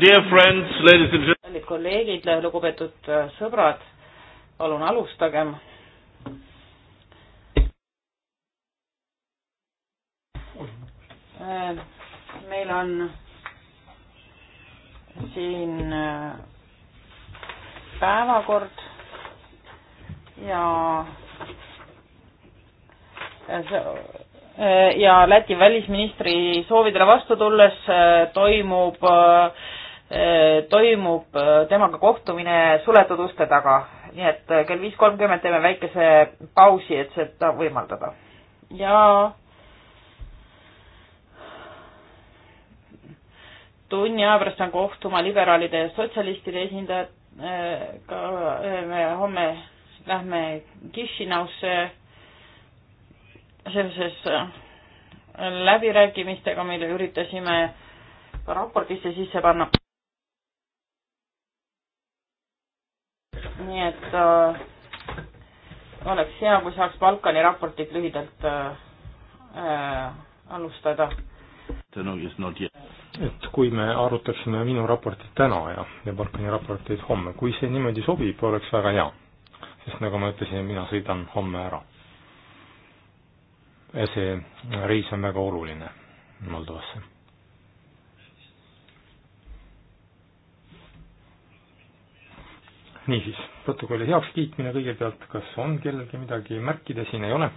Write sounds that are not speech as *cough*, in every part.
Dear friends, ladies and gentlemen. kallid kolleegid, lugupeetud äh, sõbrad, palun alustagem. Äh, meil on siin äh, päevakord ja ja Läti välisministri soovidele vastu tulles toimub äh, Äh, toimub äh, temaga kohtumine suletud uste taga. nii et äh, kell viis kolmkümmend teeme väikese pausi, et seda võimaldada. ja tunni aja pärast pean kohtuma liberaalide ja sotsialistide esindajatega. me homme lähme Kišinausse seoses läbirääkimistega, mille üritasime raportisse sisse panna nii et äh, oleks hea, kui saaks Balkani raportit lühidalt äh, äh alustada. et kui me arutaksime minu raportit täna ja, ja Balkani raporteid homme, kui see niimoodi sobib, oleks väga hea. sest nagu ma ütlesin, mina sõidan homme ära. ja see reis on väga oluline Moldovasse niisiis, protokolli heakskiitmine kõigepealt, kas on kellelgi midagi märkida, siin ei ole.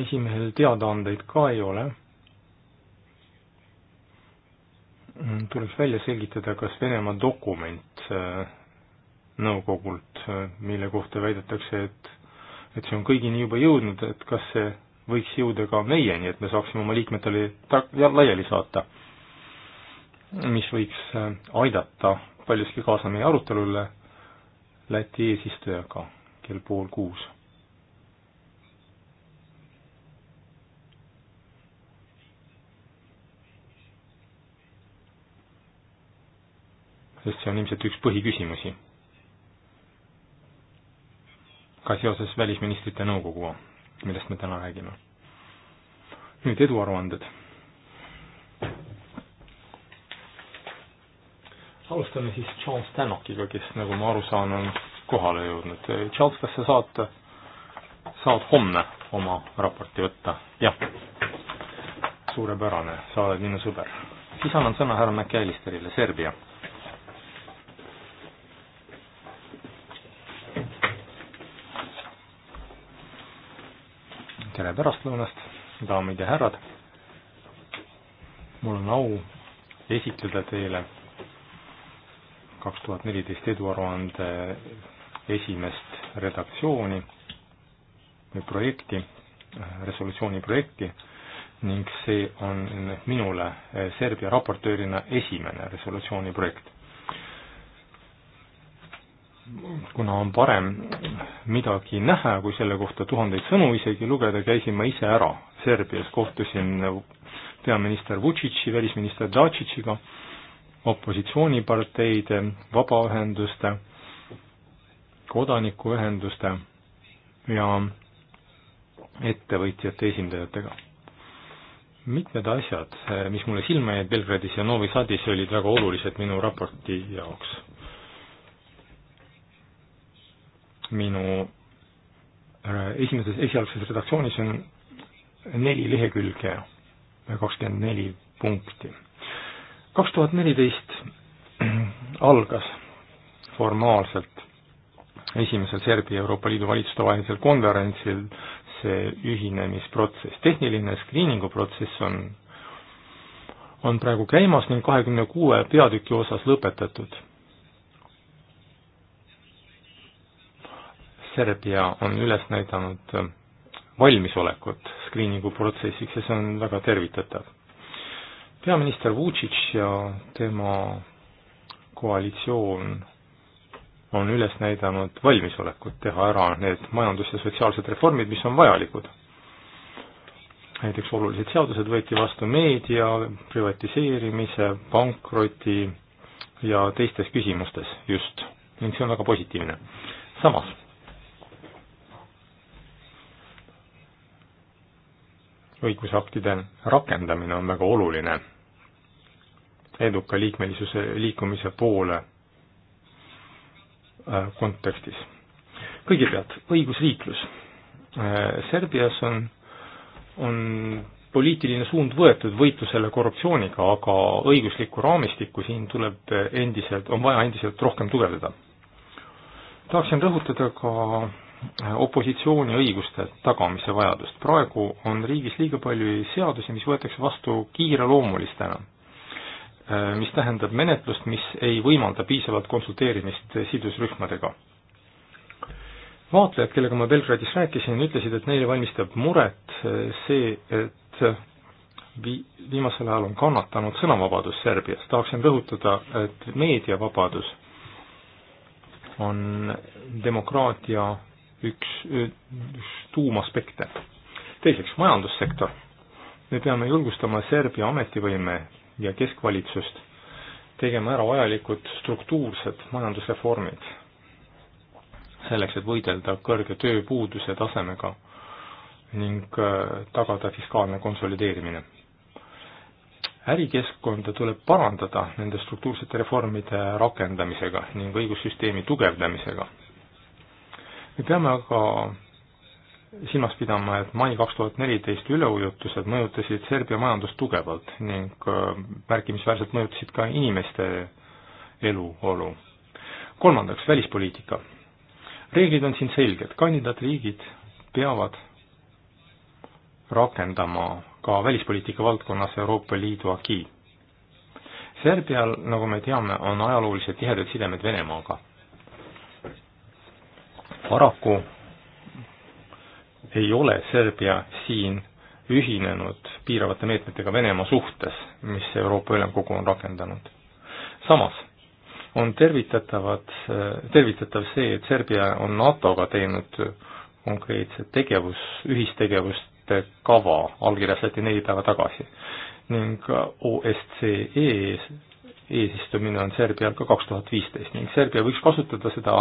esimehel teadaandeid ka ei ole. tuleks välja selgitada, kas Venemaa dokument äh, nõukogult, äh, mille kohta väidetakse, et, et see on kõigini juba jõudnud, et kas see võiks jõuda ka meieni, et me saaksime oma liikmetele laiali saata mis võiks äh, aidata paljuski kaasa meie arutelule Läti eesistujaga kell pool kuus. sest see on ilmselt üks põhiküsimusi ka seoses välisministrite nõukoguga, millest me täna räägime. nüüd eduaruanded alustame siis Charles Tannockiga, kes, nagu ma aru saan, on kohale jõudnud. Charles, kas sa saad, saad homme oma raporti võtta? jah. suurepärane, sa oled minu sõber. siis annan sõna härra McAllisterile, Serbia. tere pärastlõunast, daamid ja härrad. mul on au esitleda teile kaks tuhat neliteist eduaruande esimest redaktsiooni või projekti, resolutsiooni projekti ning see on minule eh, Serbia raportöörina esimene resolutsiooni projekt. kuna on parem midagi näha, kui selle kohta tuhandeid sõnu isegi lugeda, käisin ma ise ära Serbias, kohtusin peaminister Vučići, välisminister Dačićiga opositsiooniparteide, vabaühenduste, kodanikuühenduste ja ettevõtjate esindajatega. mitmed asjad, mis mulle silma jäid Belgradis ja Novi Sadis, olid väga olulised minu raporti jaoks. minu äh, esimeses, esialgses redaktsioonis on neli lehekülge, kakskümmend neli punkti kaks tuhat neliteist *clears throat* algas formaalselt esimesel Serbia Euroopa Liidu valitsuste vahelisel konverentsil see ühinemisprotsess, tehniline screening'u protsess on, on praegu käimas ning kahekümne kuue peatüki osas lõpetatud. Serbia on üles näidanud valmisolekut screening'u protsessiks ja see on väga tervitatav peaminister Vutšitš ja tema koalitsioon on üles näidanud valmisolekut teha ära need majandus- ja sotsiaalsed reformid, mis on vajalikud. näiteks olulised seadused võeti vastu meedia, privatiseerimise, pankroti ja teistes küsimustes just ning see on väga positiivne. samas õigusaktide rakendamine on väga oluline eduka liikmelisuse, liikumise poole äh, kontekstis. kõigepealt õigusriiklus. Äh, Serbias on, on poliitiline suund võetud võitlusele korruptsiooniga, aga õiguslikku raamistikku siin tuleb endiselt, on vaja endiselt rohkem tugevdada. tahaksin rõhutada ka äh, opositsiooni õiguste tagamise vajadust. praegu on riigis liiga palju seadusi, mis võetakse vastu kiireloomulistena Äh, mis tähendab menetlust, mis ei võimalda piisavalt konsulteerimist sidusrühmadega. vaatlejad, kellega ma Belgradis rääkisin, ütlesid, et neile valmistab muret äh, see, et vi-, viimasel ajal on kannatanud sõnavabadus Serbias, tahaksin rõhutada, et meediavabadus on demokraatia üks, üks tuumaspekte. teiseks, majandussektor. me peame julgustama Serbia ametivõime ja keskvalitsust tegema ära vajalikud struktuursed majandusreformid, selleks et võidelda kõrge tööpuuduse tasemega ning äh, tagada fiskaalne konsolideerimine. ärikeskkonda tuleb parandada nende struktuursete reformide rakendamisega ning õigussüsteemi tugevdamisega. me peame aga silmas pidama, et mai kaks tuhat neliteist üleujutused mõjutasid Serbia majandust tugevalt ning äh, märkimisväärselt mõjutasid ka inimeste eluolu. kolmandaks, välispoliitika. reeglid on siin selged, kandidaatriigid peavad rakendama ka välispoliitika valdkonnas Euroopa Liidu agi. Serbial, nagu me teame, on ajalooliselt tihedad sidemed Venemaaga. paraku ei ole Serbia siin ühinenud piiravate meetmetega Venemaa suhtes, mis Euroopa Ülemkogu on rakendanud. samas on tervitatavad, tervitatav see, et Serbia on NATO-ga teinud konkreetse tegevus, ühistegevuste kava, allkirjastati neli päeva tagasi. ning OSCE eesistumine on Serbial ka kaks tuhat viisteist ning Serbia võiks kasutada seda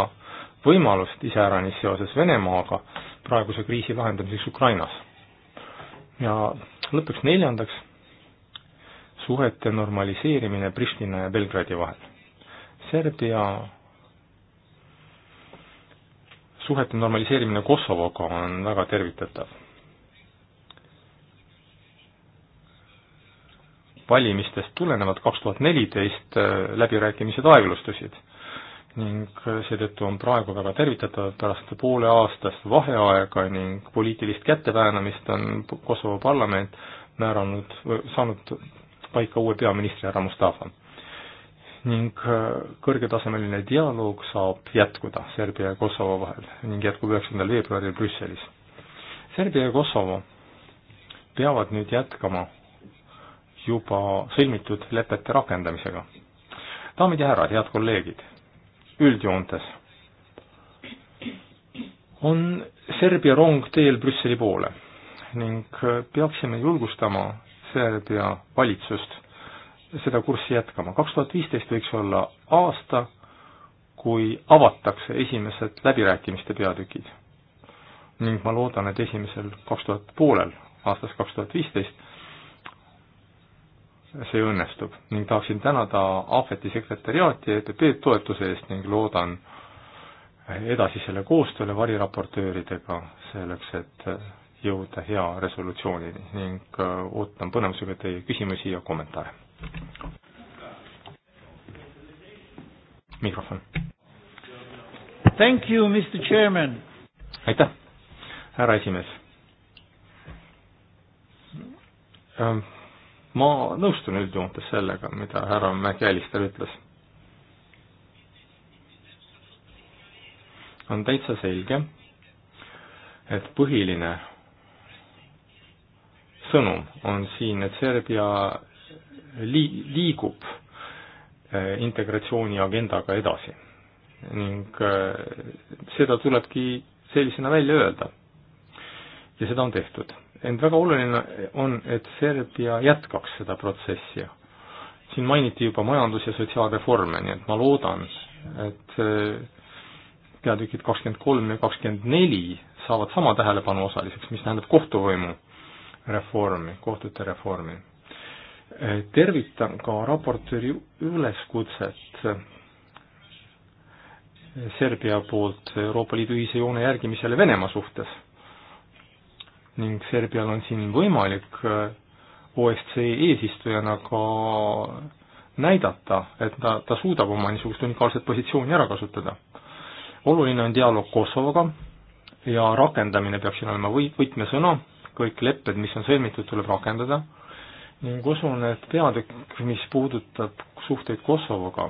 võimalust iseäranis seoses Venemaaga praeguse kriisi lahendamiseks Ukrainas. ja lõpuks neljandaks, suhete normaliseerimine Pristina ja Belgradi vahel. Serbia suhete normaliseerimine Kosovoga on väga tervitatav. valimistest tulenevalt kaks tuhat neliteist äh, läbirääkimised aeglustusid ning seetõttu on praegu väga tervitatav, et pärast pooleaastast vaheaega ning poliitilist kätteväänamist on Kosovo parlament määranud, saanud paika uue peaministri härra Mustafa. ning äh, kõrgetasemeline dialoog saab jätkuda Serbia ja Kosovo vahel ning jätkub üheksandal veebruaril Brüsselis. Serbia ja Kosovo peavad nüüd jätkama juba sõlmitud lepete rakendamisega. daamid ja härrad, head kolleegid üldjoontes on Serbia rong teel Brüsseli poole ning peaksime julgustama Serbia valitsust seda kurssi jätkama. kaks tuhat viisteist võiks olla aasta, kui avatakse esimesed läbirääkimiste peatükid. ning ma loodan, et esimesel kaks tuhat poolel aastast kaks tuhat viisteist see õnnestub ning tahaksin tänada Ahveti sekretäriaati ja ETP toetuse eest ning loodan edasisele koostööle variraportööridega selleks, et jõuda hea resolutsioonini ning äh, ootan põnevusega teie küsimusi ja kommentaare. mikrofon. Thank you, Mr Chairman. aitäh, härra esimees um, ma nõustun üldjoontes sellega, mida härra McAllister ütles. on täitsa selge, et põhiline sõnum on siin, et Serbia lii-, liigub eh, integratsiooni agendaga edasi ning eh, seda tulebki sellisena välja öelda. ja seda on tehtud ent väga oluline on, et Serbia jätkaks seda protsessi. siin mainiti juba majandus- ja sotsiaalreforme, nii et ma loodan, et eh, peatükid kakskümmend kolm ja kakskümmend neli saavad sama tähelepanu osaliseks, mis tähendab kohtuvõimu reformi, kohtute reformi. Eh, tervitan ka raportööri üleskutset eh, Serbia poolt Euroopa Liidu ühise joone järgimisele Venemaa suhtes ning Serbial on siin võimalik äh, OSCE eesistujana ka näidata, et ta, ta suudab oma niisugust unikaalset positsiooni ära kasutada. oluline on dialoog Kosovoga ja rakendamine peab siin olema või-, võtmesõna, kõik lepped, mis on sõlmitud, tuleb rakendada ning usun, et peatükk, mis puudutab suhteid Kosovoga,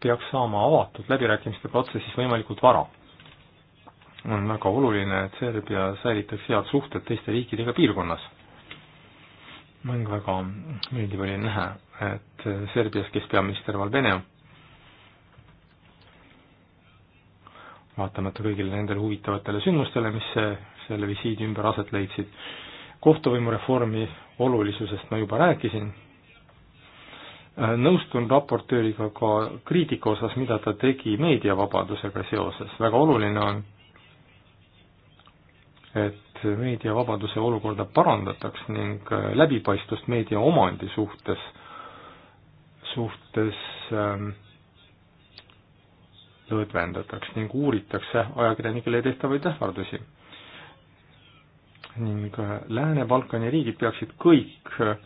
peaks saama avatud läbirääkimiste protsessis võimalikult vara on väga oluline, et Serbia säilitaks head suhted teiste riikidega piirkonnas. mäng väga meeldiv oli näha, et Serbias, kes peaminister Valvene on, vaatamata kõigile nendele huvitavatele sündmustele, mis selle visiidi ümber aset leidsid, kohtuvõimureformi olulisusest ma juba rääkisin, nõustun raportööriga ka kriitika osas, mida ta tegi meediavabadusega seoses, väga oluline on et meediavabaduse olukorda parandataks ning äh, läbipaistvust meedia omandi suhtes, suhtes ähm, lõdvendataks ning uuritakse ajakirjanikele tehtavaid ähvardusi. ning äh, Lääne-Balkani riigid peaksid kõik äh,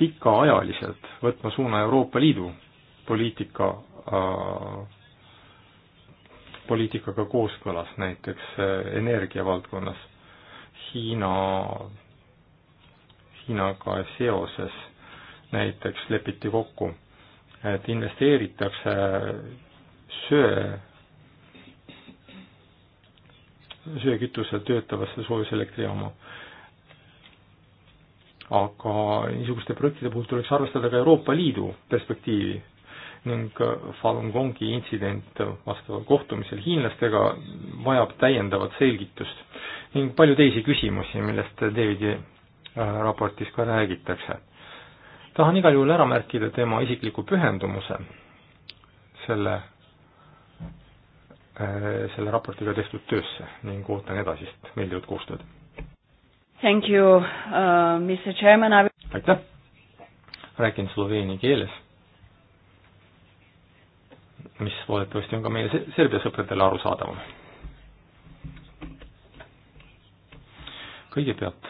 pikaajaliselt võtma suuna Euroopa Liidu poliitika äh, poliitikaga kooskõlas, näiteks energiavaldkonnas Hiina, Hiinaga seoses näiteks lepiti kokku, et investeeritakse söe, söekütusel töötavasse soojuselektrijaama aga niisuguste projektide puhul tuleks arvestada ka Euroopa Liidu perspektiivi ning äh, Falun Gongi intsident vastaval kohtumisel hiinlastega vajab täiendavat selgitust ning palju teisi küsimusi, millest Davidi äh, raportis ka räägitakse. tahan igal juhul ära märkida tema isikliku pühendumuse selle, äh, selle raportiga tehtud töösse ning ootan edasist meeldivat koostööd. Thank you uh,, Mr Chairman I.... aitäh, räägin sloveeni keeles mis loodetavasti on ka meie Serbia sõpradele arusaadavam. kõigepealt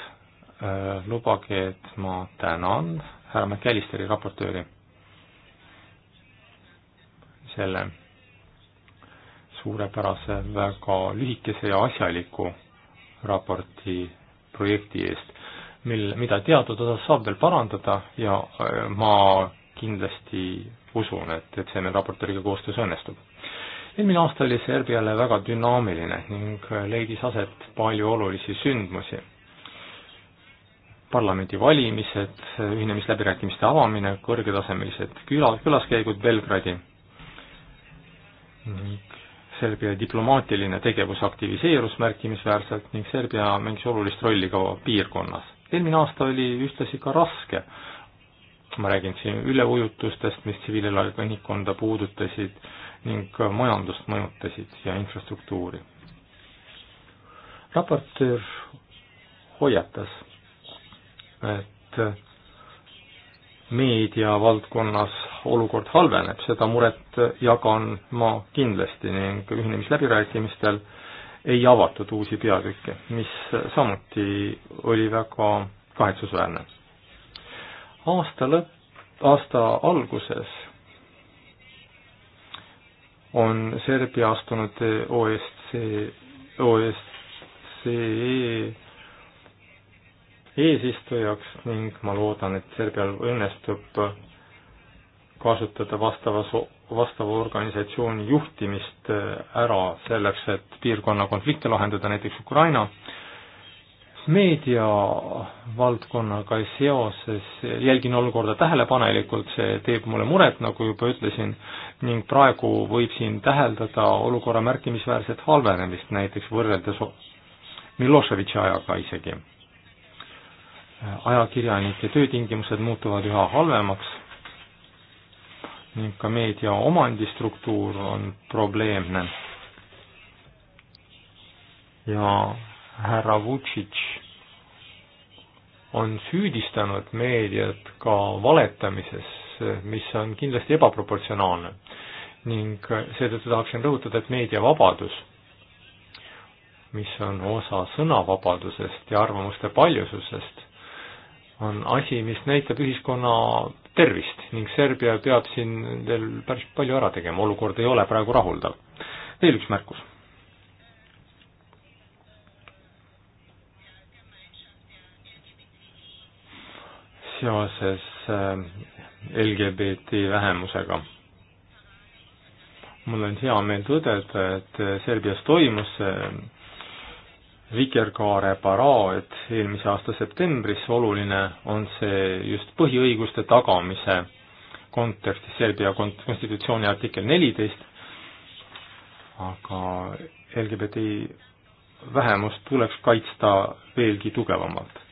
äh, lubage, et ma tänan härra McAllisteri raportööri selle suurepärase, väga lühikese ja asjaliku raporti projekti eest, mil, mida teatud osas saab veel parandada ja äh, ma kindlasti usun, et, et see meil raportööriga koostöös õnnestub. eelmine aasta oli Serbiale väga dünaamiline ning leidis aset palju olulisi sündmusi. parlamendivalimised, ühinemisläbirääkimiste avamine, kõrgetasemelised küla, külaskäigud Belgradi ning Serbia diplomaatiline tegevus aktiviseerus märkimisväärselt ning Serbia mängis olulist rolli ka piirkonnas. eelmine aasta oli ühtlasi ka raske ma räägin siin üleujutustest, mis tsiviilelanikkonda puudutasid ning majandust mõjutasid ja infrastruktuuri. raportöör hoiatas, et meediavaldkonnas olukord halveneb, seda muret jagan ma kindlasti ning ühinemisläbirääkimistel ei avatud uusi peatükke, mis samuti oli väga kahetsusväärne aasta lõpp, aasta alguses on Serbia astunud OSCE, OSCE eesistujaks ning ma loodan, et Serbial õnnestub kasutada vastavas, vastava organisatsiooni juhtimist äh, ära selleks, et piirkonna konflikte lahendada, näiteks Ukraina äh, meediavaldkonnaga seoses jälgin olukorda tähelepanelikult, see teeb mulle muret, nagu juba ütlesin, ning praegu võib siin täheldada olukorra märkimisväärset halvenemist, näiteks võrreldes Miloševitši ajaga isegi. ajakirjanike töötingimused muutuvad üha halvemaks ning ka meedia omandistruktuur on probleemne ja härra Vutšitš on süüdistanud meediat ka valetamises, mis on kindlasti ebaproportsionaalne. ning seetõttu tahaksin rõhutada, et meediavabadus, mis on osa sõnavabadusest ja arvamuste paljususest, on asi, mis näitab ühiskonna tervist ning Serbia peab siin veel päris palju ära tegema, olukord ei ole praegu rahuldav. veel üks märkus seoses äh, LGBT vähemusega. mul on hea meel tõdeda, et äh, Serbias toimus äh, vikerkaare paraad eelmise aasta septembris, oluline on see just põhiõiguste tagamise kontekstis Serbia konstitutsiooni artikkel neliteist, aga LGBT vähemust tuleks kaitsta veelgi tugevamalt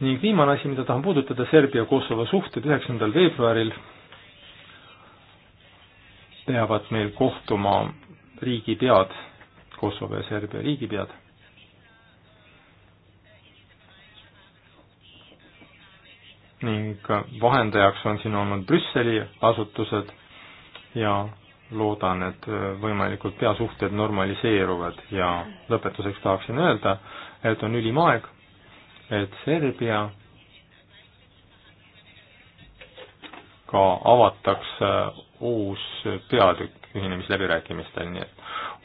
ning viimane asi, mida tahan puudutada, Serbia-Kosovo suhted üheksandal veebruaril peavad meil kohtuma riigipead, Kosovo ja Serbia riigipead. ning vahendajaks on siin olnud Brüsseli asutused ja loodan, et võimalikult pea suhted normaliseeruvad ja lõpetuseks tahaksin öelda, et on ülim aeg et Serbia ka avatakse uus peatükk ühinemisläbirääkimistel, nii et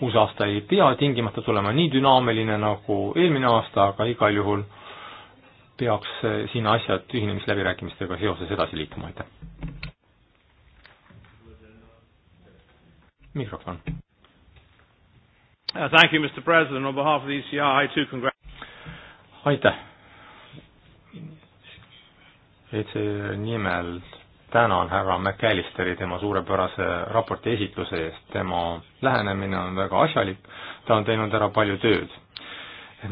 uus aasta ei pea tingimata tulema nii dünaamiline nagu eelmine aasta, aga igal juhul peaks siin asjad ühinemisläbirääkimistega seoses edasi liikuma, aitäh. mikrofon. Uh, thank you, Mr President, on behalf of the ECR I too congrat-. aitäh ECR nimel tänan härra McAllisteri tema suurepärase raporti esitluse eest, tema lähenemine on väga asjalik, ta on teinud ära palju tööd.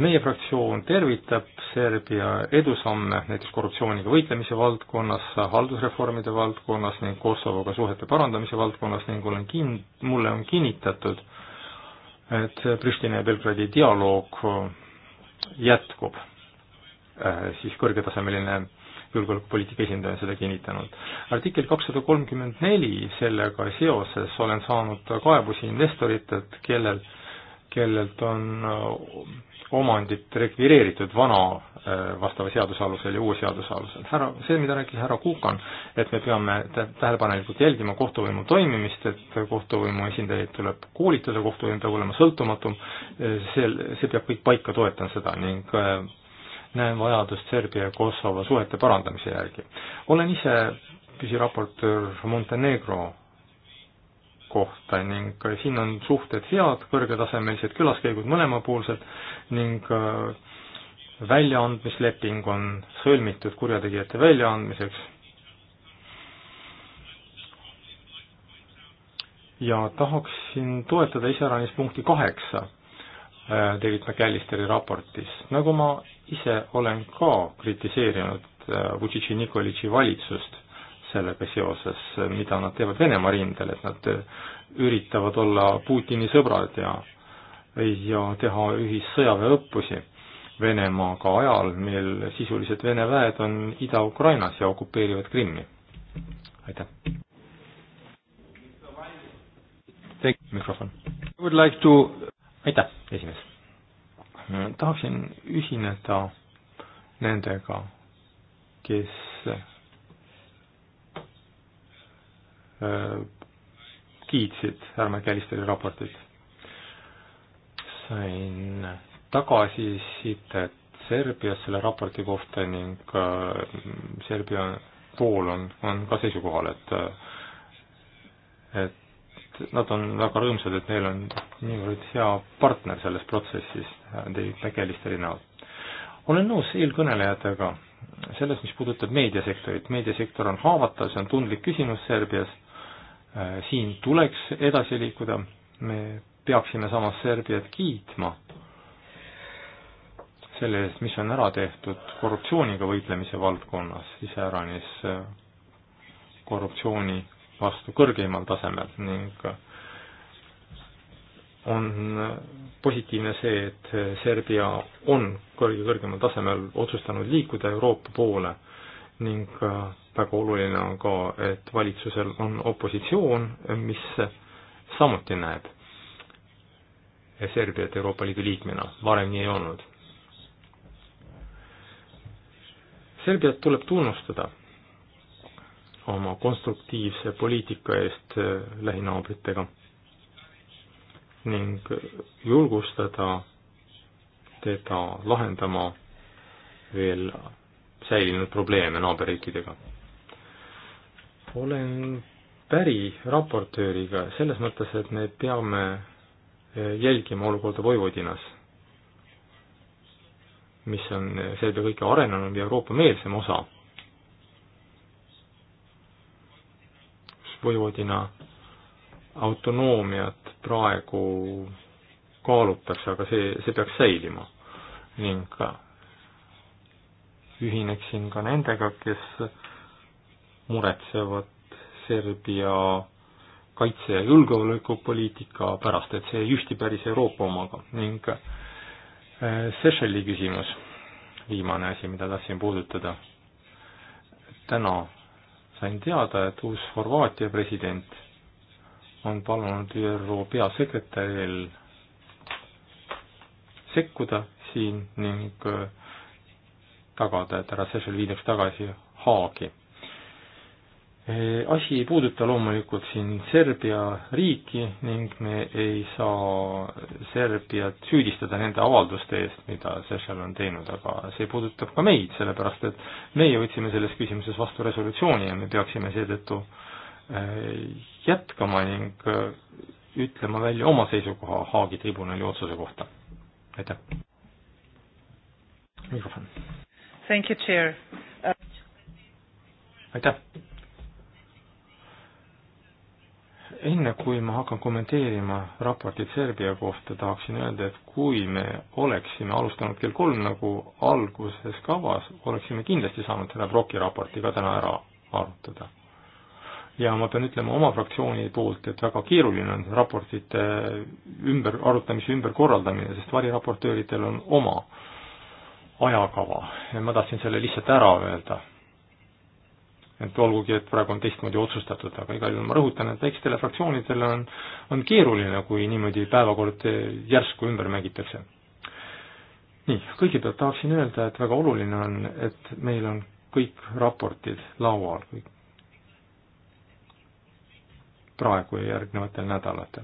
meie fraktsioon tervitab Serbia edusamme näiteks korruptsiooniga võitlemise valdkonnas, haldusreformide valdkonnas ning Kosovoga suhete parandamise valdkonnas ning olen kin-, mulle on kinnitatud, et Pristina ja Belgradi dialoog jätkub Äh, siis kõrgetasemeline julgeolekupoliitika esindaja on seda kinnitanud. artikkel kakssada kolmkümmend neli, sellega seoses olen saanud kaebusi investoritelt, kellel, kellelt on äh, omandit rekvireeritud vana äh, vastava seaduse alusel ja uue seaduse alusel. härra, see, mida rääkis härra Kukan, et me peame tähelepanelikult jälgima kohtuvõimu toimimist, et kohtuvõimu esindajaid tuleb koolitada, kohtuvõim peab olema sõltumatum, see, see peab kõik paika, toetan seda ning näen vajadust Serbia ja Kosovo suhete parandamise järgi. olen ise püsiraportöör Montenegro kohta ning siin on suhted head, kõrgetasemelised külaskäigud mõlemapoolsed ning äh, väljaandmisleping on sõlmitud kurjategijate väljaandmiseks. ja tahaksin toetada iseäranis punkti kaheksa äh, David McAllisteri raportis. nagu ma ise olen ka kritiseerinud äh, Vutšitši Nikolitši valitsust sellega seoses, mida nad teevad Venemaa rindel, et nad äh, üritavad olla Putini sõbrad ja, ja teha ühissõjaväeõppusi Venemaaga ajal, mil sisuliselt Vene väed on Ida-Ukrainas ja okupeerivad Krimmi. aitäh. mikrofon. Like to... aitäh, esimees tahaksin ühineda nendega, kes äh, kiitsid härra McAllisteri raportit. sain tagasisidet Serbias selle raporti kohta ning äh, Serbia pool on, on ka seisukohal, et et nad on väga rõõmsad, et neil on niivõrd hea partner selles protsessis tegelisteline näol. olen nõus eelkõnelejatega selles, mis puudutab meediasektorit, meediasektor on haavatav, see on tundlik küsimus Serbias, äh, siin tuleks edasi liikuda, me peaksime samas Serbiat kiitma selle eest, mis on ära tehtud korruptsiooniga võitlemise valdkonnas, iseäranis äh, korruptsiooni vastu kõrgeimal tasemel ning äh, on positiivne see, et Serbia on kõige kõrgemal tasemel otsustanud liikuda Euroopa poole ning äh, väga oluline on ka, et valitsusel on opositsioon, mis samuti näeb Serbiat Euroopa Liidu liikmena, varem nii ei olnud. Serbiat tuleb tunnustada oma konstruktiivse poliitika eest äh, lähinaabritega ning julgustada teda lahendama veel säilinud probleeme naaberriikidega. olen päri raportööriga selles mõttes, et me peame eh, jälgima olukorda Vojvodinas, mis on Serbia kõige arenenum ja Euroopa-meelsem osa. Vojvodina autonoomiat praegu kaalutakse, aga see, see peaks säilima. ning ühineksin ka nendega, kes muretsevad Serbia kaitse- ja julgeolekupoliitika pärast, et see ei ühti päris Euroopa omaga ning äh, Seychelli küsimus, viimane asi, mida tahtsin puudutada. täna sain teada, et uus Horvaatia president on palunud ÜRO peasekretäril sekkuda siin ning äh, tagada, et härra Sešel viidaks tagasi Haagi. Äh, asi ei puuduta loomulikult siin Serbia riiki ning me ei saa Serbiat süüdistada nende avalduste eest, mida Sešel on teinud, aga see puudutab ka meid, sellepärast et meie võtsime selles küsimuses vastu resolutsiooni ja me peaksime seetõttu äh, jätkama ning äh, ütlema välja oma seisukoha Haagi tribunali otsuse kohta. aitäh. mikrofon. Thank you, chair uh.... aitäh. enne kui ma hakkan kommenteerima raportit Serbia kohta, tahaksin öelda, et kui me oleksime alustanud kell kolm nagu alguses kavas, oleksime kindlasti saanud selle Broki raporti ka täna ära arutada ja ma pean ütlema oma fraktsiooni poolt, et väga keeruline on raportite ümber, arutamise ümberkorraldamine, sest variraportööridel on oma ajakava ja ma tahtsin selle lihtsalt ära öelda. et olgugi, et praegu on teistmoodi otsustatud, aga igal juhul ma rõhutan, et väikestele fraktsioonidele on, on keeruline, kui niimoodi päevakord järsku ümber mängitakse. nii, kõigepealt tahaksin öelda, et väga oluline on, et meil on kõik raportid laual, kõik praegu ja järgnevatel nädalatel.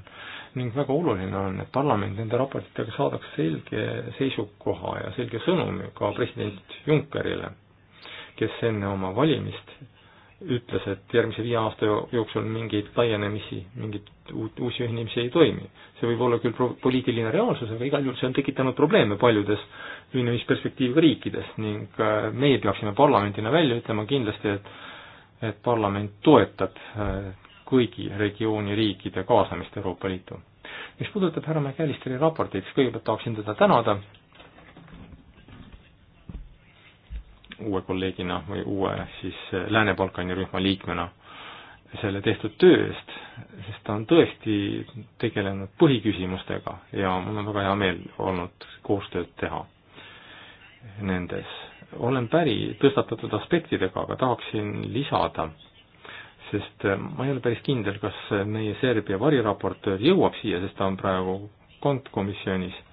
ning väga oluline on, et parlament nende raportitega saadaks selge seisukoha ja selge sõnumi ka president Junckerile, kes enne oma valimist ütles, et järgmise viie aasta jooksul mingeid laienemisi, mingeid uut, uusi ühinemisi ei toimi. see võib olla küll pro-, poliitiline reaalsus, aga igal juhul see on tekitanud probleeme paljudes ühinemisperspektiiviga riikides ning äh, meie peaksime parlamendina välja ütlema kindlasti, et et parlament toetab äh, kõigi regiooni riikide kaasamist Euroopa Liitu. mis puudutab härra McAllisteri raporteid, siis kõigepealt tahaksin teda tänada uue kolleegina või uue siis Lääne-Balkani rühma liikmena selle tehtud töö eest, sest ta on tõesti tegelenud põhiküsimustega ja mul on väga hea meel olnud koostööd teha nendes. olen päri tõstatatud aspektidega, aga tahaksin lisada sest äh, ma ei ole päris kindel, kas meie Serbia variraportöör jõuab siia, sest ta on praegu kontkomisjonis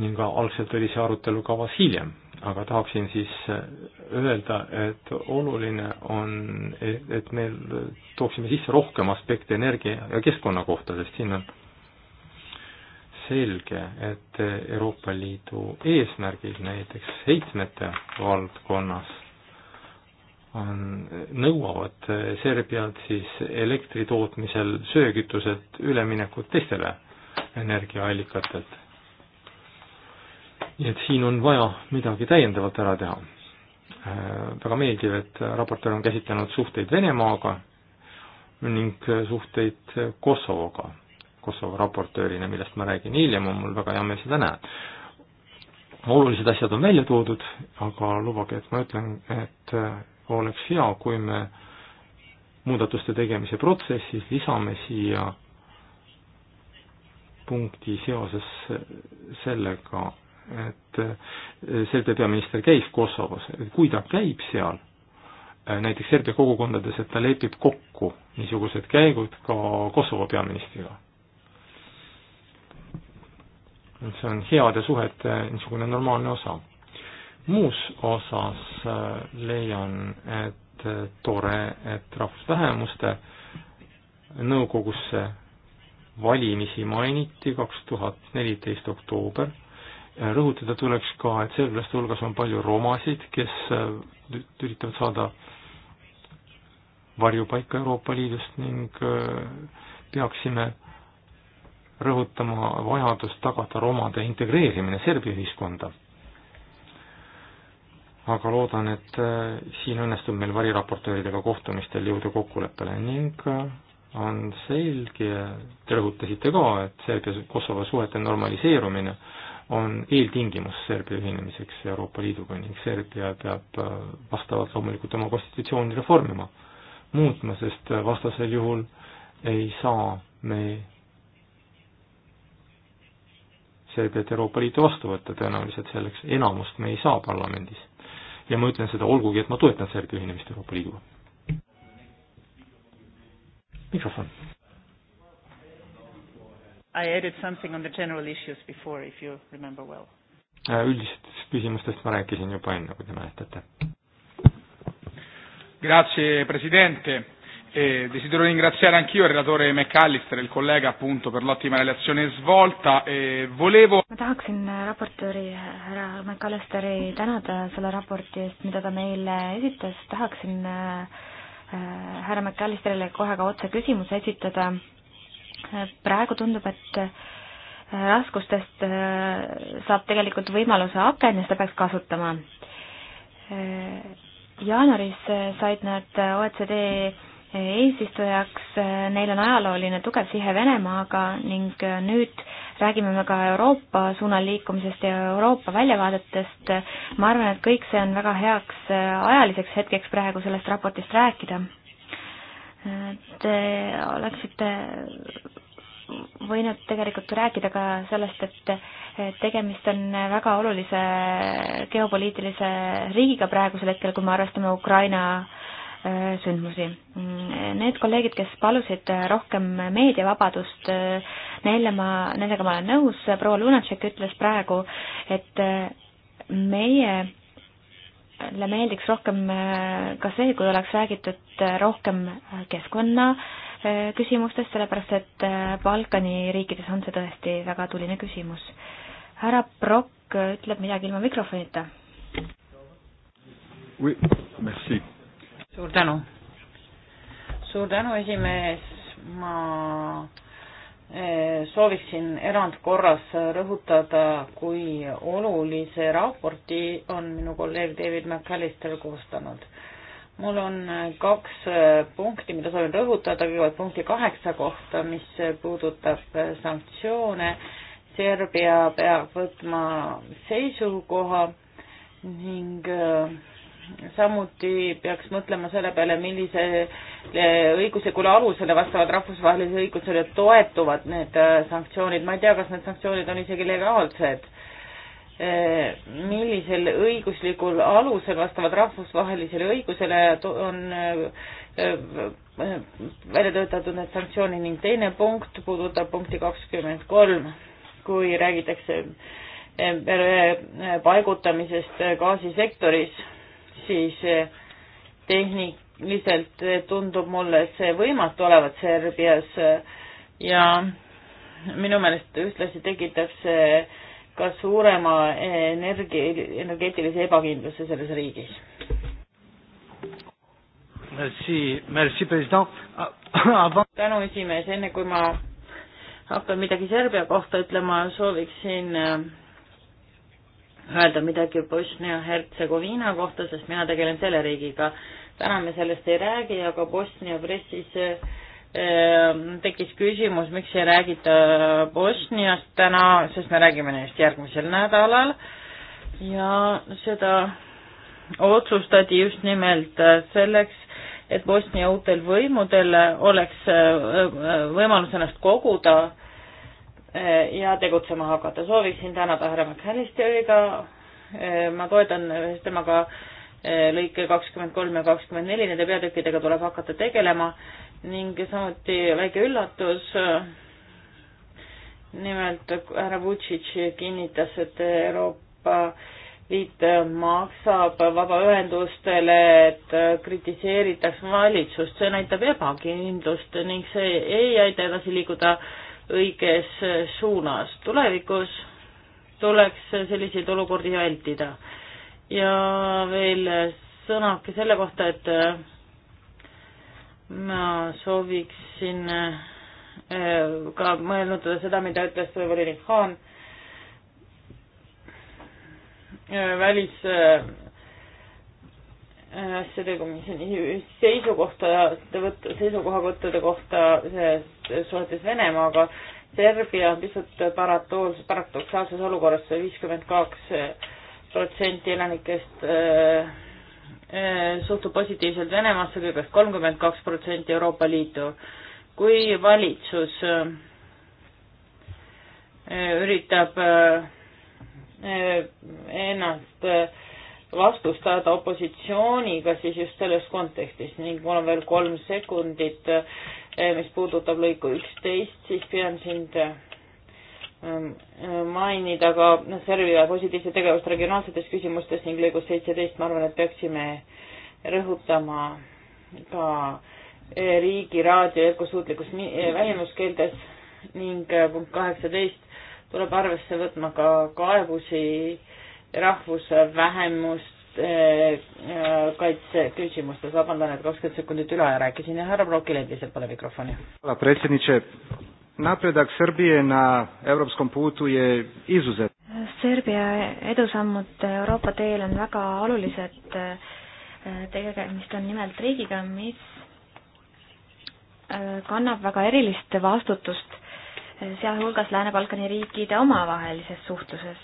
ning algselt oli see arutelu kavas hiljem, aga tahaksin siis äh, öelda, et oluline on, et me tooksime sisse rohkem aspekte energia ja keskkonna kohta, sest siin on selge, et Euroopa Liidu eesmärgid näiteks heitmete valdkonnas on, nõuavad Serbialt siis elektri tootmisel söekütuselt üleminekut teistele energiaallikatelt. nii et siin on vaja midagi täiendavalt ära teha. Äh, väga meeldiv, et raportöör on käsitlenud suhteid Venemaaga ning suhteid Kosovoga, Kosovo raportöörina, millest ma räägin hiljem, on mul väga hea meel seda näha olulised asjad on välja toodud, aga lubage, et ma ütlen, et oleks hea, kui me muudatuste tegemise protsessis lisame siia punkti seoses sellega, et Serbia peaminister käis Kosovos, kui ta käib seal, näiteks Serbia kogukondades, et ta lepib kokku niisugused käigud ka Kosovo peaministriga. see on heade suhete niisugune normaalne osa muus osas äh, leian, et äh, tore, et rahvusvähemuste nõukogusse valimisi mainiti kaks tuhat neliteist oktoober. Äh, rõhutada tuleks ka, et serblaste hulgas on palju romasid, kes üritavad saada varjupaika Euroopa Liidust ning peaksime rõhutama vajadust tagada romade integreerimine Serbia ühiskonda aga loodan, et äh, siin õnnestub meil variraportööridega kohtumistel jõuda kokkuleppele ning äh, on selge, te rõhutasite ka, et Serbia-Kosovo suhete normaliseerumine on eeltingimus Serbia ühinemiseks Euroopa Liiduga ning Serbia peab äh, vastavalt loomulikult oma konstitutsiooni reformima, muutma, sest vastasel juhul ei saa me Serbiat Euroopa Liitu vastu võtta, tõenäoliselt selleks enamust me ei saa parlamendis ja ma ütlen seda olgugi, et ma toetan Serbia ühinemist Euroopa Liiduga. mikrofon. I added something on the general issues before, if you remember well. Äh, üldistest küsimustest ma rääkisin juba enne, kui te mäletate. Grazie, president Eh, desidero ringraziare anch'io il relatore McAllister e il collega appunto per l'ottima relazione svolta e eh, volevo ma tahaksin eh, raportööri härra McAllisteri tänada selle raporti eest, mida ta meile esitas, tahaksin äh, härra McAllisterile kohe ka otse küsimuse esitada. praegu tundub, et raskustest saab tegelikult võimaluse aken ja seda peaks kasutama. jaanuaris said nad OECD eesistujaks, neil on ajalooline tugev sihe Venemaaga ning nüüd räägime me ka Euroopa suunal liikumisest ja Euroopa väljavaadetest. ma arvan, et kõik see on väga heaks ajaliseks hetkeks praegu sellest raportist rääkida. Te oleksite võinud tegelikult rääkida ka sellest, et tegemist on väga olulise geopoliitilise riigiga praegusel hetkel, kui me arvestame Ukraina äh, sündmusi. Need kolleegid, kes palusid rohkem meediavabadust, neile ma, nendega ma olen nõus, proua Lunatšek ütles praegu, et meie mulle meeldiks rohkem ka see, kui oleks räägitud rohkem keskkonna küsimustest, sellepärast et Balkani riikides on see tõesti väga tuline küsimus. härra Brock ütleb midagi ilma mikrofonita. Oui, merci suur tänu. suur tänu, esimees, ma eh, sooviksin erandkorras rõhutada, kui olulise raporti on minu kolleeg David McAllister koostanud. mul on kaks eh, punkti, mida soovin rõhutada, kõigepealt punkti kaheksa kohta, mis puudutab eh, sanktsioone. Serbia peab võtma seisukoha ning äh, samuti peaks mõtlema selle peale, millisele õiguslikule alusele vastavalt rahvusvahelisele õigusele toetuvad need äh, sanktsioonid, ma ei tea, kas need sanktsioonid on isegi legaalsed. Äh, millisel õiguslikul alusel vastavalt rahvusvahelisele õigusele on äh, välja töötatud need sanktsioonid ning teine punkt puudutab punkti kakskümmend kolm, kui räägitakse paigutamisest gaasisektoris siis eh, tehniliselt eh, tundub mulle, et see võimatu olevat Serbias eh, ja minu meelest ühtlasi tekitab see ka suurema energia, energeetilise ebakindluse selles riigis. Merci, merci president ah, *coughs* tänu esimees, enne kui ma hakkan midagi Serbia kohta ütlema, sooviksin öelda midagi Bosnia-Hertsegoviina kohta, sest mina tegelen selle riigiga. täna me sellest ei räägi, aga Bosnia pressis äh, äh, tekkis küsimus, miks ei räägita Bosniast täna, sest me räägime neist järgmisel nädalal ja seda otsustati just nimelt äh, selleks, et Bosnia uutel võimudel oleks võimalus ennast koguda Eh, ja tegutsema hakata. sooviksin tänada härra McAllisteriga, eh, ma toetan temaga eh, lõike kakskümmend kolm ja kakskümmend neli, nende peatükkidega tuleb hakata tegelema ning samuti väike üllatus, nimelt härra Vutšitš kinnitas, et Euroopa Liit maksab vabaühendustele, et kritiseeritakse valitsust, see näitab ebakindlust ning see ei aita edasi liiguda äh, õiges suunas. tulevikus tuleks selliseid olukordi vältida. ja veel sõnake selle kohta, et ma sooviksin äh, ka mõelnud seda, mida ütles volinik Haan äh, välis asjade komisjoni seisukohta, seisukohavõttude kohta suhetes Venemaaga. Serbia on pisut paratoos, paradoksaalses olukorras, viiskümmend kaks äh, protsenti elanikest äh, äh, suhtub positiivselt Venemaasse, kõigest kolmkümmend kaks protsenti Euroopa Liitu. kui valitsus äh, üritab äh, äh, ennast vastustada opositsiooniga siis just selles kontekstis ning mul on veel kolm sekundit, eh, mis puudutab lõiku üksteist, siis pean sind ehm, mainida ka Serbia positiivset tegevust regionaalsetes küsimustes ning lõigus seitseteist, ma arvan, et peaksime rõhutama ka eh, riigi raadio jätkusuutlikkus eh, vähemuskeeltes ning punkt kaheksateist tuleb arvesse võtma ka kaebusi äh, rahvusvähemust äh, kaitse küsimustes, vabandan, et kakskümmend sekundit üle aja rääkisin ja härra Brokil endiselt pole mikrofoni. Napredak Srbije na europskom putu je izuzet. Serbia edusammud Euroopa teel on väga olulised. tegemist on nimelt riigiga, mis äh, kannab väga erilist vastutust, sealhulgas Lääne-Balkani riikide omavahelises suhtluses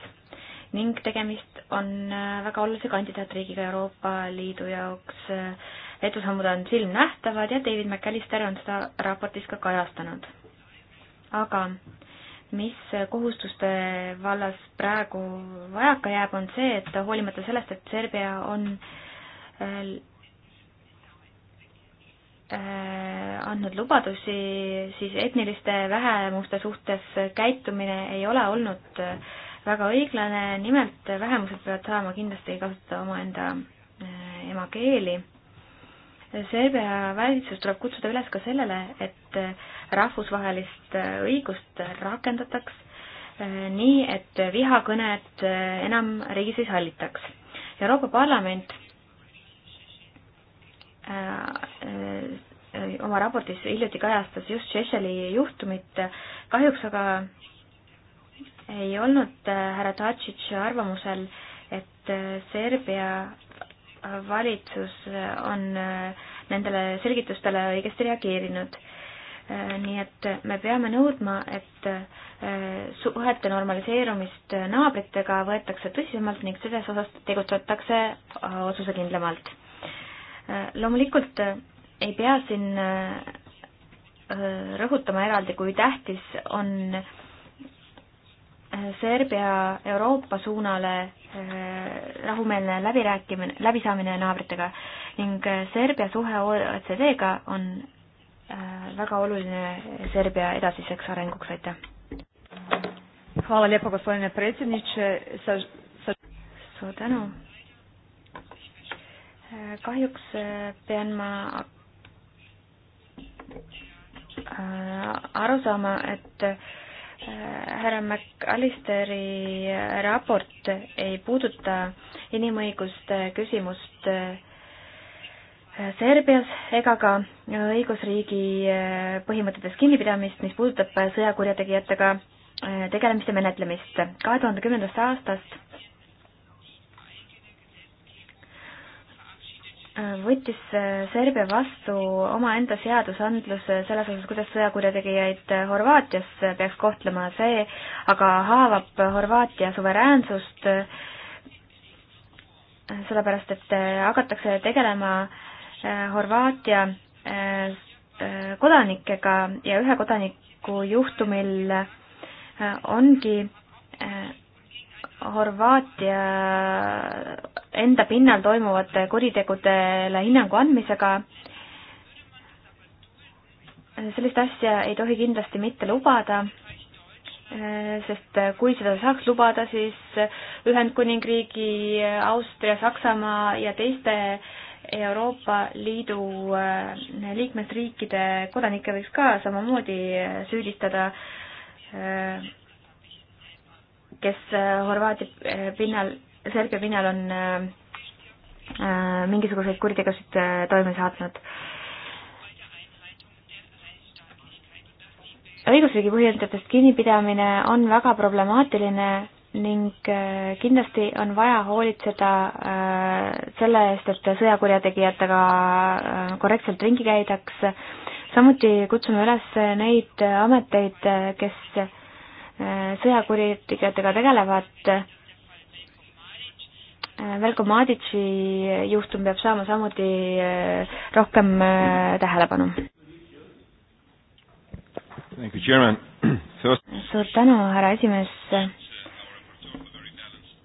ning tegemist on äh, väga olulise kandidaatriigiga Euroopa Liidu jaoks. Äh, edusammud on silmnähtavad ja David McAllister on seda raportis ka kajastanud. aga mis kohustuste vallas praegu vajaka jääb, on see, et hoolimata sellest, et Serbia on äh, andnud lubadusi, siis etniliste vähemuste suhtes käitumine ei ole olnud äh, väga õiglane, nimelt vähemused peavad saama kindlasti kasutada omaenda äh, emakeeli. Serbia valitsus tuleb kutsuda üles ka sellele, et rahvusvahelist äh, õigust rakendataks äh, nii, et vihakõnet enam riigis ei sallitaks. Euroopa Parlament oma raportis hiljuti kajastas just Šešeli juhtumit, kahjuks aga ei olnud äh, härra Tadžitši arvamusel, et äh, Serbia valitsus äh, on nendele selgitustele õigesti reageerinud. nii et me peame nõudma, et suhete normaliseerumist naabritega võetakse tõsisemalt ning selles osas tegutsetakse otsusekindlamalt. loomulikult ei pea siin rõhutama eraldi, kui tähtis on Äh, Serbia Euroopa suunale äh, rahumeelne läbirääkimine, läbisaamine naabritega ning äh, Serbia suhe OECD-ga on väga oluline Serbia edasiseks arenguks, aitäh! Hvala lijepo gospodine predsjedniče. Sa, sa... Suur tänu. kahjuks pean ma aru saama, et Äh, härra McAllisteri äh, raport ei puuduta inimõiguste küsimust äh, Serbias ega ka õigusriigi põhimõtetest kinnipidamist, mis puudutab sõjakurjategijatega tegelemist ja menetlemist. kahe tuhande kümnendast aastast võttis äh, Serbia vastu omaenda seadusandluse selles osas, kuidas sõjakurjategijaid äh, Horvaatias äh, peaks kohtlema, see aga haavab Horvaatia suveräänsust, sellepärast et hakatakse tegelema Horvaatia kodanikega ja ühe kodaniku juhtumil ongi Horvaatia enda pinnal toimuvate kuritegudele hinnangu andmisega. sellist asja ei tohi kindlasti mitte lubada, sest kui seda saaks lubada, siis Ühendkuningriigi, Austria, Saksamaa ja teiste Euroopa Liidu äh, liikmesriikide kodanikke võiks ka samamoodi äh, süüdistada, äh, kes Horvaatia pinnal Sergei Vinjal on äh, äh, mingisuguseid kuritegusid äh, toime saatnud. õigusriigi põhimõtetest kinnipidamine on väga problemaatiline ning kindlasti on vaja hoolitseda selle eest, et sõjakurjategijatega korrektselt ringi käidaks. samuti kutsume üles neid ameteid, kes sõjakurjategijatega tegelevad, Äh, Velko Madici juhtum peab saama samuti äh, rohkem äh, tähelepanu. *clears throat* suur tänu, härra esimees,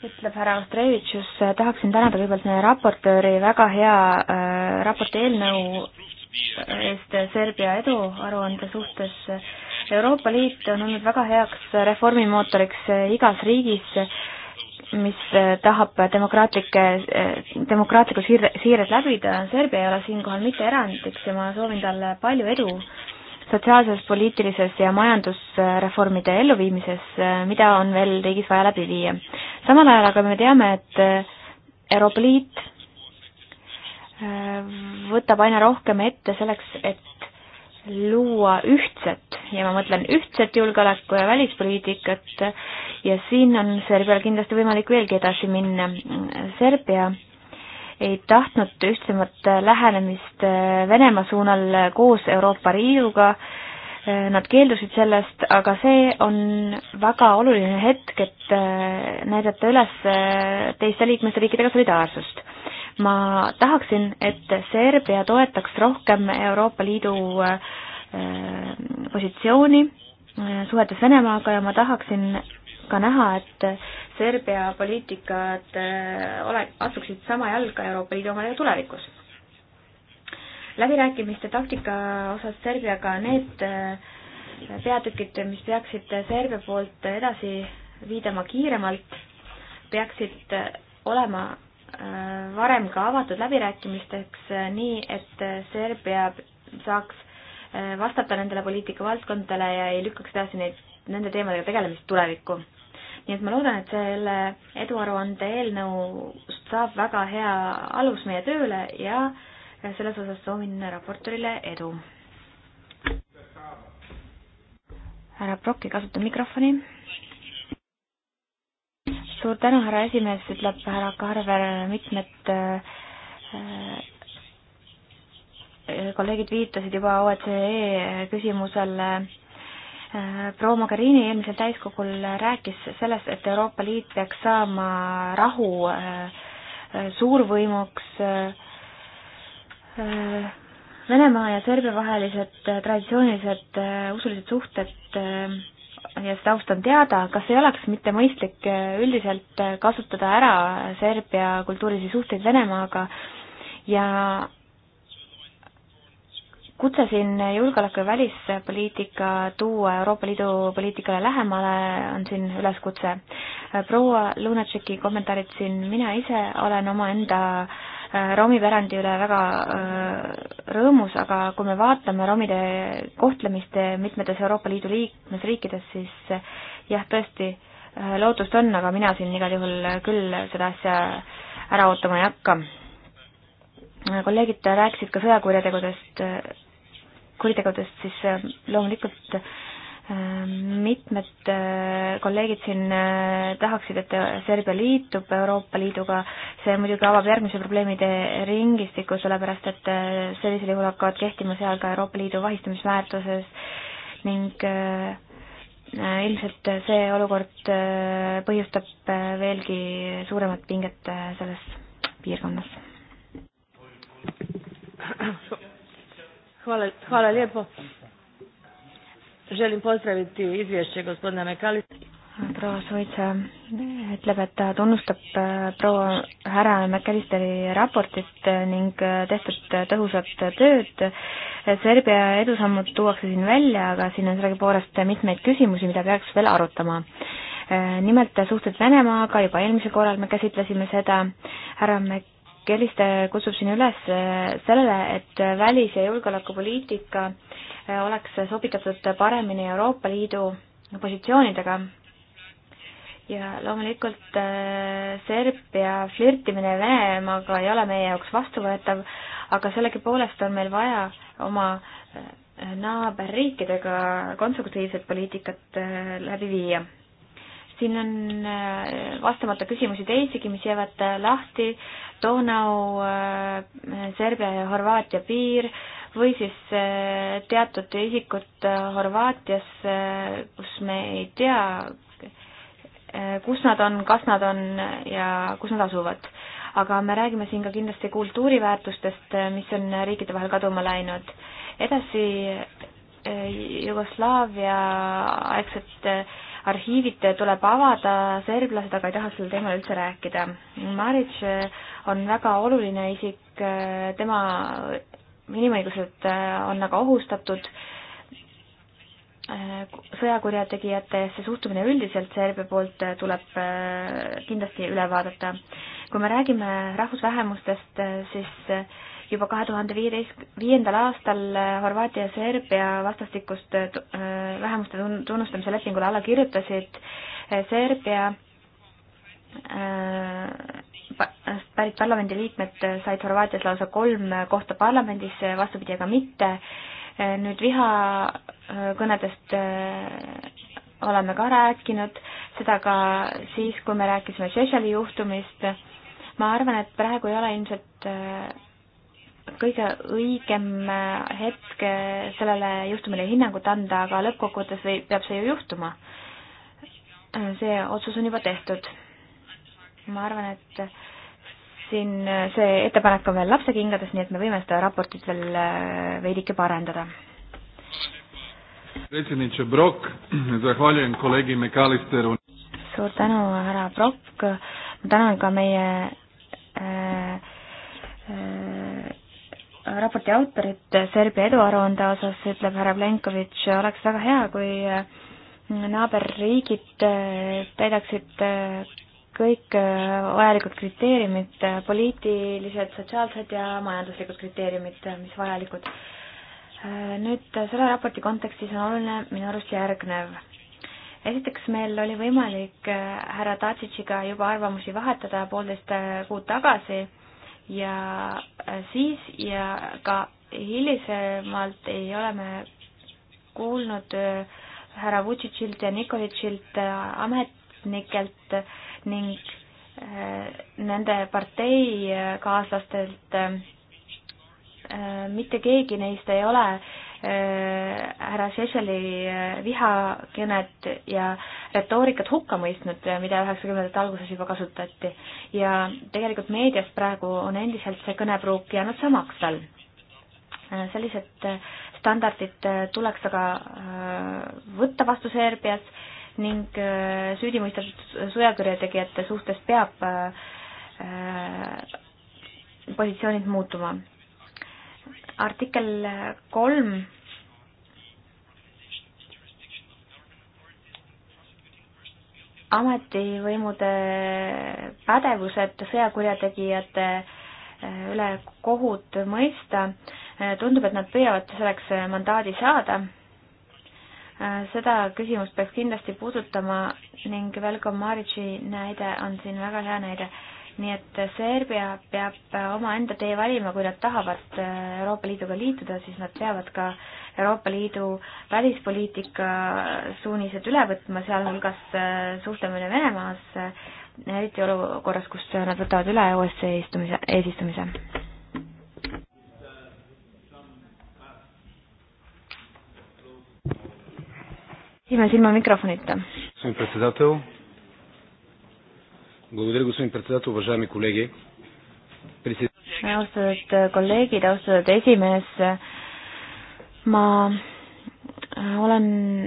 ütleb härra Ostrevitšus, tahaksin tänada kõigepealt meie raportööri väga hea äh, raporti eelnõu eest Serbia eduaruande suhtes. Euroopa Liit on olnud väga heaks reformimootoriks igas riigis äh, mis äh, tahab demokraatlike, äh, demokraatlikus siire, siires läbida, Serbia ei ole siinkohal mitte erandiks ja ma soovin talle palju edu sotsiaalses, poliitilises ja majandusreformide elluviimises, äh, mida on veel riigis vaja läbi viia. samal ajal aga me teame, et Euroopa Liit võtab aina rohkem ette selleks, et luua ühtset ja ma mõtlen ühtset julgeoleku- ja välispoliitikat ja siin on Serbial kindlasti võimalik veelgi edasi minna. Serbia ei tahtnud ühtsemat lähenemist äh, Venemaa suunal koos Euroopa Liiduga, äh, nad keeldusid sellest, aga see on väga oluline hetk, et äh, näidata üles teiste liikmesriikidega solidaarsust ma tahaksin, et Serbia toetaks rohkem Euroopa Liidu äh, positsiooni äh, suhetes Venemaaga ja ma tahaksin ka näha, et Serbia poliitikad äh, ole, astuksid sama jalga Euroopa Liidu omadega tulevikus. läbirääkimiste taktika osas Serbiaga need peatükid, mis peaksid Serbia poolt edasi viidama kiiremalt, peaksid olema Äh, varem ka avatud läbirääkimisteks, äh, nii et äh, Serbia saaks vastata nendele poliitikavaldkondadele ja ei lükkaks edasi neid, nende teemadega tegelemist tulevikku. nii et ma loodan, et selle eduaruande eelnõust saab väga hea alus meie tööle ja selles osas soovin raportorile edu. härra Prokki, kasuta mikrofoni suur tänu, härra esimees, ütleb härra Karver, mitmed äh, kolleegid viitasid juba OECD e küsimusele. Äh, proua Mogherini eelmisel täiskogul rääkis sellest, et Euroopa Liit peaks saama rahu äh, suurvõimuks Venemaa ja Serbia vahelised traditsioonilised usulised suhted ja seda taust on teada, kas ei oleks mitte mõistlik äh, üldiselt äh, kasutada ära Serbia kultuurilisi suhteid Venemaaga ja kutsesin julgeoleku ja välispoliitika tuua Euroopa Liidu poliitikale lähemale, on siin üleskutse. Äh, proua Lunatšeki kommentaarid siin, mina ise olen omaenda Äh, romipärandi üle väga äh, rõõmus, aga kui me vaatame romide kohtlemist mitmetes Euroopa Liidu liikmesriikides, siis äh, jah, tõesti, lootust on, aga mina siin igal juhul küll seda asja ära ootama ei hakka. kolleegid rääkisid ka sõjakurjategudest, kuritegudest, siis loomulikult äh, mitmed äh, kolleegid siin äh, tahaksid, et Serbia liitub Euroopa Liiduga, see muidugi avab järgmise probleemide ringistiku, sellepärast et äh, sellisel juhul hakkavad kehtima seal ka Euroopa Liidu vahistamisväärtuses ning ilmselt see olukord põhjustab veelgi suuremat pinget selles piirkonnas. Hvala, hvala lijepo želim pozdraviti izvješće gospodina Mekalisa. proua Suitsa ütleb, et ta tunnustab äh, proua härra McAllisteri raportit äh, ning äh, tehtud tõhusat tööd. Serbia edusammud tuuakse siin välja, aga siin on sellegipoolest mitmeid küsimusi, mida peaks veel arutama nimelt suhted Venemaaga, juba eelmisel korral me käsitlesime seda, härra Mäkk Keliste kutsub siin üles eh, sellele, et välis- ja julgeolekupoliitika eh, oleks sobitatud paremini Euroopa Liidu positsioonidega ja loomulikult eh, Serbia flirtimine Venemaaga ei ole meie jaoks vastuvõetav, aga sellegipoolest on meil vaja oma naaberriikidega konstruktiivset poliitikat läbi viia siin on äh, vastamata küsimusi teisigi, mis jäävad äh, lahti. Donau, äh, Serbia ja Horvaatia piir või siis teatud isikud Horvaatias, kus me ei tea, kus nad on, kas nad on ja kus nad asuvad. aga me räägime siin ka kindlasti kultuuriväärtustest, mis on riikide vahel kaduma läinud. edasi Jugoslaavia aegset äh, arhiivid tuleb avada, serblased aga ei taha sellel teemal üldse rääkida. Maric eh, on väga oluline isik, eh, tema inimõigused eh, on aga ohustatud sõjakurjategijatesse suhtumine üldiselt Serbia poolt tuleb kindlasti üle vaadata. kui me räägime rahvusvähemustest, siis juba kahe tuhande viieteist, viiendal aastal Horvaatia ja Serbia vastastikust äh, vähemuste tunnustamise lepingule alla kirjutasid. Äh, Serbia äh, pärit parlamendiliikmed said Horvaatias lausa kolm kohta parlamendis, vastupidi aga mitte. nüüd vihakõnedest oleme ka rääkinud, seda ka siis, kui me rääkisime Šešeli juhtumist. ma arvan, et praegu ei ole ilmselt kõige õigem hetk sellele juhtumile hinnangut anda, aga lõppkokkuvõttes või peab see ju juhtuma. see otsus on juba tehtud. ma arvan, et siin see ettepanek on veel lapsekingades, nii et me võime seda raportit veel äh, veidike parandada. presidentše Brok, zahvaljujem kolegi Mekalisteru. suur tänu, härra Brok, ma tänan ka meie äh, äh, raporti autorit Serbia eduaruande osas, ütleb härra Plenkovitš, oleks väga hea, kui äh, naaberriigid äh, täidaksid äh, kõik vajalikud kriteeriumid, poliitilised, sotsiaalsed ja majanduslikud kriteeriumid, mis vajalikud. nüüd selle raporti kontekstis on oluline minu arust järgnev. esiteks, meil oli võimalik härra Tadžitšiga juba arvamusi vahetada poolteist kuud tagasi ja äh, siis ja ka hilisemalt ei ole me kuulnud äh, härra Vutšitšilt ja Nikolitšilt äh, ametnikelt ning nende parteikaaslastelt mitte keegi neist ei ole Äh, härra Šešeli äh, vihakõnet ja retoorikat hukka mõistnud, äh, mida üheksakümnendate alguses juba kasutati. ja tegelikult meedias praegu on endiselt see kõnepruuk jäänud samaks tal. sellised standardid tuleks aga võtta vastu Serbias ning süüdimõistetud sõjakirjategijate suhtes peab positsioonid muutuma artikkel kolm ametivõimude pädevused sõjakurjategijate eh, üle kohut mõista. Eh, tundub, et nad püüavad selleks mandaadi saada. Eh, seda küsimust peaks kindlasti puudutama ning Velko Maritši näide on siin väga hea näide nii et Serbia peab omaenda tee valima, kui nad tahavad Euroopa Liiduga liituda, siis nad peavad ka Euroopa Liidu välispoliitika suunised üle võtma, sealhulgas äh, suhtlemine Venemaas, äh, eriti olukorras, kus nad võtavad üle OSCE istumise, eesistumise. esimees ilma mikrofonita. Благодаря, господин председател, уважаеми колеги. austatud kolleegid, austatud esimees, ma äh, olen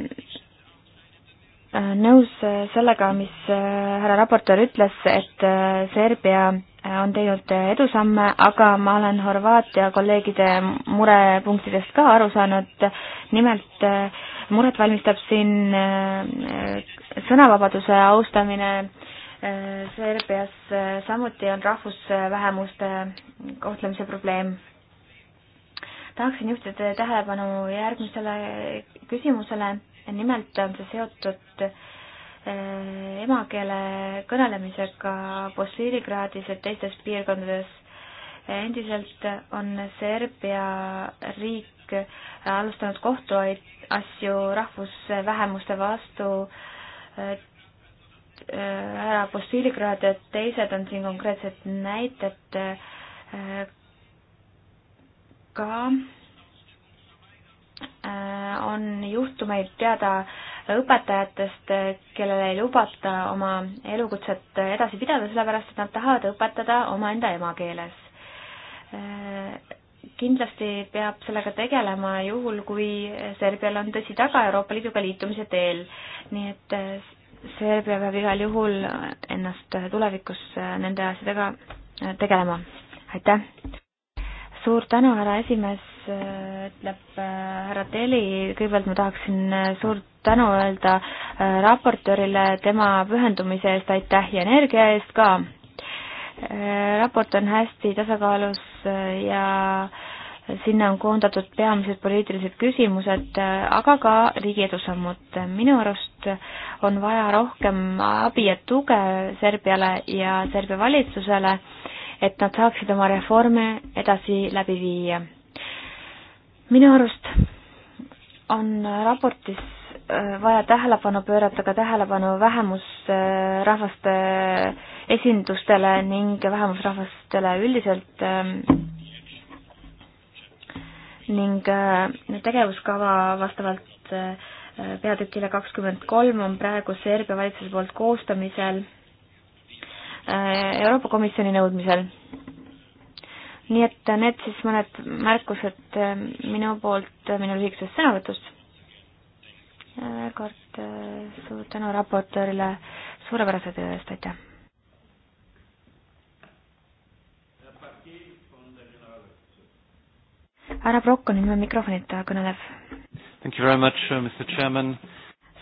äh, nõus sellega, mis äh, härra raportöör ütles, et Serbia on teinud edusamme, aga ma olen Horvaatia kolleegide murepunktidest ka aru saanud, nimelt muret valmistab siin sõnavabaduse austamine, Serbias eh, samuti on rahvusvähemuste kohtlemise probleem. tahaksin juhtida teie tähelepanu järgmisele küsimusele, nimelt on see seotud eh, emakeele kõnelemisega Bosniirikraadis ja teistes piirkondades. endiselt on Serbia riik alustanud kohtuasju rahvusvähemuste vastu eh, härra Fossiilikraad ja teised on siin konkreetsed näited äh, ka äh, on juhtumeid teada õpetajatest, kellele ei lubata oma elukutset edasi pidada, sellepärast et nad tahavad õpetada omaenda emakeeles. Äh, kindlasti peab sellega tegelema juhul, kui Serbial on tõsi taga Euroopa Liiduga liitumise teel, nii et Serbia peab igal juhul ennast tulevikus nende asjadega tegelema. aitäh! suur tänu, härra esimees, ütleb äh, härra Teli, kõigepealt ma tahaksin äh, suurt tänu öelda äh, raportöörile tema pühendumise eest, aitäh ja energia eest ka! raport on hästi tasakaalus ja äh, sinna on koondatud peamised poliitilised küsimused, äh, aga ka riigi edusammud. minu arust on vaja rohkem abi ja tuge Serbiale ja Serbia valitsusele, et nad saaksid oma reforme edasi läbi viia. minu arust on raportis äh, vaja tähelepanu pöörata ka tähelepanu vähemusrahvaste äh, esindustele ning vähemusrahvastele üldiselt ähm, ning äh, tegevuskava vastavalt äh, peatükile kakskümmend kolm on praegu Serbia valitsuse poolt koostamisel äh, Euroopa Komisjoni nõudmisel. nii et need siis mõned märkused minu poolt minu lühikesest sõnavõtust. kord suur tänu raportöörile suurepärase töö eest, aitäh! härra Prokk on ilma mikrofonita kõnelev. Thank you very much, uh, Mr Chairman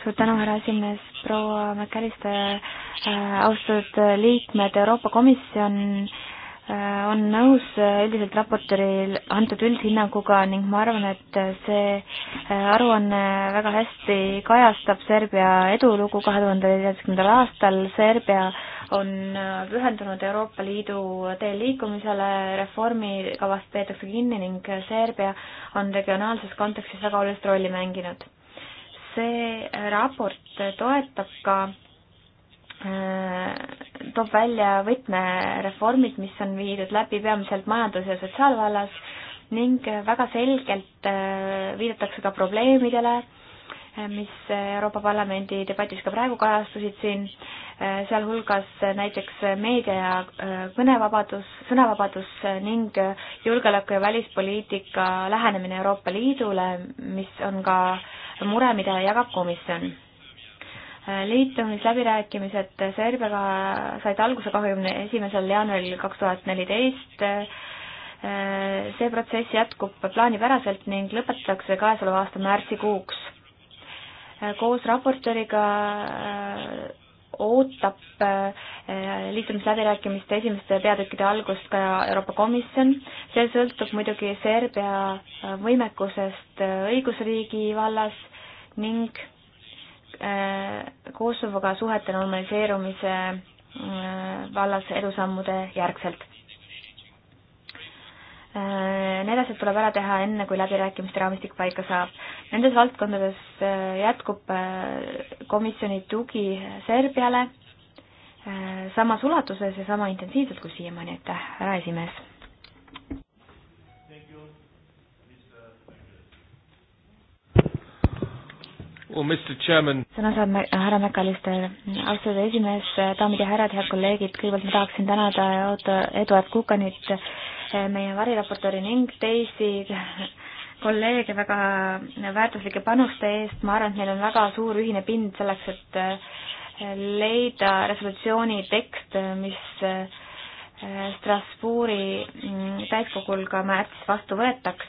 suur tänu, härra esimees, proua McAllister äh,, austatud liikmed, Euroopa Komisjon äh, Äh, on nõus üldiselt äh, raportööril antud üldhinnanguga ning ma arvan, et äh, see aruanne väga hästi kajastab Serbia edulugu kahe tuhande neljateistkümnendal aastal. Serbia on pühendunud Euroopa Liidu teel liikumisele, reformikavast peetakse kinni ning Serbia on regionaalses kontekstis väga olulist rolli mänginud. see raport toetab ka toob välja võtmereformid, mis on viidud läbi peamiselt majandus- ja sotsiaalvallas ning väga selgelt äh, viidatakse ka probleemidele, äh, mis Euroopa Parlamendi debatis ka praegu kajastusid siin, äh, sealhulgas näiteks meedia ja kõnevabadus, sõnavabadus ning julgeoleku- ja välispoliitika lähenemine Euroopa Liidule, mis on ka mure, mida jagab komisjon liitumisläbirääkimised Serbiaga said alguse kahekümne esimesel jaanuaril kaks tuhat neliteist. see protsess jätkub plaanipäraselt ning lõpetatakse käesoleva aasta märtsikuuks. koos raportööriga äh, ootab äh, liitumisläbirääkimiste esimeste peatükkide algust ka Euroopa Komisjon. see sõltub muidugi Serbia võimekusest õigusriigi vallas ning Äh, Kosovoga suhete normaliseerumise äh, vallas edusammude järgselt. Äh, need asjad tuleb ära teha enne, kui läbirääkimiste raamistik paika saab. Nendes valdkondades jätkub komisjoni tugi Serbiale samas ulatuses ja sama intensiivselt kui siiamaani, aitäh, härra esimees sõna saab härra Mäkalister. austatud esimees, daamid ja härrad, head kolleegid, kõigepealt ma tahaksin tänada Eduard Kukanit, eh, meie variraportööri ning teisi kolleege väga väärtuslike panuste eest, ma arvan, et meil on väga suur ühine pind selleks, et eh, leida resolutsiooni tekst, eh, mis Strasbourgi mm, täiskogul ka märtsis vastu võetaks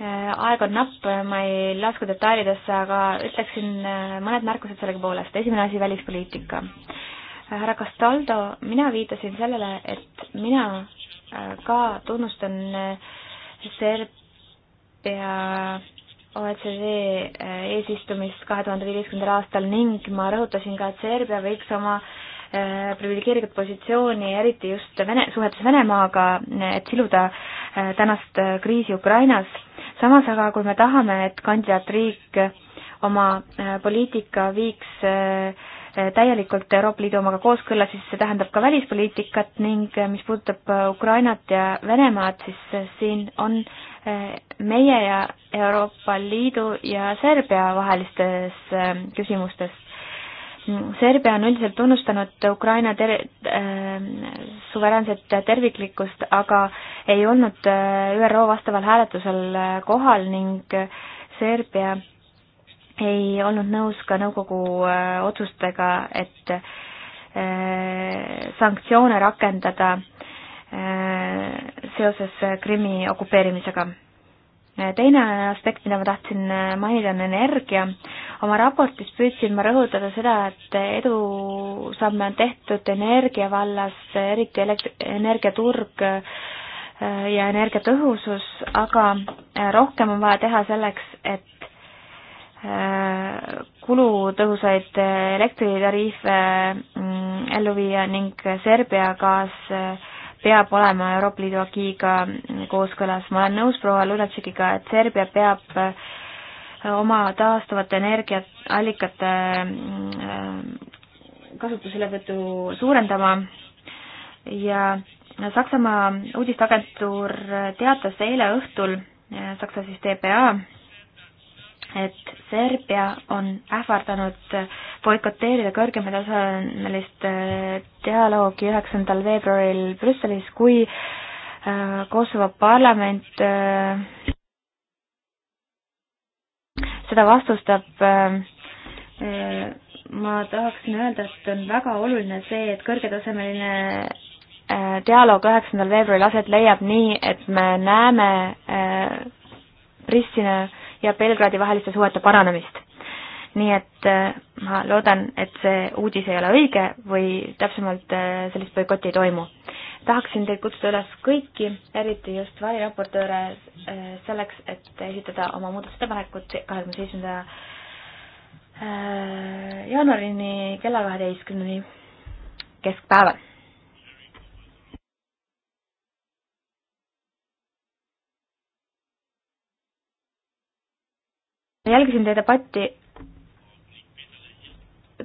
Eh, aeg on napp, ma ei lasku detailidesse, aga ütleksin eh, mõned märkused sellegipoolest. esimene asi, välispoliitika. Eh, härra Castaldo, mina viitasin sellele, et mina ka tunnustan Serbia OECD eesistumist kahe tuhande viieteistkümnendal aastal ning ma rõhutasin ka, et Serbia võiks oma priviligeeritud positsiooni, eriti just Vene, suhetes Venemaaga, et siluda tänast kriisi Ukrainas samas aga, kui me tahame, et kandidaatriik oma äh, poliitika viiks äh, täielikult Euroopa Liidu omaga kooskõlla, siis see tähendab ka välispoliitikat ning äh, mis puudutab Ukrainat ja Venemaad, siis siin on meie ja Euroopa Liidu ja Serbia vahelistes küsimustes Serbia on üldiselt tunnustanud Ukraina ter-, äh, suveräänset terviklikkust, aga ei olnud äh, ÜRO vastaval hääletusel äh, kohal ning Serbia ei olnud nõus ka nõukogu otsustega, et sanktsioone rakendada seoses Krimmi okupeerimisega teine aspekt, mida ma tahtsin äh, mainida, on energia. oma raportis püüdsin ma rõhutada seda, et edusamme on tehtud energia vallas, eriti elektri-, energiaturg äh, ja energiatõhusus, aga äh, rohkem on vaja teha selleks, et kulutõhusaid elektritariife mm, ellu viia ning Serbia gaas peab olema Euroopa Liidu agiiga kooskõlas. ma olen nõus proua Lulatšikiga, et Serbia peab äh, oma taastuvate energiaallikate äh, kasutuselevõtu suurendama ja Saksamaa uudisteagentuur teatas eile õhtul, äh, Saksa siis TPA, et Serbia on ähvardanud boikoteerida kõrgematasemelist äh, dialoogi üheksandal veebruaril Brüsselis, kui äh, Kosovo parlament äh, seda vastustab. ma tahaksin öelda, et on väga oluline see, et kõrgetasemeline dialoog üheksandal veebruaril aset leiab nii, et me näeme Pristina ja Belgradi vaheliste suhete paranemist. nii et äh, ma loodan, et see uudis ei ole õige või täpsemalt äh, sellist boikotti ei toimu. tahaksin teid kutsuda üles kõiki, eriti just variraportööre, äh, selleks, et esitada oma muudatusettepanekud kahekümne seitsmenda jaanuarini kella kaheteistkümneni keskpäeval jälgisin teie debatti.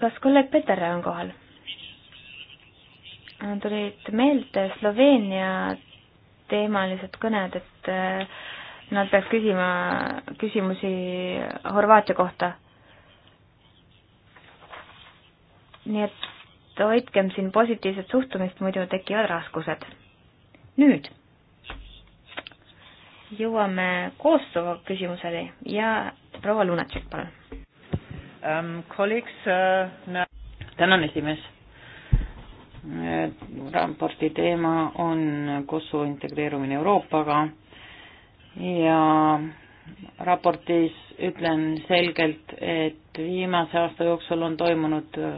kas kolleeg Peter on kohal? tulid meelde Sloveenia teemalised kõned, et äh, nad peaks küsima küsimusi Horvaatia kohta. nii et hoidkem siin positiivset suhtumist, muidu tekivad raskused. nüüd jõuame Kosovo küsimuseni ja proua Lunatšik, palun um,. Ähm, kolleegs uh,, äh, tänan, esimees. Äh, raporti teema on Kosovo integreerumine Euroopaga ja raportis ütlen selgelt, et viimase aasta jooksul on toimunud äh,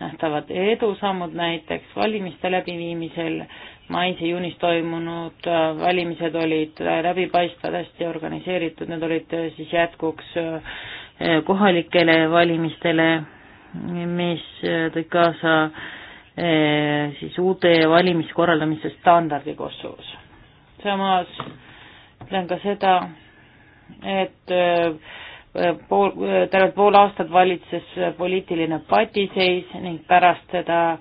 nähtavad edusammud näiteks valimiste läbiviimisel mais ja juunis toimunud valimised olid läbipaistvad, hästi organiseeritud, need olid siis jätkuks eh, kohalikele valimistele, mis eh, tõid kaasa eh, siis uute valimiskorraldamise standardi Kosovos. samas ütlen ka seda, et pool, tervelt pool aastat valitses poliitiline patiseis ning pärast seda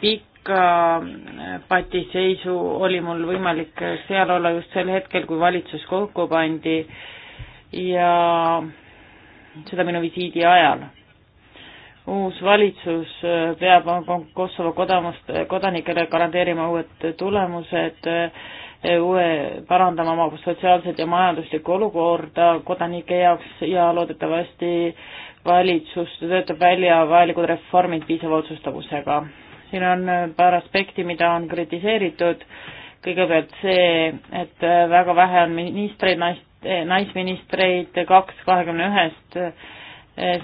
pikk Kreeka äh, patiseisu oli mul võimalik äh, seal olla just sel hetkel, kui valitsus kokku pandi ja seda minu visiidi ajal. uus valitsus äh, peab Kosovo kodamust, kodanikele garanteerima uued tulemused, uue, parandama oma sotsiaalset ja majanduslikku olukorda kodanike jaoks ja loodetavasti valitsus töötab välja vajalikud reformid piisava otsustavusega siin on paar aspekti, mida on kritiseeritud. kõigepealt see, et väga vähe on ministreid, nais-, naisministreid, kaks kahekümne ühest,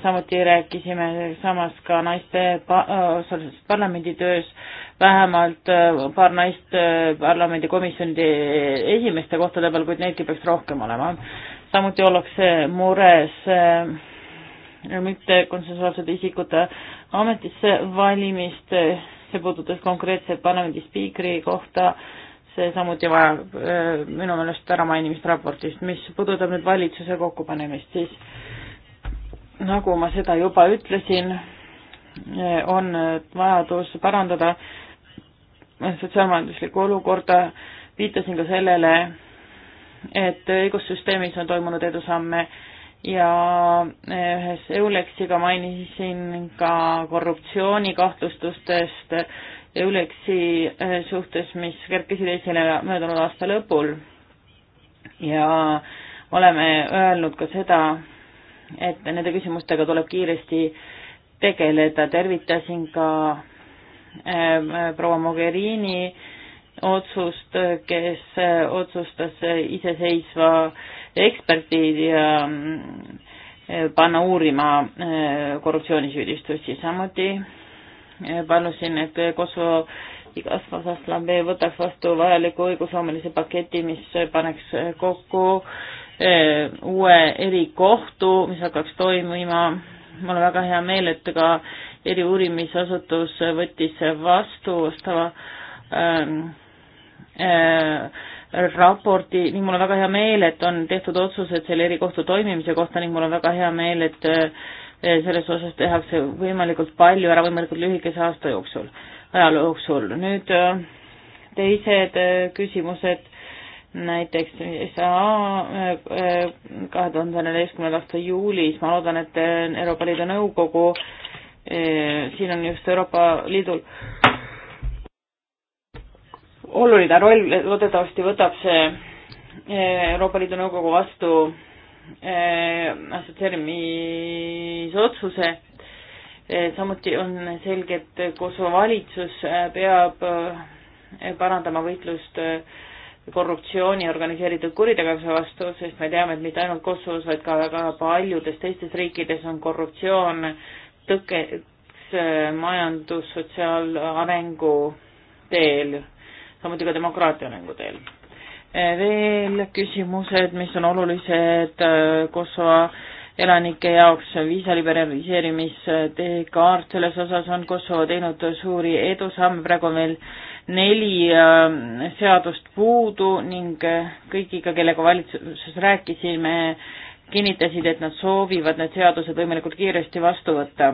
samuti rääkisime samas ka naiste pa-, parlamendi töös, vähemalt paar naist parlamendikomisjonide esimeste kohtade peal, kuid neidki peaks rohkem olema. samuti ollakse mures äh, mittekonsensuaalsete isikute ametisse valimist, see puudutas konkreetselt parlamendi spiikri kohta, see samuti vajab äh, minu meelest äramainimist raportist, mis puudutab nüüd valitsuse kokkupanemist, siis nagu ma seda juba ütlesin, äh, on äh, vajadus parandada sotsiaalmajanduslikku olukorda, viitasin ka sellele, et õigussüsteemis on toimunud edusamme ja eh, ühes Euleksiga mainisin ka korruptsioonikahtlustustest eh, Euleksi eh, suhtes, mis kerkisid esile möödunud aasta lõpul ja oleme öelnud ka seda, et nende küsimustega tuleb kiiresti tegeleda, tervitasin ka proua Mogherini otsust, kes otsustas iseseisva äh, eksperdid ja mm, eh, panna uurima eh, korruptsioonisüüdistusi. samuti eh, palusin, et Kosovo igas osas Lambee võtaks vastu vajaliku õigusloomelise paketi, mis paneks kokku uue erikohtu, mis hakkaks toimima. mul on väga hea meel, et ka eriuurimisasutus võttis vastu vastava ähm, äh, raporti ning mul on väga hea meel, et on tehtud otsused selle erikohtu toimimise kohta ning mul on väga hea meel, et eh, selles osas tehakse võimalikult palju ära võimalikult lühikese aasta jooksul, ajaloo jooksul. nüüd eh, teised eh, küsimused, näiteks saa kahe tuhande neljateistkümnenda aasta juulis, ma loodan, et Euroopa Liidu Nõukogu, siin on just Euroopa Liidul oluline roll, loodetavasti võtab see eh, Euroopa Liidu Nõukogu vastu eh, assotsieerimisotsuse. Eh, samuti on selge, et Kosovo valitsus peab parandama võitlust korruptsiooni organiseeritud kuritegevuse vastu, sest me teame, et mitte ainult Kosovos, vaid ka väga paljudes teistes riikides on korruptsioon tõkeks majandus-sotsiaalarengu teel samuti ka demokraatia arengu teel. Eh, veel küsimused, mis on olulised eh, Kosovo elanike jaoks, viisa liberaliseerimisteekaart, selles osas on Kosovo teinud suuri edusamme, praegu on meil neli eh, seadust puudu ning kõigiga, kellega valitsuses rääkisime, kinnitasid, et nad soovivad need seadused võimalikult kiiresti vastu võtta.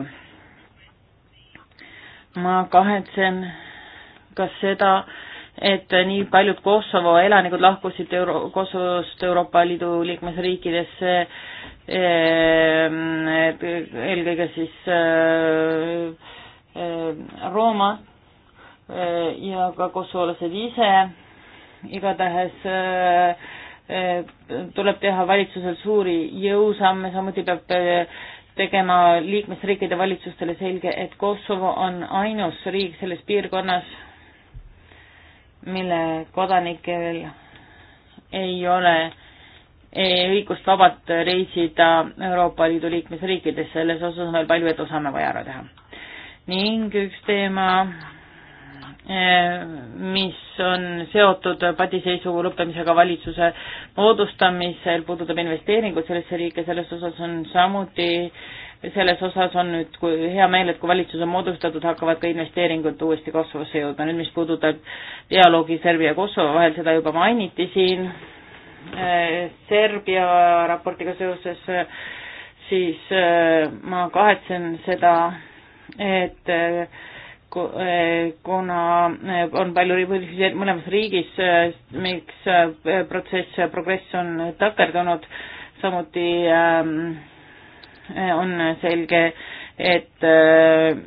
ma kahetsen ka seda, et nii paljud Kosovo elanikud lahkusid Euro-, Kosovost Euroopa Liidu liikmesriikidesse ehm, eelkõige siis ehm, ehm, Rooma ja ka kosovolased ise, igatahes tuleb teha valitsusel suuri jõusamme, samuti peab tegema liikmesriikide valitsustele selge, et Kosovo on ainus riik selles piirkonnas, mille kodanikel ei ole õigust vabalt reisida Euroopa Liidu liikmesriikides, selles osas on veel palju edusamme vaja ära teha. ning üks teema, eh, mis on seotud padiseisu lõppemisega valitsuse moodustamisel, puudutab investeeringuid sellesse riiki, selles osas on samuti selles osas on nüüd hea meel, et kui valitsus on moodustatud, hakkavad ka investeeringud uuesti Kosovosse jõudma. nüüd, mis puudutab dialoogi Serbia ja Kosovo vahel, seda juba mainiti siin äh, Serbia raportiga seoses, äh, siis äh, ma kahetsen seda, et kuna on palju põhjusi mõlemas riigis, miks protsess, progress on takerdunud, samuti ähm, on selge, et äh,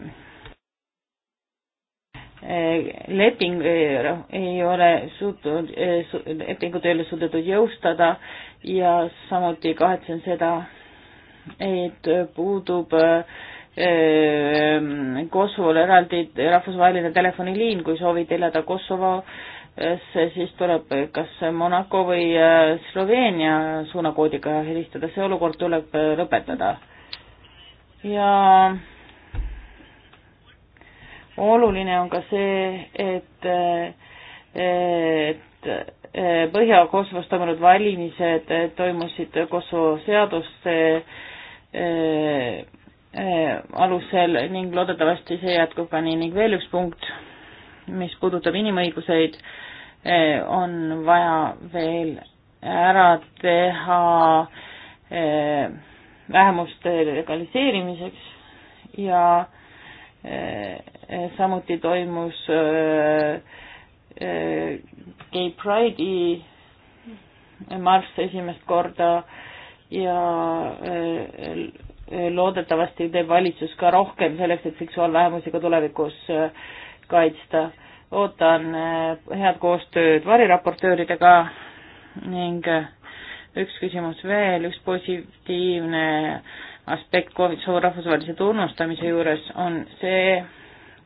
leping äh, ei ole suutnud, äh, lepingut ei ole suudetud jõustada ja samuti kahetsen seda, et puudub Kosovol eraldi rahvusvaheline telefoniliin, kui soovid elada Kosovosse, siis tuleb kas Monaco või Sloveenia suunakoodiga helistada, see olukord tuleb lõpetada ja oluline on ka see, et, et Põhja-Kosovos toimunud valimised toimusid Kosovo seaduste e, e, alusel ning loodetavasti see jätkub ka nii ning veel üks punkt, mis puudutab inimõiguseid, e, on vaja veel ära teha vähemuste legaliseerimiseks ja eh, samuti toimus eh, eh, Gay Pride'i marss esimest korda ja loodetavasti teeb valitsus ka rohkem selleks, et seksuaalvähemusi ka tulevikus kaitsta. ootan head koostööd variraportööridega ning üks küsimus veel, üks positiivne aspekt COVID-19 rahvusvahelise tunnustamise juures on see,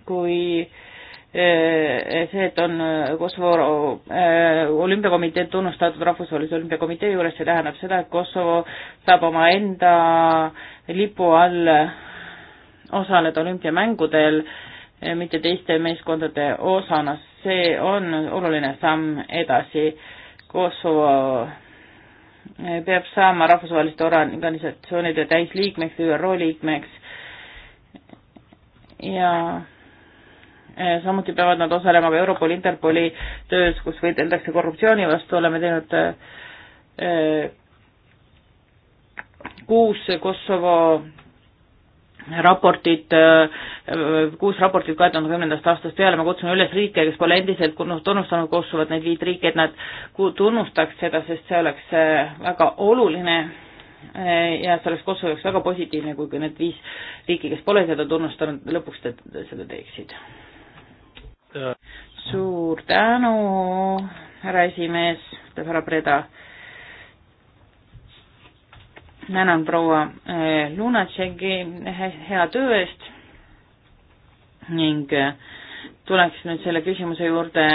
kui eh, see, et on eh, Kosovo eh, olümpiakomitee tunnustatud rahvusvahelise olümpiakomitee juures, see tähendab seda, et Kosovo saab omaenda lipu all osaleda olümpiamängudel, mitte teiste meeskondade osana, see on oluline samm edasi. Kosovo peab saama rahvusvaheliste organisatsioonide täisliikmeks, ÜRO liikmeks ja äh, samuti peavad nad osalema ka Europol Interpoli töös, kus võideldakse korruptsiooni vastu, oleme teinud äh, kuus Kosovo raportit, äh, kuus raportit kahe tuhande kümnendast aastast peale, ma kutsun üles riike, kes pole endiselt tunnustanud Kosovot, neid viit riiki, et nad tunnustaks seda, sest see oleks äh, väga oluline äh, ja see oleks Kosovo jaoks väga positiivne, kui ka need viis riiki, kes pole seda tunnustanud, lõpuks seda teeksid. suur tänu, härra esimees, ütleb härra Preda tänan proua eh, Lunatšeki eh, hea töö eest ning eh, tuleks nüüd selle küsimuse juurde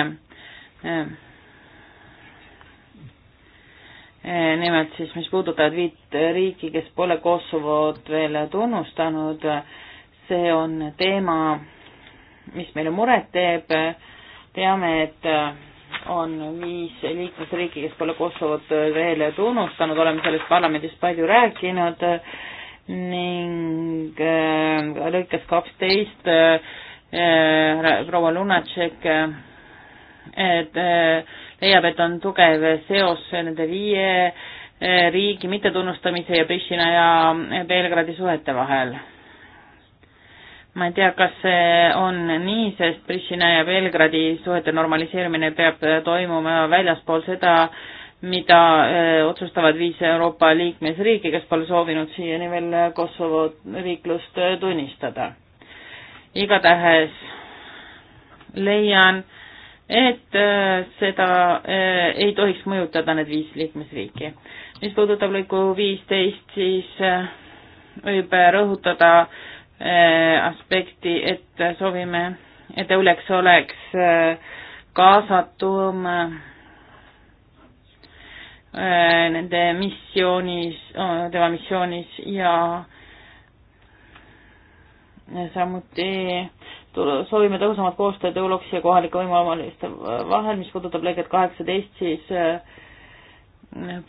nimelt siis, mis puudutavad viit riiki, kes pole Kosovot veel tunnustanud, see on teema, mis meile muret teeb, teame, et on viis liikmesriiki, kes pole Kosovot veel tunnustanud, oleme sellest parlamendis palju rääkinud ning äh, lõikes kaksteist äh, äh proua Lunatšek äh, et äh, leiab, et on tugev seos nende viie äh, riigi mittetunnustamise ja Prishina ja Belgradi suhete vahel ma ei tea, kas see on nii, sest Prishina ja Belgradi suhete normaliseerimine peab toimuma väljaspool seda, mida äh, otsustavad viis Euroopa liikmesriiki, kes pole soovinud siiani veel Kosovo riiklust äh, tunnistada. igatahes leian, et äh, seda ei tohiks mõjutada need viis liikmesriiki. mis puudutab lõiku viisteist, siis võib rõhutada äh, Eh, aspekti, et soovime, et Euleks oleks eh, kaasatum eh, nende missioonis, oh, tema missioonis ja samuti soovime tõhusamat koostööd EULOX-i ja kohalike võimuomaliste vahel, mis puudutab lõiget kaheksateist, siis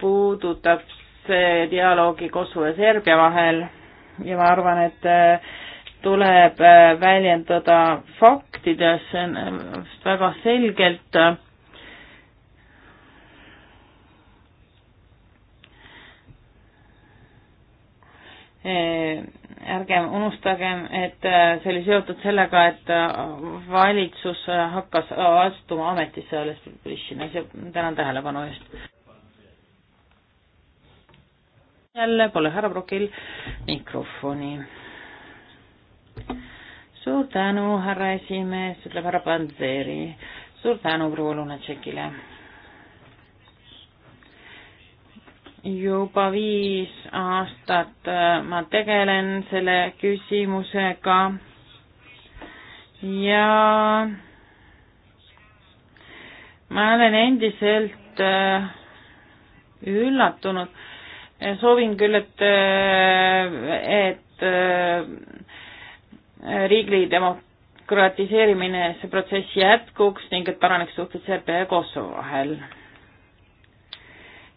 puudutab see dialoogi Kosovo ja Serbia vahel ja ma arvan, et tuleb äh, väljendada faktides äh, väga selgelt äh, ärgem unustagem, et see oli seotud sellega, et valitsus hakkas astuma ametisse alles Prishtinas ja tänan tähelepanu eest. jälle pole härra Brokil mikrofoni suur tänu, härra esimees, ütleb härra Panseri. suur tänu proua Lunatšekile. juba viis aastat äh, ma tegelen selle küsimusega ja ma olen endiselt äh, üllatunud. soovin küll, et, äh, et riigi demokratiseerimine, see protsess jätkuks ning et paraneks suhted Serbia ja Kosovo vahel.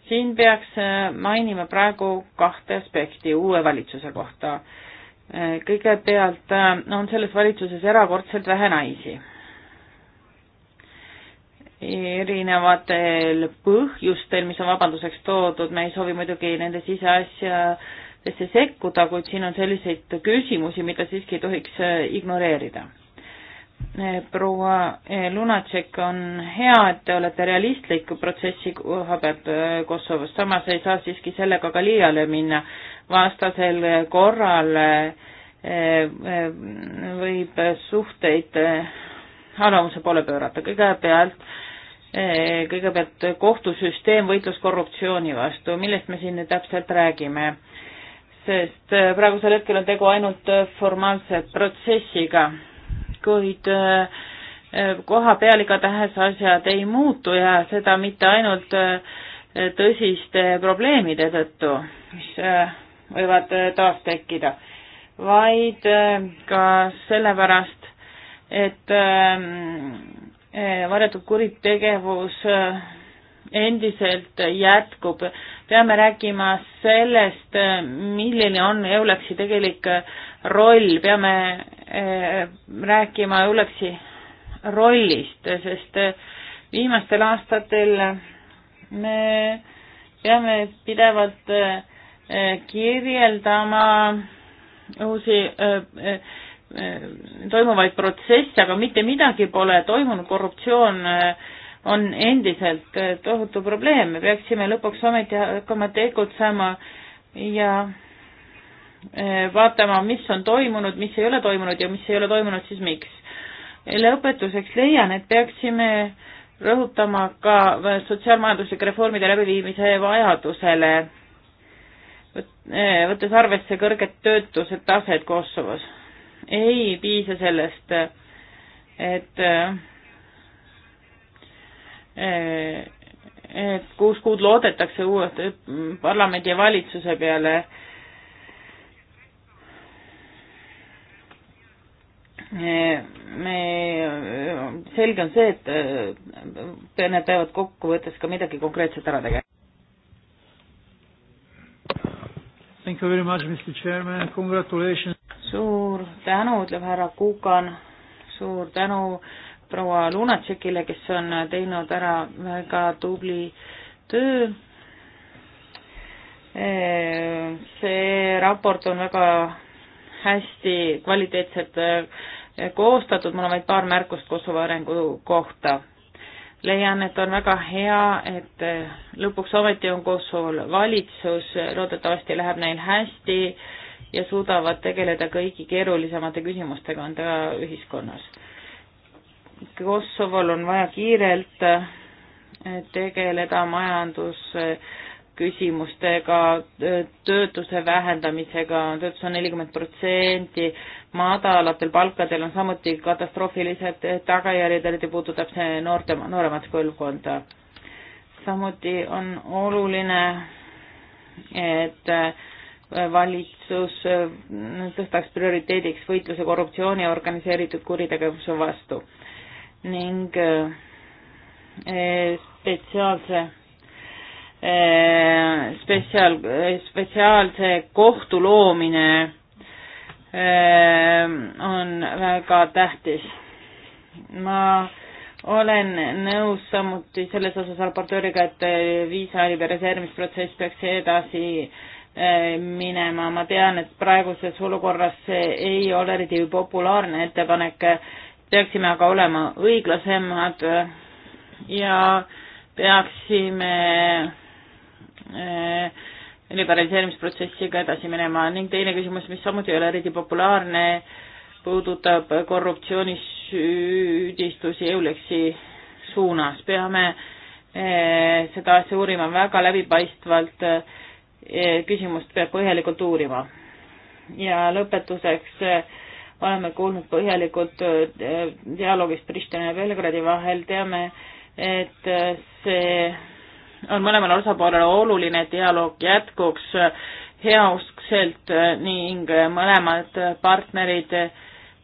siin peaks äh, mainima praegu kahte aspekti uue valitsuse kohta. Äh, kõigepealt äh, on selles valitsuses erakordselt vähe naisi. erinevatel põhjustel, mis on vabanduseks toodud, me ei soovi muidugi nende siseasja sellesse sekkuda, kuid siin on selliseid küsimusi, mida siiski ei tohiks äh, ignoreerida. Äh, proua äh, Lunatšek, on hea, et te olete realistlik protsessi koha pealt Kosovos, samas ei saa siiski sellega ka liiale minna, vastasel korral võib suhteid arvamuse poole pöörata, kõigepealt kõigepealt kohtusüsteem võitlus korruptsiooni vastu, millest me siin nüüd täpselt räägime? sest äh, praegusel hetkel on tegu ainult äh, formaalse protsessiga, kuid äh, koha peal igatahes asjad ei muutu ja seda mitte ainult tõsiste probleemide tõttu, mis võivad taas tekkida, vaid ka sellepärast, et ähm, varjatud kuritegevus endiselt jätkub. peame rääkima sellest, milline on EULEX-i tegelik roll, peame eh, rääkima EULEX-i rollist, sest eh, viimastel aastatel me peame pidevalt eh, kirjeldama uusi toimuvaid protsesse, aga mitte midagi pole toimunud, korruptsioon äh, on endiselt äh, tohutu probleem, me peaksime lõpuks ometi hakkama tegutsema ja äh, vaatama, mis on toimunud, mis ei ole toimunud ja mis ei ole toimunud, siis miks. lõpetuseks leian, et peaksime rõhutama ka sotsiaalmajanduslike reformide läbiviimise vajadusele, äh, võttes arvesse kõrget töötuse taset Kosovos. ei piisa sellest, et et kuus kuud loodetakse uue eh, parlamendi ja valitsuse peale. me, selge on see, et eh, need peavad kokkuvõttes ka midagi konkreetset ära tegema. Thank you very much, Mr Chairman, congratulations. suur tänu, ütleb härra Kukan, suur tänu äh, proua Lunatšekile, kes on teinud ära väga tubli töö. see raport on väga hästi kvaliteetselt eh, koostatud, mul on vaid paar märkust Kosovo arengu kohta. leian, et on väga hea, et eh, lõpuks ometi on Kosovol valitsus, loodetavasti läheb neil hästi ja suudavad tegeleda kõigi keerulisemate küsimustega enda ühiskonnas Kosoval on vaja kiirelt eh, tegeleda majandusküsimustega, eh, töötuse vähendamisega, töötus on nelikümmend protsenti, madalatel palkadel on samuti katastroofilised eh, tagajärjed, eriti puudutab see noorte, nooremat põlvkonda. samuti on oluline, et valitsus tõstaks prioriteediks võitluse korruptsiooni ja organiseeritud kuritegevuse vastu ning äh, äh, spetsiaalse, äh, spetsiaal, spetsiaalse kohtu loomine on väga tähtis. ma olen nõus samuti selles osas raportööriga, et viisa reservimisprotsess peaks edasi minema, ma tean, et praeguses olukorras see ei ole eriti populaarne ettepanek peaksime aga olema õiglasemad ja peaksime eh, liberaliseerimisprotsessiga edasi minema ning teine küsimus, mis samuti ei ole eriti populaarne, puudutab korruptsioonisüüdistusi Euleksi suunas. peame eh, seda asja uurima väga läbipaistvalt, eh, küsimust peab põhjalikult uurima. ja lõpetuseks oleme kuulnud põhjalikult äh, dialoogist Pristina ja Belgradi vahel, teame, et äh, see on mõlemale osapoolele oluline dialoog jätkuks heauskselt äh, ning mõlemad partnerid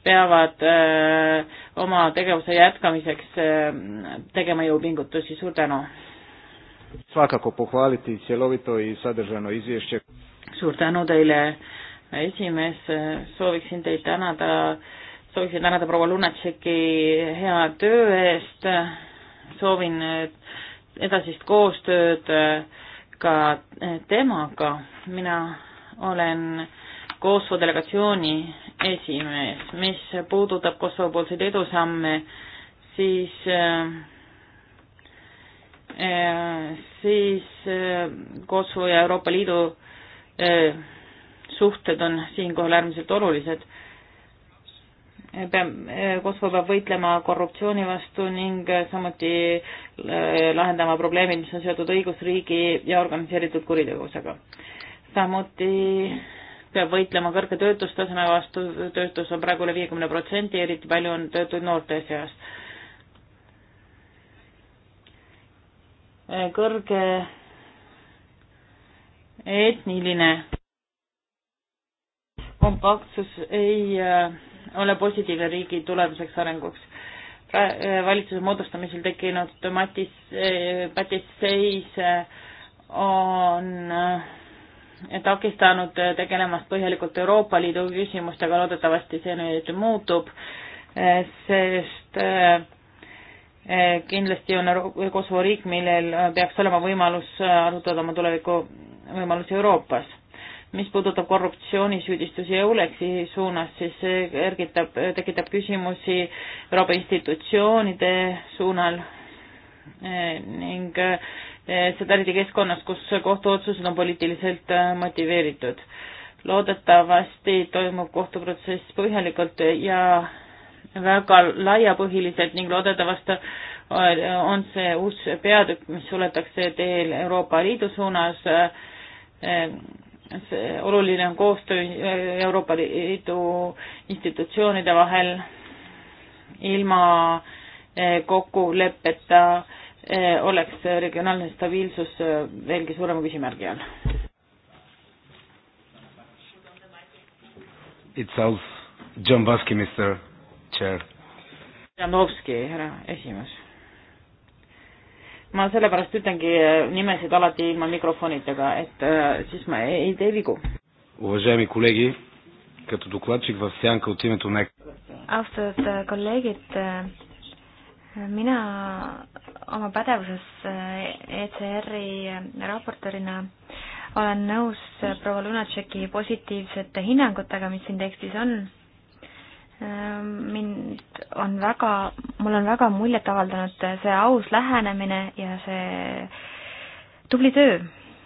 peavad öö, oma tegevuse jätkamiseks öö, tegema jõupingutusi, suur tänu! svakako pohvaliti cjelovito i sadržano izvješće. Suur tänu teile esimees, sooviksin teid tänada, sooviksin tänada proua Lunatšeki hea töö eest, soovin edasist koostööd ka temaga, mina olen Kosovo delegatsiooni esimees, mis puudutab Kosovo poolseid edusamme, siis eh, siis eh, Kosovo ja Euroopa Liidu eh, suhted on siinkohal äärmiselt olulised. peab, eh, Kosovo peab võitlema korruptsiooni vastu ning eh, samuti eh, lahendama probleemid, mis on seotud õigusriigi ja organiseeritud kuritegevusega. samuti peab võitlema kõrge töötustaseme vastu, töötus on praegu üle viiekümne protsendi, eriti palju on töötuid noorte seas. kõrge etniline kompaktsus ei äh, ole positiivne riigi tulevaseks arenguks. Äh, valitsuse moodustamisel tekkinud matis, patisseis äh, on takistanud tegelemast põhjalikult Euroopa Liidu küsimustega, loodetavasti see nüüd muutub, sest kindlasti on Kosovo riik, millel peaks olema võimalus arutada oma tuleviku võimalusi Euroopas mis puudutab korruptsioonisüüdistusi Euleksi suunas, siis see ergitab, tekitab küsimusi Euroopa institutsioonide suunal e, ning e, seda eriti keskkonnas, kus kohtuotsused on poliitiliselt e, motiveeritud. loodetavasti toimub kohtuprotsess põhjalikult ja väga laiapõhiliselt ning loodetavasti on see uus peatükk, mis suletakse teel Euroopa Liidu suunas see oluline on koostöö eh, Euroopa Liidu institutsioonide vahel ilma eh, kokkuleppeta eh, oleks regionaalne stabiilsus veelgi suurema küsimärgi all. It sounds John Baski, Mr Chair. Janovski, härra esimees ma sellepärast ütlengi äh, nimesid alati ilma mikrofonitega, et äh, siis ma ei, ei tee vigu. austatud äh, kolleegid, äh, mina oma pädevuses ECR-i raportorina olen nõus proua Lunatšeki positiivsete hinnangutega, mis siin tekstis on mind on väga, mul on väga muljet avaldanud see aus lähenemine ja see tubli töö,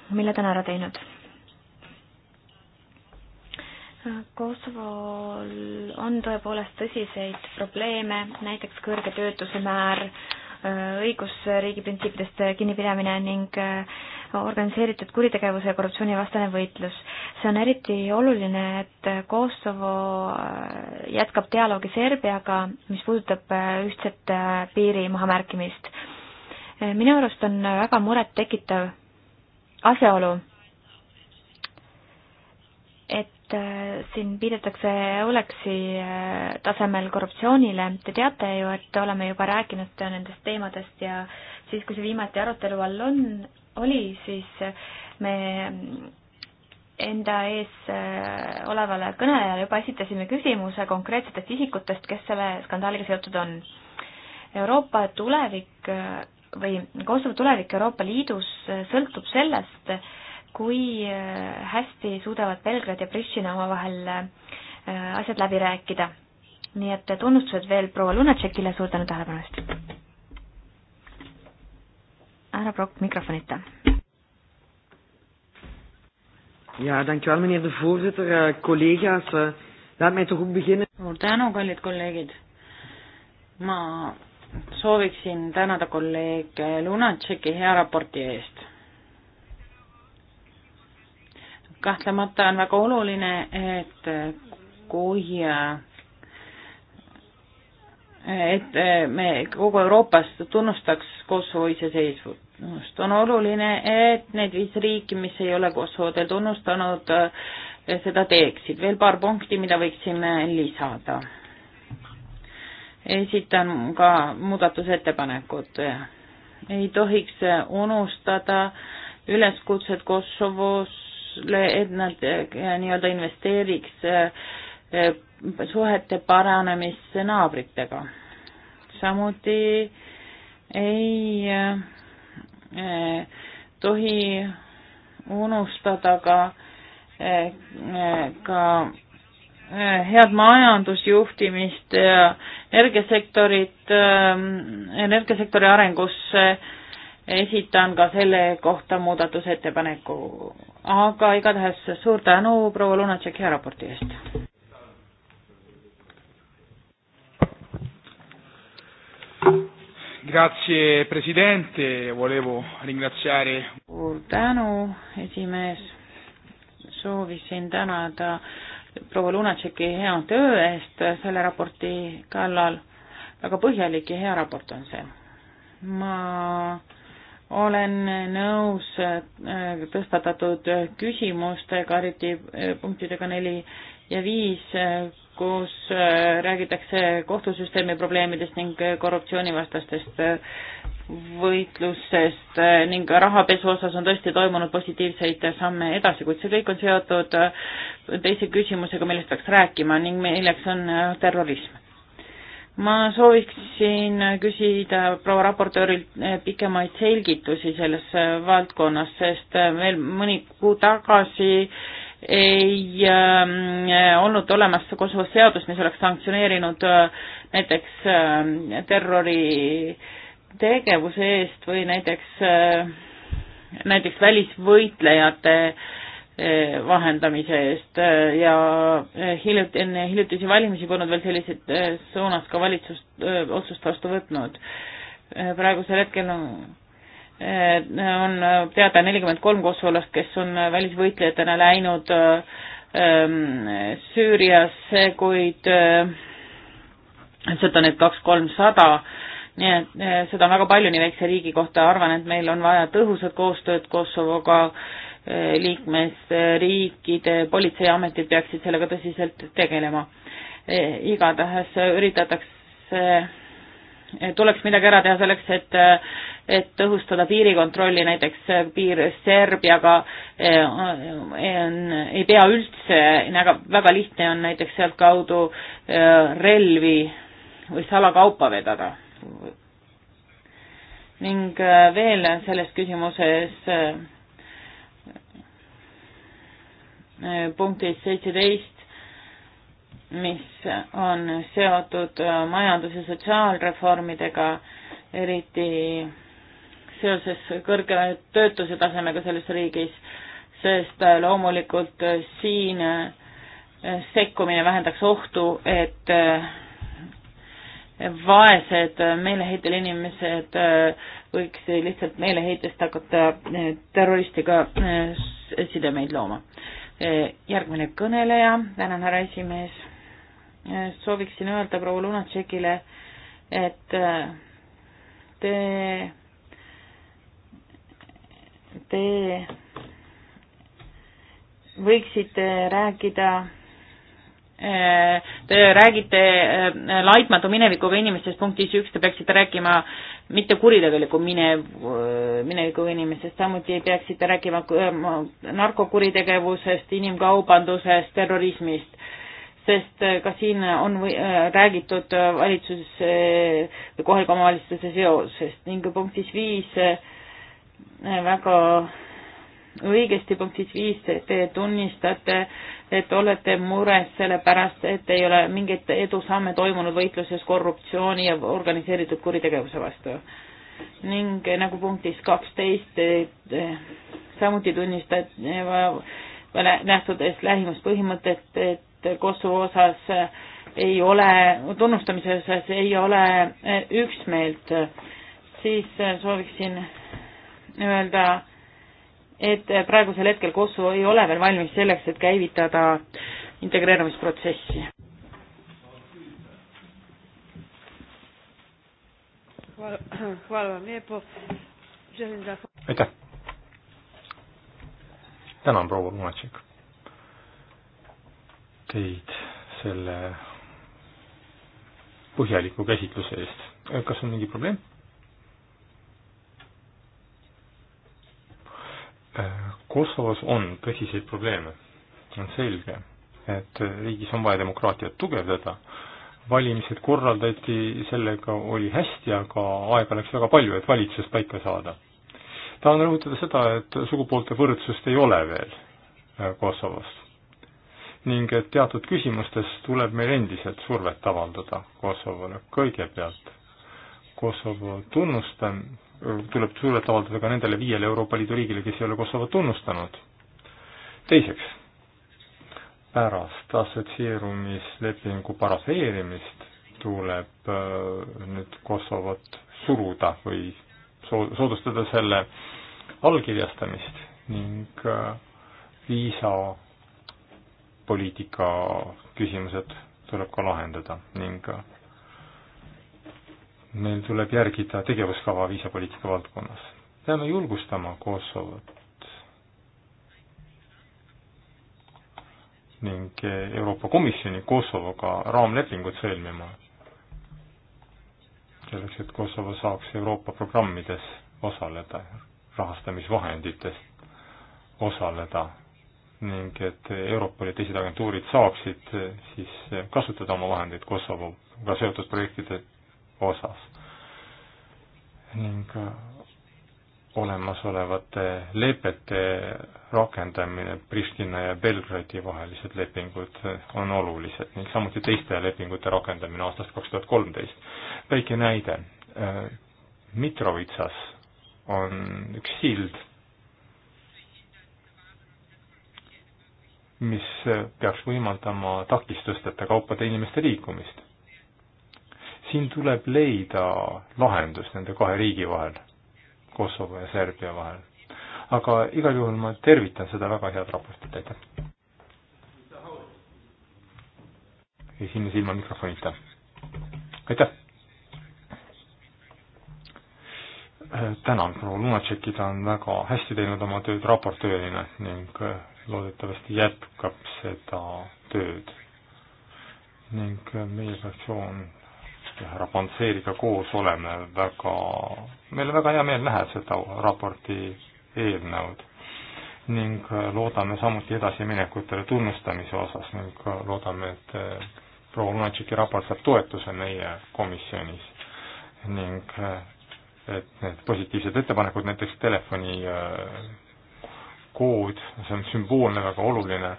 mille ta on ära teinud. Kosovol on tõepoolest tõsiseid probleeme, näiteks kõrge töötuse määr äh,, õigusriigi printsiipidest kinnipidamine ning äh, organiseeritud kuritegevuse ja korruptsiooni vastane võitlus. see on eriti oluline, et Kosovo äh, jätkab dialoogi Serbiaga, mis puudutab äh, ühtset piiri mahamärkimist. minu arust on väga murettekitav asjaolu, et Äh, siin viidatakse Oleksi äh, tasemel korruptsioonile. Te teate ju, et oleme juba rääkinud nendest teemadest ja siis, kui see viimati arutelu all on, oli, siis me enda ees äh, olevale kõnelejale juba esitasime küsimuse konkreetsetest isikutest, kes selle skandaaliga seotud on. Euroopa tulevik või Kosovo tulevik Euroopa Liidus sõltub sellest, kui äh, hästi suudavad Belgrad ja Pristina omavahel äh, asjad läbi rääkida. nii et tunnustused veel proua Lunatšekile, suur tänu tähelepanu eest! härra Brock, mikrofonita. ja dankjewel, meneer de voorzitter uh,, eh, kolleegas uh,, eh, laat mij toch ook beginnen. suur tänu, kallid kolleegid. ma sooviksin tänada kolleeg Lunatšeki hea raporti eest kahtlemata on väga oluline, et kui et me kogu Euroopas tunnustaks Kosovo iseseisvust. on oluline, et need viis riiki, mis ei ole Kosovo veel tunnustanud, seda teeksid. veel paar punkti, mida võiksime lisada. esitan ka muudatusettepanekud. ei tohiks unustada üleskutsed Kosovos majandusele, et nad eh, nii-öelda investeeriks eh, suhete paranemisse naabritega. samuti ei eh, tohi unustada ka, ka head majandusjuhtimist ja energiasektorit, energiasektori arengusse esitan ka selle kohta muudatusettepaneku aga igatahes suur tänu proua Lunatšeki raporti eest. Grazie presidente, volevo ringraziare. suur tänu, esimees. soovisin tänada proua Lunatšeki hea töö eest selle raporti kallal. väga põhjalik ja hea raport on see. ma olen nõus äh, tõstatatud küsimustega, eriti äh, punktidega neli ja viis, äh, kus räägitakse kohtusüsteemi probleemidest ning korruptsioonivastastest võitlusest ning rahapesu osas on tõesti toimunud positiivseid samme edasi, kuid see kõik on seotud teise küsimusega, millest peaks rääkima ning milleks on terrorism ma sooviksin küsida proua raportöörilt eh, pikemaid selgitusi selles eh, valdkonnas, sest eh, veel mõni kuu tagasi ei äh, olnud olemas Kosovo seadus, mis oleks sanktsioneerinud äh, näiteks äh, terroritegevuse eest või näiteks äh,, näiteks välisvõitlejate äh, Eh, vahendamise eest eh, ja eh, hiljuti, enne hiljutisi valimisi polnud veel selliseid suunas ka valitsus otsust vastu võtnud. praegusel hetkel on, on teada nelikümmend kolm kosovoolast, kes on välisvõitlejatena läinud Süüriasse, kuid seda on nüüd kaks-kolmsada nii et seda on väga palju nii väikse riigi kohta, arvan, et meil on vaja tõhusat koostööd Kosovoga liikmesriikide politseiametid peaksid sellega tõsiselt tegelema. E, igatahes üritatakse, e, tuleks midagi ära teha selleks, et, e, et tõhustada piirikontrolli, näiteks piir Serbiaga on, ei pea üldse, väga, väga lihtne on näiteks sealtkaudu relvi või salakaupa vedada. ning veel selles küsimuses punktis seitseteist, mis on seotud äh, majandus- ja sotsiaalreformidega, eriti seoses kõrge töötuse tasemega selles riigis, sest äh, loomulikult äh, siin sekkumine vähendaks ohtu, et vaesed meeleheitel inimesed võiks lihtsalt meeleheitest hakata terroristiga sidemeid looma Eh, järgmine kõneleja, tänan, härra esimees. Eh, sooviksin öelda proua Lunatšekile, et eh, te, te võiksite rääkida Te räägite laitmatu minevikuga inimestest, punktis üks te peaksite rääkima mitte kuritegeliku mine, mineviku inimesest, samuti ei peaks siit rääkima narkokuritegevusest, inimkaubandusest, terrorismist, sest ka siin on või, räägitud valitsus või kohaliku omavalitsuse seosest ning punktis viis väga õigesti punktis viis te tunnistate, et olete mures sellepärast, et ei ole mingeid edusamme toimunud võitluses korruptsiooni ja organiseeritud kuritegevuse vastu. ning nagu punktis kaksteist eh, samuti tunnistate nähtudes lähimuspõhimõtet, et Kosovo osas ei ole, tunnustamise osas ei ole eh, üksmeelt, siis sooviksin öelda et praegusel hetkel Kosovo ei ole veel valmis selleks, et käivitada integreerumisprotsessi. aitäh. tänan, proua Lunatšik, teid selle põhjaliku käsitluse eest. kas on mingi probleem? Kosovos on tõsiseid probleeme. on selge, et riigis on vaja demokraatiat tugevdada, valimised korraldati, sellega oli hästi, aga aega läks väga palju, et valitsus paika saada. tahan rõhutada seda, et sugupoolte võrdsust ei ole veel äh, Kosovos ning et teatud küsimustes tuleb meil endiselt survet avaldada Kosovole kõigepealt Kosovo tunnustan, tuleb survet avaldada ka nendele viiele Euroopa Liidu riigile, kes ei ole Kosovot tunnustanud. teiseks, pärast assotsieerumislepingu parafeerimist tuleb äh, nüüd Kosovot suruda või soodustada selle allkirjastamist ning äh, viisapoliitika küsimused tuleb ka lahendada ning äh, meil tuleb järgida tegevuskava viisapoliitika valdkonnas. peame julgustama Kosovot ning Euroopa Komisjoni Kosovoga raamlepingut sõlmima, selleks et Kosovo saaks Euroopa programmides osaleda, rahastamisvahenditest osaleda ning et Europoli teised agentuurid saaksid siis kasutada oma vahendeid Kosovoga seotud projektide osas ning äh, olemasolevate lepete rakendamine, Pristina ja Belgradi vahelised lepingud äh, on olulised ning samuti teiste lepingute rakendamine aastast kaks tuhat kolmteist. väike näide, äh, Mitrovitsas on üks sild, mis peaks võimaldama takistusteta kaupade inimeste liikumist siin tuleb leida lahendus nende kahe riigi vahel, Kosovo ja Serbia vahel. aga igal juhul ma tervitan seda väga head raportit, aitäh! esines ilma mikrofonita. aitäh! tänan, proua Lunatšeki, ta on väga hästi teinud oma tööd raportöörina ning äh, loodetavasti jätkab seda tööd ning äh, meie fraktsioon ja härra Panseeriga koos oleme väga, meil on väga hea meel näha seda raporti eelnõud ning äh, loodame samuti edasiminekutele tunnustamise osas ning äh, loodame, et äh, proua Lunatšiki raport saab toetuse meie komisjonis ning et need positiivsed ettepanekud, näiteks telefoni kood, see on sümboolne, väga oluline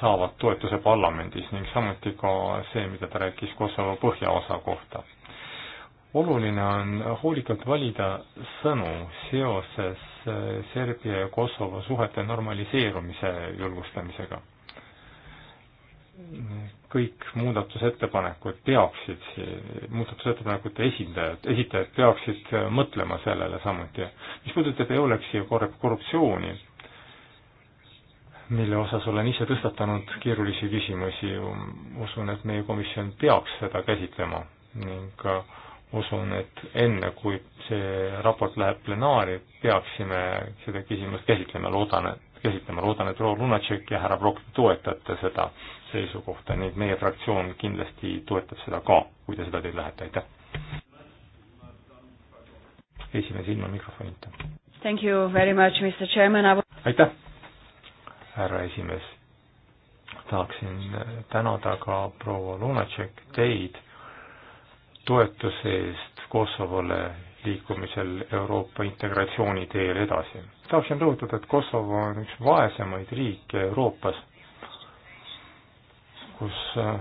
saavad toetuse parlamendis ning samuti ka see, mida ta rääkis Kosovo põhjaosa kohta. oluline on hoolikalt valida sõnu seoses äh, Serbia ja Kosovo suhete normaliseerumise julgustamisega. kõik muudatusettepanekud peaksid, muudatusettepanekute esindajad, esitajad peaksid mõtlema sellele samuti. mis puudutab EOLEX-i ja korruptsiooni, mille osas olen ise tõstatanud keerulisi küsimusi. usun, et meie komisjon peaks seda käsitlema ning usun, et enne, kui see raport läheb plenaari, peaksime seda küsimust käsitlema, loodan, et käsitlema, loodan, et proua Lunatšek ja härra Prokk toetate seda seisukohta ning meie fraktsioon kindlasti toetab seda ka, kui te seda teed lähete, aitäh! esimees ilma mikrofonita. Thank you very much, Mr Chairman I.... aitäh! härra esimees. tahaksin tänada ka proua Lunatšek teid toetuse eest Kosovole liikumisel Euroopa integratsiooni teel edasi. tahaksin rõhutada, et Kosovo on üks vaesemaid riike Euroopas, kus äh,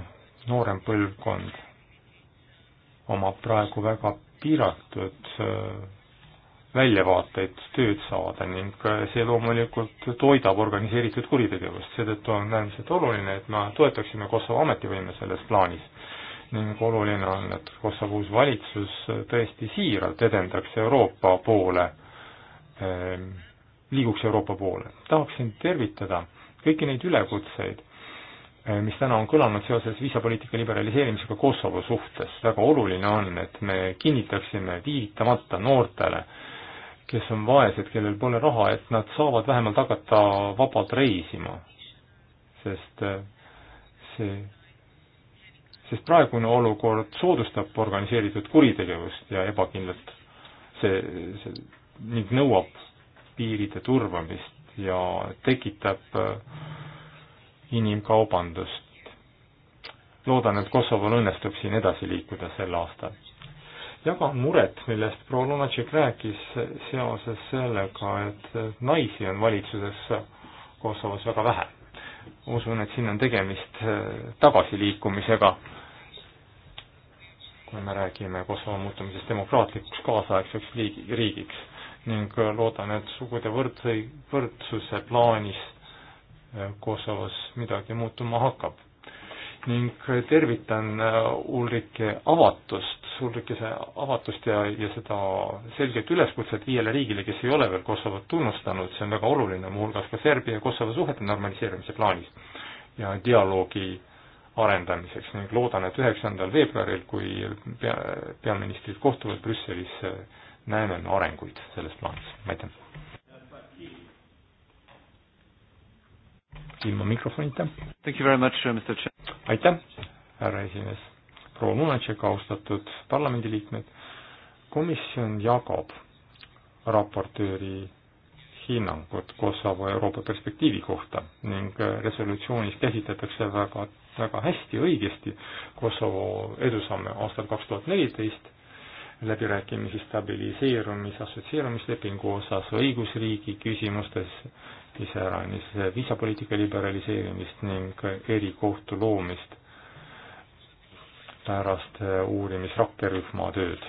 noorem põlvkond omab praegu väga piiratud äh, väljavaateid tööd saada ning see loomulikult toidab organiseeritud kuritegevust, seetõttu on äärmiselt oluline, et me toetaksime Kosovo ametivõime selles plaanis. ning oluline on, et Kosovo uus valitsus tõesti siiralt edendaks Euroopa poole, ehm, liiguks Euroopa poole. tahaksin tervitada kõiki neid ülekutseid, ehm, mis täna on kõlanud seoses viisapoliitika liberaliseerimisega Kosovo suhtes. väga oluline on, et me kinnitaksime viivitamata noortele äh, kes on vaesed, kellel pole raha, et nad saavad vähemalt hakata vabalt reisima. sest äh, see, sest praegune olukord soodustab organiseeritud kuritegevust ja ebakindlat, see, see ning nõuab piiride turvamist ja tekitab äh, inimkaubandust. loodan, et Kosovol õnnestub siin edasi liikuda sel aastal jagan muret, millest proua Lunatšik rääkis seoses sellega, et naisi on valitsuses Kosovos väga vähe. usun, et siin on tegemist eh, tagasiliikumisega, kui me räägime Kosovo muutumisest demokraatlikuks kaasaegseks liigi, riigiks ning loodan, et sugude võrdsõi, võrdsuse plaanis eh, Kosovos midagi muutuma hakkab ning tervitan eh, Ulrike avatust suurlükese avatust ja, ja seda selget üleskutset viiele riigile, kes ei ole veel Kosovot tunnustanud, see on väga oluline, muuhulgas ka Serbia ja Kosovo suhete normaliseerimise plaanis ja dialoogi arendamiseks ning loodan, et üheksandal veebruaril, kui pea, peaministrid kohtuvad Brüsselis, näeme me arenguid selles plaanis, aitäh. ilma mikrofonita. Uh, aitäh, härra esimees proua Lunatšek, austatud parlamendiliikmed, komisjon jagab raportööri hinnangut Kosovo Euroopa perspektiivi kohta ning resolutsioonis käsitletakse väga, väga hästi, õigesti Kosovo edusamme aastal kaks tuhat neliteist, läbirääkimisi stabiliseerumis, assotsieerumislepingu osas, õigusriigi küsimustes, iseäranis viisapoliitika liberaliseerimist ning erikohtu loomist pärast äh, uurimisrakkerühma tööd.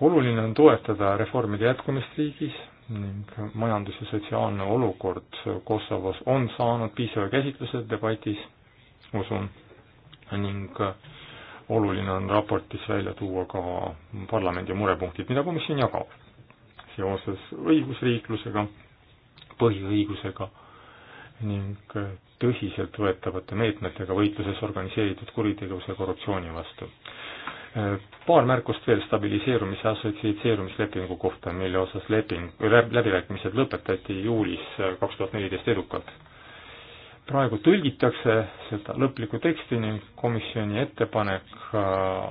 oluline on toetada reformide jätkumist riigis ning majandus- ja sotsiaalne olukord Kosovos on saanud piisava käsitluse debatis, usun, ning äh, oluline on raportis välja tuua ka parlamendi murepunktid, mida komisjon jagab seoses õigusriiklusega, põhiõigusega ning tõsiseltvõetavate meetmetega võitluses organiseeritud kuritegevuse ja korruptsiooni vastu. Paar märkust veel stabiliseerumise assotsieerumislepingu kohta, mille osas leping, läbirääkimised lõpetati juulis kaks tuhat neliteist edukalt. praegu tõlgitakse seda lõplikku teksti ning komisjoni ettepanek äh,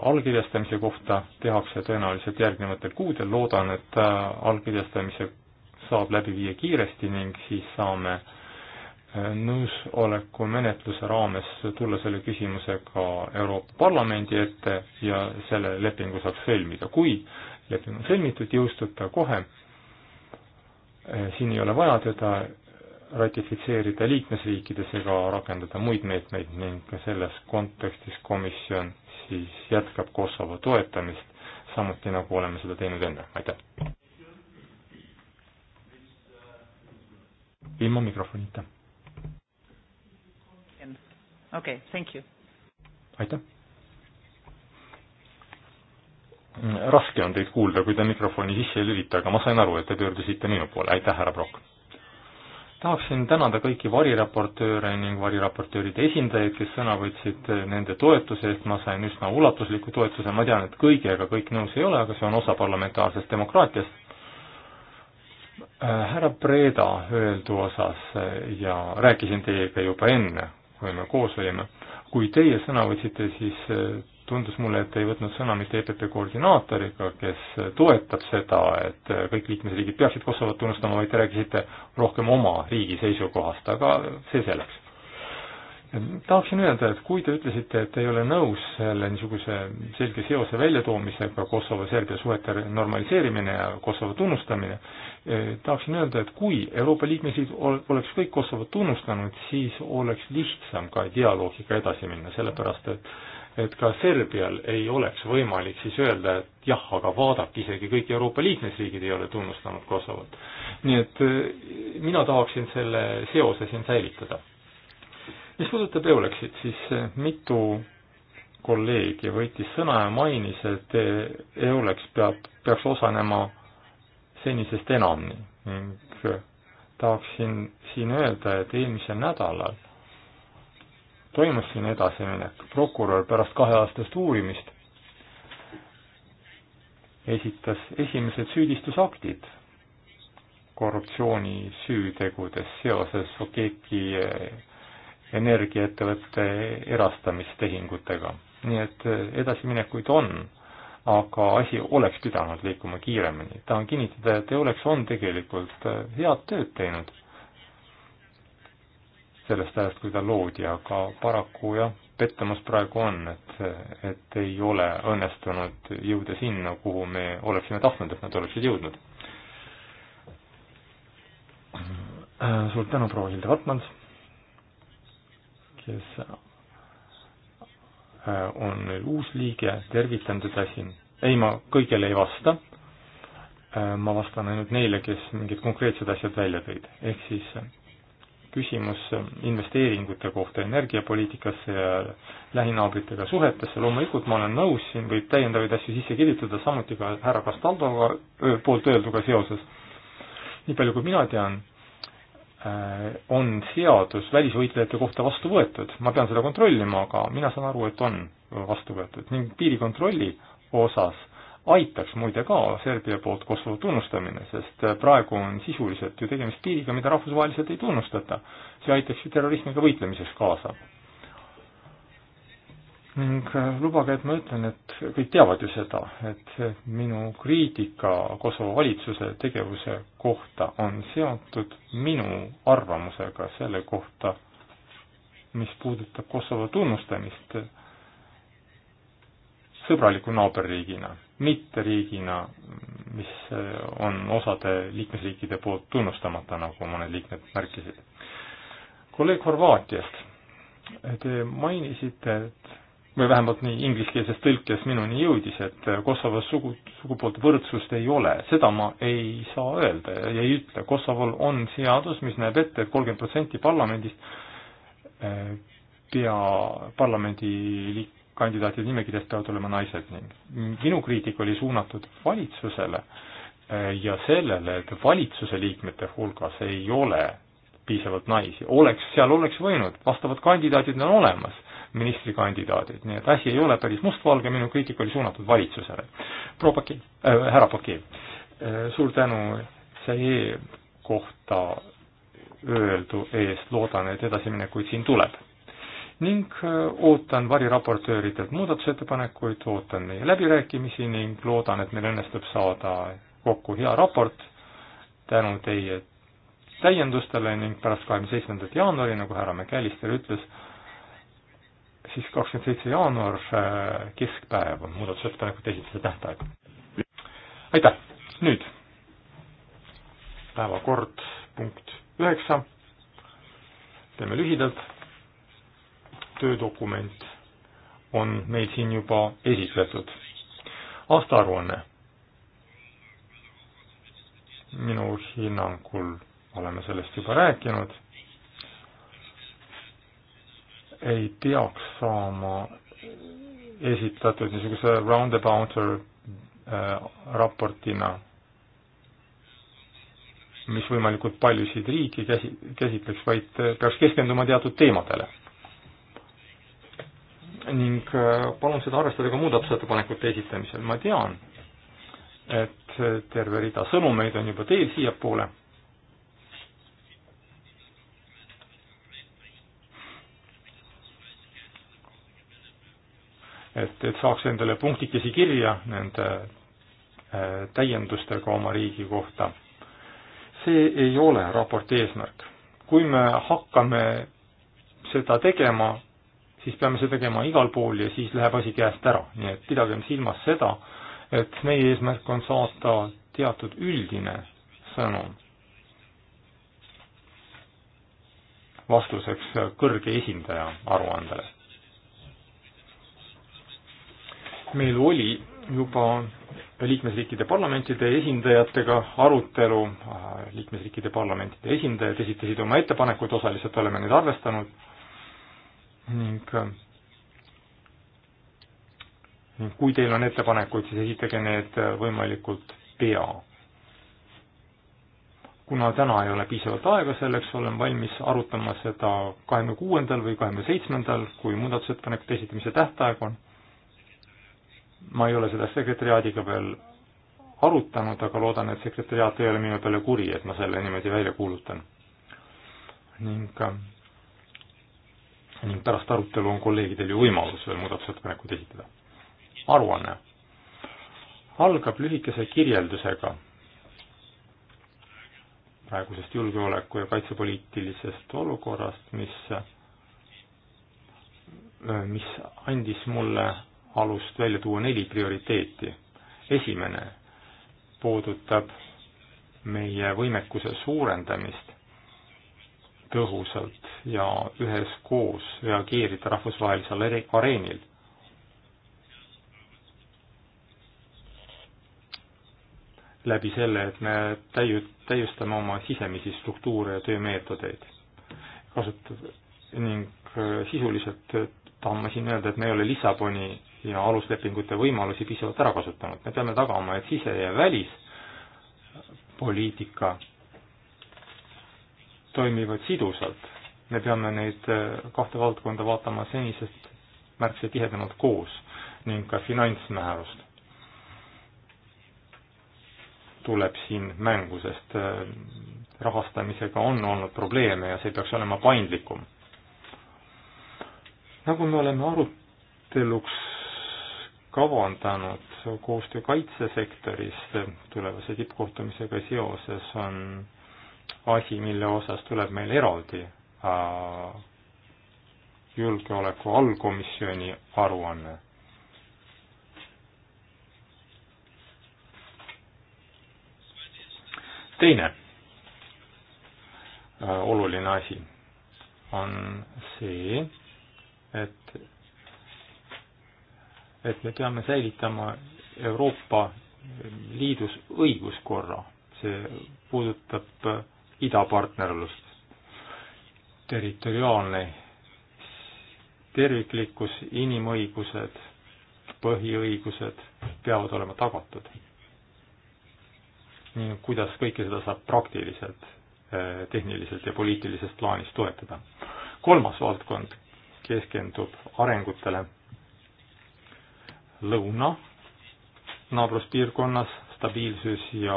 allkirjastamise kohta tehakse tõenäoliselt järgnevatel kuudel, loodan, et äh, allkirjastamise saab läbi viia kiiresti ning siis saame äh, nõusoleku menetluse raames tulla selle küsimusega Euroopa Parlamendi ette ja selle lepingu saaks sõlmida. kui leping on sõlmitud, jõustub ta kohe, eh, siin ei ole vaja teda ratifitseerida liikmesriikides ega rakendada muid meetmeid ning ka selles kontekstis komisjon siis jätkab Kosovo toetamist, samuti nagu oleme seda teinud enne, aitäh. ilma mikrofonita okei okay,, thank you. aitäh. raske on teid kuulda, kui te mikrofoni sisse ei lülita, aga ma sain aru, et te pöördusite minu poole, aitäh, härra Prokk. tahaksin tänada kõiki variraportööre ning variraportööride esindajaid, kes sõna võtsid nende toetuse eest, ma sain üsna ulatusliku toetuse, ma tean, et kõigega kõik nõus ei ole, aga see on osa parlamentaarsest demokraatiast äh, härra Breda öeldu osas äh, ja rääkisin teiega juba enne, kui me koos olime. kui teie sõna võtsite, siis eh, tundus mulle, et ei võtnud sõna mitte EPP koordinaatoriga, kes eh, toetab seda, et eh, kõik liikmesriigid peaksid Kosovot tunnustama, vaid te rääkisite rohkem oma riigi seisukohast, aga see selleks. tahaksin öelda, et kui te ütlesite, et ei ole nõus selle niisuguse selge seose väljatoomisega Kosovo-Serbia suhete normaliseerimine ja Kosovo tunnustamine, Eh, tahaksin öelda, et kui Euroopa liikmesriigid oleks kõik Kosovot tunnustanud, siis oleks lihtsam ka dialoogiga edasi minna, sellepärast et et ka Serbial ei oleks võimalik siis öelda, et jah, aga vaadake, isegi kõik Euroopa liikmesriigid ei ole tunnustanud Kosovot. nii et eh, mina tahaksin selle seose siin säilitada. mis puudutab Euleksit, siis eh, mitu kolleegi võttis sõna ja mainis, et Euleks peab, peaks osanema senisest enam ning äh, tahaksin siin öelda, et eelmisel nädalal toimus siin edasiminek, prokurör pärast kaheaastast uurimist esitas esimesed süüdistusaktid korruptsioonisüütegudes seoses Okeki äh, energiaettevõtte erstamistehingutega. nii et äh, edasiminekuid on aga asi oleks pidanud liikuma kiiremini. tahan kinnitada, et Eulex on tegelikult äh, head tööd teinud sellest ajast, kui ta loodi, aga paraku jah, pettumus praegu on, et, et ei ole õnnestunud jõuda sinna, kuhu me oleksime tahtnud, et nad oleksid jõudnud. Äh, suur tänu, proua Hilde Vatmans, kes Äh, on meil uus liige, tervitan teda siin. ei, ma kõigele ei vasta, äh, ma vastan ainult neile, kes mingid konkreetsed asjad välja tõid, ehk siis äh, küsimus investeeringute kohta energiapoliitikasse ja lähinaabritega suhetesse, loomulikult ma olen nõus, siin võib täiendavaid asju sisse kirjutada, samuti ka härra Castaldoga poolt öelduga seoses. nii palju, kui mina tean, Äh, on seadus välisvõitlejate kohta vastu võetud, ma pean seda kontrollima, aga mina saan aru, et on vastu võetud ning piirikontrolli osas aitaks muide ka Serbia poolt Kosovo tunnustamine, sest praegu on sisuliselt ju tegemist piiriga, mida rahvusvaheliselt ei tunnustata. see aitaks ju terrorismiga võitlemiseks kaasa ning äh, lubage, et ma ütlen, et kõik teavad ju seda, et minu kriitika Kosovo valitsuse tegevuse kohta on seotud minu arvamusega selle kohta, mis puudutab Kosovo tunnustamist sõbraliku naaberriigina, mitte riigina, mis on osade liikmesriikide poolt tunnustamata, nagu mõned liikmed märkisid. kolleeg Horvaatiast, te mainisite, et või vähemalt nii ingliskeelses tõlkes minuni jõudis, et Kosovos sugu, sugupoolt võrdsust ei ole, seda ma ei saa öelda ja ei ütle, Kosovol on seadus, mis näeb ette et, et kolmkümmend protsenti parlamendist eh, pea, parlamendi kandidaatide nimekirjas peavad olema naised ning minu kriitika oli suunatud valitsusele eh, ja sellele, et valitsuse liikmete hulgas ei ole piisavalt naisi, oleks, seal oleks võinud, vastavad kandidaadid on olemas ministrikandidaadid, nii et asi ei ole päris mustvalge, minu kriitika oli suunatud valitsusele. proua Paki äh,, härra Paki äh,, suur tänu see kohta öeldu eest, loodan, et edasiminekuid siin tuleb. ning äh, ootan variraportööridelt muudatusettepanekuid, ootan meie läbirääkimisi ning loodan, et meil õnnestub saada kokku hea raport tänu teie täiendustele ning pärast kahekümne seitsmendat jaanuari, nagu härra McAllister ütles, siis kakskümmend seitse jaanuar keskpäev on muudatusettepanekute esitamise tähtaeg. aitäh, nüüd päevakord punkt üheksa, teeme lühidalt, töödokument on meil siin juba esitletud, aastaaruanne. minu hinnangul oleme sellest juba rääkinud ei peaks saama esitatud niisuguse roundabouter äh, raportina, mis võimalikult paljusid riike käsi, käsitleks, vaid äh, peaks keskenduma teatud teemadele. ning äh, palun seda arvestada ka muudatusettepanekute esitamisel, ma tean, et terve rida sõnumeid on juba teel siiapoole et, et saaks endale punktikesi kirja nende äh, täiendustega oma riigi kohta. see ei ole raporti eesmärk. kui me hakkame seda tegema, siis peame seda tegema igal pool ja siis läheb asi käest ära, nii et pidagem silmas seda, et meie eesmärk on saata teatud üldine sõnum vastuseks kõrge esindaja aruandele meil oli juba liikmesriikide parlamentide esindajatega arutelu, liikmesriikide parlamentide esindajad esitasid oma ettepanekud, osaliselt oleme neid arvestanud ning ning kui teil on ettepanekuid, siis esitage need võimalikult pea. kuna täna ei ole piisavalt aega selleks, olen valmis arutama seda kahekümne kuuendal või kahekümne seitsmendal, kui muudatusettepanekute esitamise tähtaeg on ma ei ole seda sekretäriaadiga veel arutanud, aga loodan, et sekretäriaat ei ole minu peale kuri, et ma selle niimoodi välja kuulutan. ning, äh, ning pärast arutelu on kolleegidel ju võimalus veel muudatusettepanekuid esitada. aruanne algab lühikese kirjeldusega praegusest julgeoleku- ja kaitsepoliitilisest olukorrast, mis, äh, mis andis mulle alust välja tuua neli prioriteeti. esimene puudutab meie võimekuse suurendamist tõhusalt ja üheskoos reageerida rahvusvahelisel areenil. läbi selle, et me täiu-, täiustame oma sisemisi struktuure ja töömeetodeid. kasut- ning sisuliselt tahan ma siin öelda, et me ei ole Lissaboni ja aluslepingute võimalusi piisavalt ära kasutanud, me peame tagama, et sise- ja välispoliitika toimivad sidusalt, me peame neid äh, kahte valdkonda vaatama senisest märksa tihedamalt koos ning ka finantsmäärust tuleb siin mängu, sest äh, rahastamisega on olnud probleeme ja see peaks olema paindlikum nagu me oleme aruteluks kavandanud koostöö kaitsesektoris tulevase tippkohtumisega seoses, on asi, mille osas tuleb meil eraldi äh, julgeoleku allkomisjoni aruanne. teine äh, oluline asi on see, et, et me peame säilitama Euroopa Liidus õiguskorra, see puudutab idapartnerlust, territoriaalne terviklikkus, inimõigused, põhiõigused peavad olema tagatud. nii, kuidas kõike seda saab praktiliselt, eh, tehniliselt ja poliitilises plaanis toetada. kolmas valdkond keskendub arengutele lõuna naabruspiirkonnas, stabiilsus ja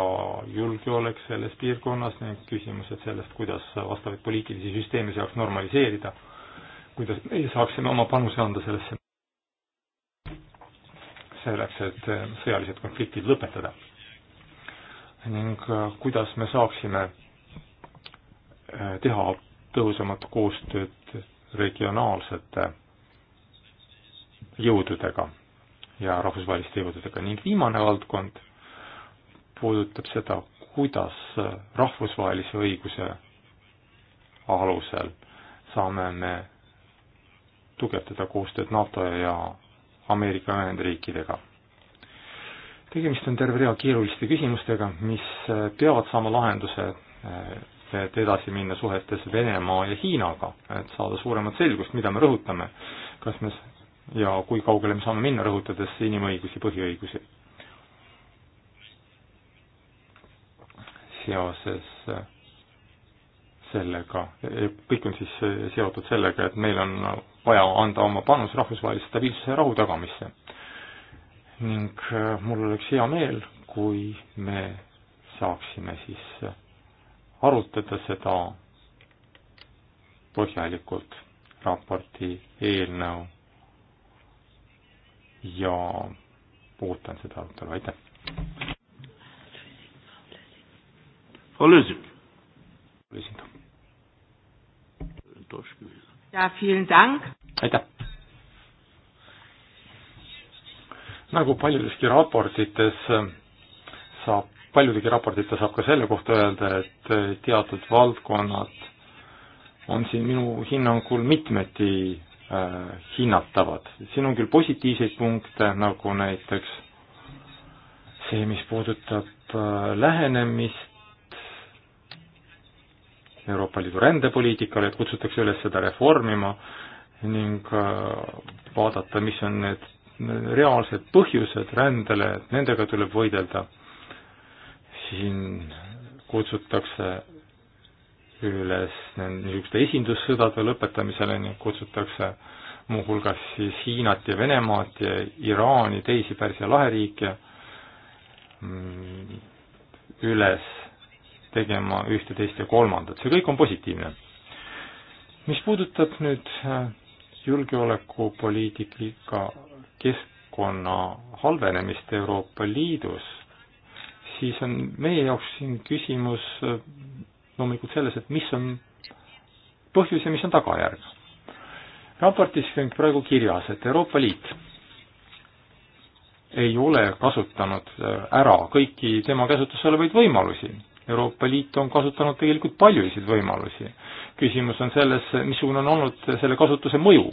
julgeolek selles piirkonnas ning küsimused sellest, kuidas vastavaid poliitilisi süsteeme saaks normaliseerida, kuidas meie saaksime oma panuse anda sellesse, selleks, et eh, sõjalised konfliktid lõpetada. ning eh, kuidas me saaksime eh, teha tõhusamat koostööd regionaalsete jõududega ja rahvusvaheliste jõududega ning viimane valdkond puudutab seda, kuidas rahvusvahelise õiguse alusel saame me tugevdada koostööd NATO ja Ameerika Ühendriikidega. tegemist on terve rea keeruliste küsimustega, mis peavad saama lahenduse et edasi minna suhetes Venemaa ja Hiinaga, et saada suuremat selgust, mida me rõhutame, kas me ja kui kaugele me saame minna, rõhutades inimõigusi, põhiõigusi. seoses eh, sellega, eh, kõik on siis eh, seotud sellega, et meil on vaja anda oma panus rahvusvahelise stabiilsuse ja rahu tagamisse. ning mul oleks hea meel, kui me saaksime siis arutada seda põhjalikult raporti eelnõu ja ootan seda arutelu, aitäh. Lösing. Lösing. aitäh. nagu paljudeski raportites saab paljudegi raportite saab ka selle kohta öelda, et teatud valdkonnad on siin minu hinnangul mitmeti äh, hinnatavad. siin on küll positiivseid punkte, nagu näiteks see, mis puudutab äh, lähenemist Euroopa Liidu rändepoliitikale, et kutsutakse üles seda reformima ning äh, vaadata, mis on need reaalsed põhjused rändele, et nendega tuleb võidelda siin kutsutakse üles niisuguste esindussõdade lõpetamisele ning kutsutakse muuhulgas siis Hiinat ja Venemaad ja Iraani, teisi Pärsia laheriike mm, üles tegema ühte, teist ja kolmandat, see kõik on positiivne. mis puudutab nüüd äh, julgeolekupoliitika keskkonna halvenemist Euroopa Liidus, siis on meie jaoks siin küsimus äh, loomulikult selles, et mis on põhjus ja mis on tagajärg. raportis on praegu kirjas, et Euroopa Liit ei ole kasutanud äh, ära kõiki tema käsutuses olevaid võimalusi. Euroopa Liit on kasutanud tegelikult paljusid võimalusi. küsimus on selles, missugune on olnud selle kasutuse mõju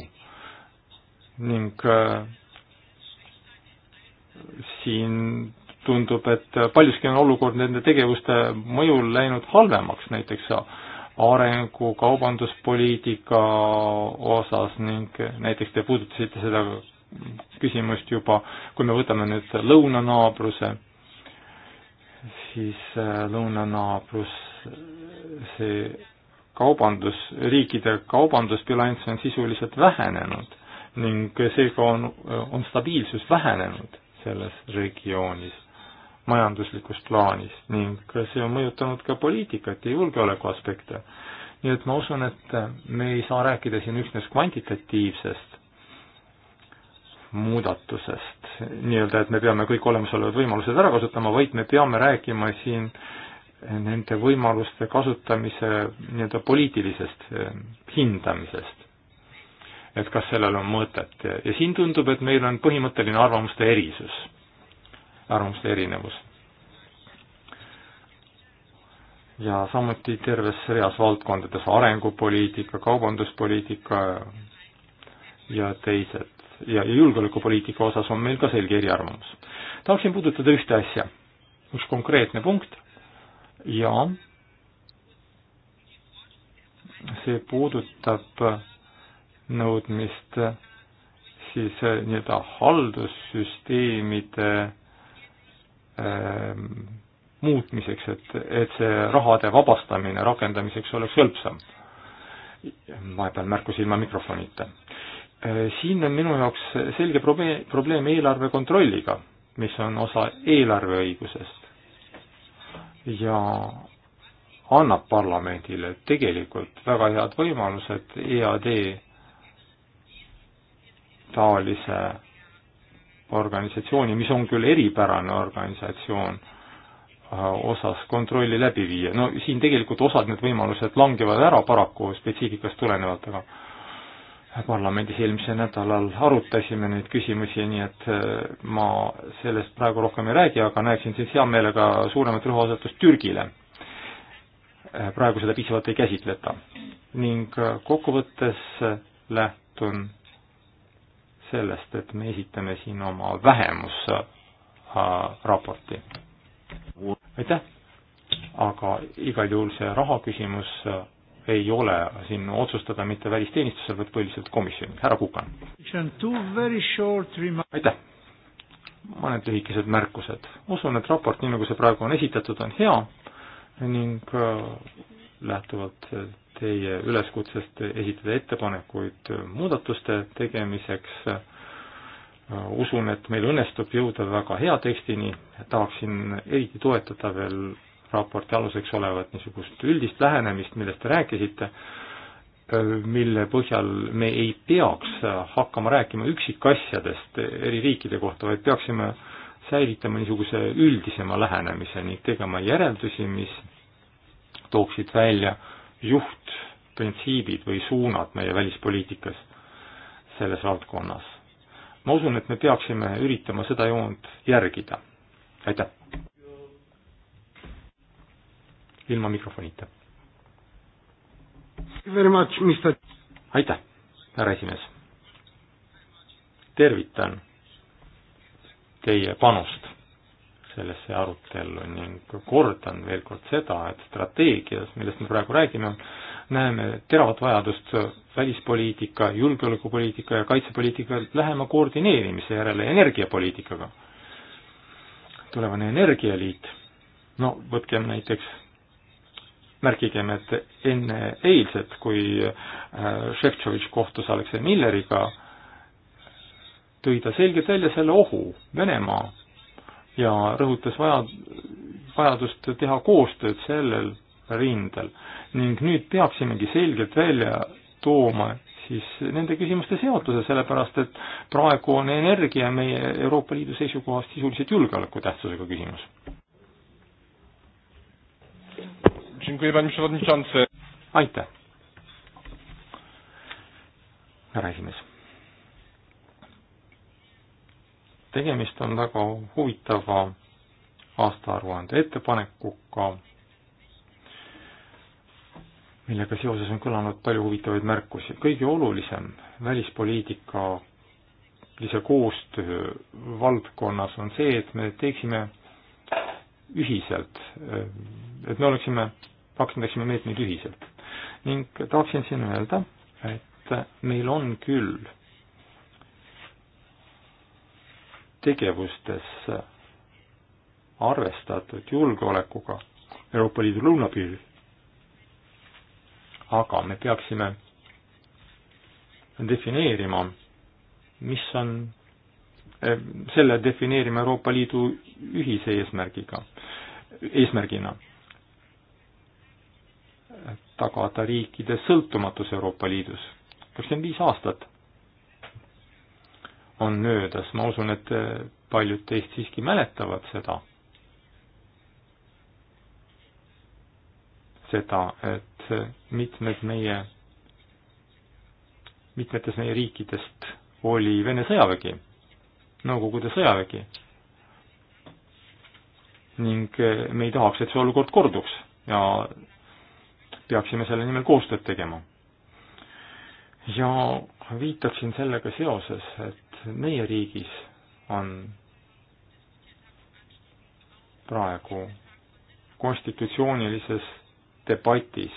ning äh, siin tundub, et paljuski on olukord nende tegevuste mõjul läinud halvemaks, näiteks arengu, kaubanduspoliitika osas ning näiteks te puudutasite seda küsimust juba, kui me võtame nüüd lõunanaabruse, siis äh, lõunanaabrus, see kaubandus, riikide kaubandusbilanss on sisuliselt vähenenud ning seega on, on stabiilsus vähenenud selles regioonis majanduslikus plaanis ning see on mõjutanud ka poliitikat ja julgeoleku aspekte. nii et ma usun, et me ei saa rääkida siin üksnes kvantitatiivsest muudatusest, nii-öelda, et me peame kõik olemasolevad võimalused ära kasutama, vaid me peame rääkima siin nende võimaluste kasutamise nii-öelda poliitilisest eh, hindamisest. et kas sellel on mõtet ja siin tundub, et meil on põhimõtteline arvamuste erisus arvamuste erinevus. ja samuti terves reas valdkondades arengupoliitika, kaubanduspoliitika ja teised ja, ja julgeolekupoliitika osas on meil ka selge eriarvamus. tahaksin puudutada ühte asja, üks konkreetne punkt ja see puudutab nõudmist siis eh, nii-öelda haldussüsteemide Ähm, muutmiseks, et, et see rahade vabastamine rakendamiseks oleks hõlpsam. vahepeal märkus ilma mikrofonita. Äh, siin on minu jaoks selge probleem, probleem eelarve kontrolliga, mis on osa eelarveõigusest ja annab parlamendile tegelikult väga head võimalused EAD taolise organisatsiooni, mis on küll eripärane organisatsioon, äh, osas kontrolli läbi viia. no siin tegelikult osad need võimalused langevad ära paraku spetsiifikast tulenevalt, aga parlamendis eelmisel nädalal arutasime neid küsimusi, nii et äh, ma sellest praegu rohkem ei räägi, aga näeksin siis hea meelega suuremat rõhuasetust Türgile. Äh, praegu seda piisavalt ei käsitleta. ning kokkuvõttes lähtun sellest, et me esitame siin oma vähemusraporti. Äh, aitäh, aga igal juhul see raha küsimus äh, ei ole siin otsustada mitte välisteenistusel, vaid põhiliselt komisjonil, härra Kukan. aitäh, mõned lühikesed märkused. usun, et raport, nii nagu see praegu on esitatud, on hea ning äh, lähtuvalt teie üleskutsest esitada ettepanekuid muudatuste tegemiseks. usun, et meil õnnestub jõuda väga hea tekstini, tahaksin eriti toetada veel raporti aluseks olevat niisugust üldist lähenemist, millest te rääkisite, mille põhjal me ei peaks hakkama rääkima üksikasjadest eri riikide kohta, vaid peaksime säilitama niisuguse üldisema lähenemise ning tegema järeldusi, mis tooksid välja äh, juhtprintsiibid või suunad meie välispoliitikas selles valdkonnas. ma usun, et me peaksime üritama seda joont järgida. aitäh! ilma mikrofonita. aitäh, härra esimees! tervitan teie panust sellesse arutellu ning kordan veel kord seda, et strateegias, millest me praegu räägime, näeme teravat vajadust välispoliitika, julgeolekupoliitika ja kaitsepoliitika lähema koordineerimise järele energiapoliitikaga. tulevane energialiit, no võtkem näiteks märkigem, et enne eilset, kui äh, Šeftšovitš kohtus Aleksei Milleriga, tõi ta selgelt välja selle ohu, Venemaa ja rõhutas vaja, vajadust teha koostööd sellel rindel. ning nüüd peaksimegi selgelt välja tooma siis nende küsimuste seotuse, sellepärast et praegu on energia meie Euroopa Liidu seisukohast sisuliselt julgeoleku tähtsusega küsimus. aitäh, härra esimees tegemist on väga huvitava aastaaruande ettepanekuga, millega seoses on kõlanud palju huvitavaid märkusi. kõige olulisem välispoliitika lise koostöö valdkonnas on see, et me teeksime ühiselt, et me oleksime, rakendaksime meetmeid ühiselt. ning tahaksin siin öelda, et meil on küll tegevustes arvestatud julgeolekuga Euroopa Liidu lõunapiiril. aga me peaksime defineerima, mis on, eh, selle defineerima Euroopa Liidu ühise eesmärgiga, eesmärgina. tagada riikide sõltumatus Euroopa Liidus. kakskümmend viis aastat on möödas, ma usun, et äh, paljud teist siiski mäletavad seda, seda, et äh, mitmed meie, mitmetes meie riikidest oli Vene sõjavägi, Nõukogude sõjavägi. ning äh, me ei tahaks, et see olukord korduks ja peaksime selle nimel koostööd tegema. ja viitaksin sellega seoses, et et meie riigis on praegu konstitutsioonilises debatis,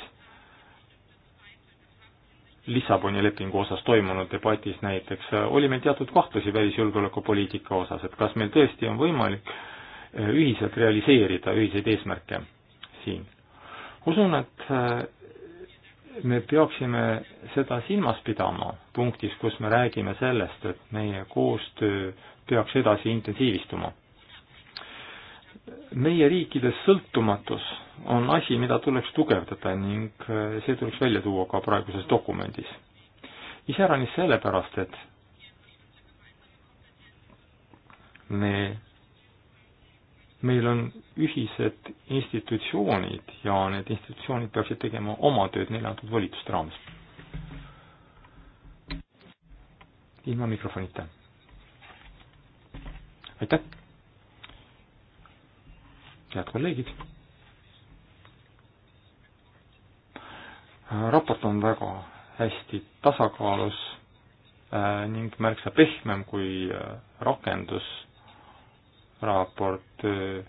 Lissaboni lepingu osas toimunud debatis näiteks, oli meil teatud kahtlusi välisjulgeolekupoliitika osas, et kas meil tõesti on võimalik eh, ühiselt realiseerida ühiseid eesmärke siin. usun, et eh, me peaksime seda silmas pidama punktis, kus me räägime sellest, et meie koostöö peaks edasi intensiivistuma. meie riikides sõltumatus on asi, mida tuleks tugevdada ning eh, see tuleks välja tuua ka praeguses dokumendis. iseäranis sellepärast, et me meil on ühised institutsioonid ja need institutsioonid peaksid tegema oma tööd neile antud volituste raames. ilma mikrofonita. aitäh! head kolleegid! raport on väga hästi tasakaalus äh, ning märksa pehmem kui äh, rakendus raport äh,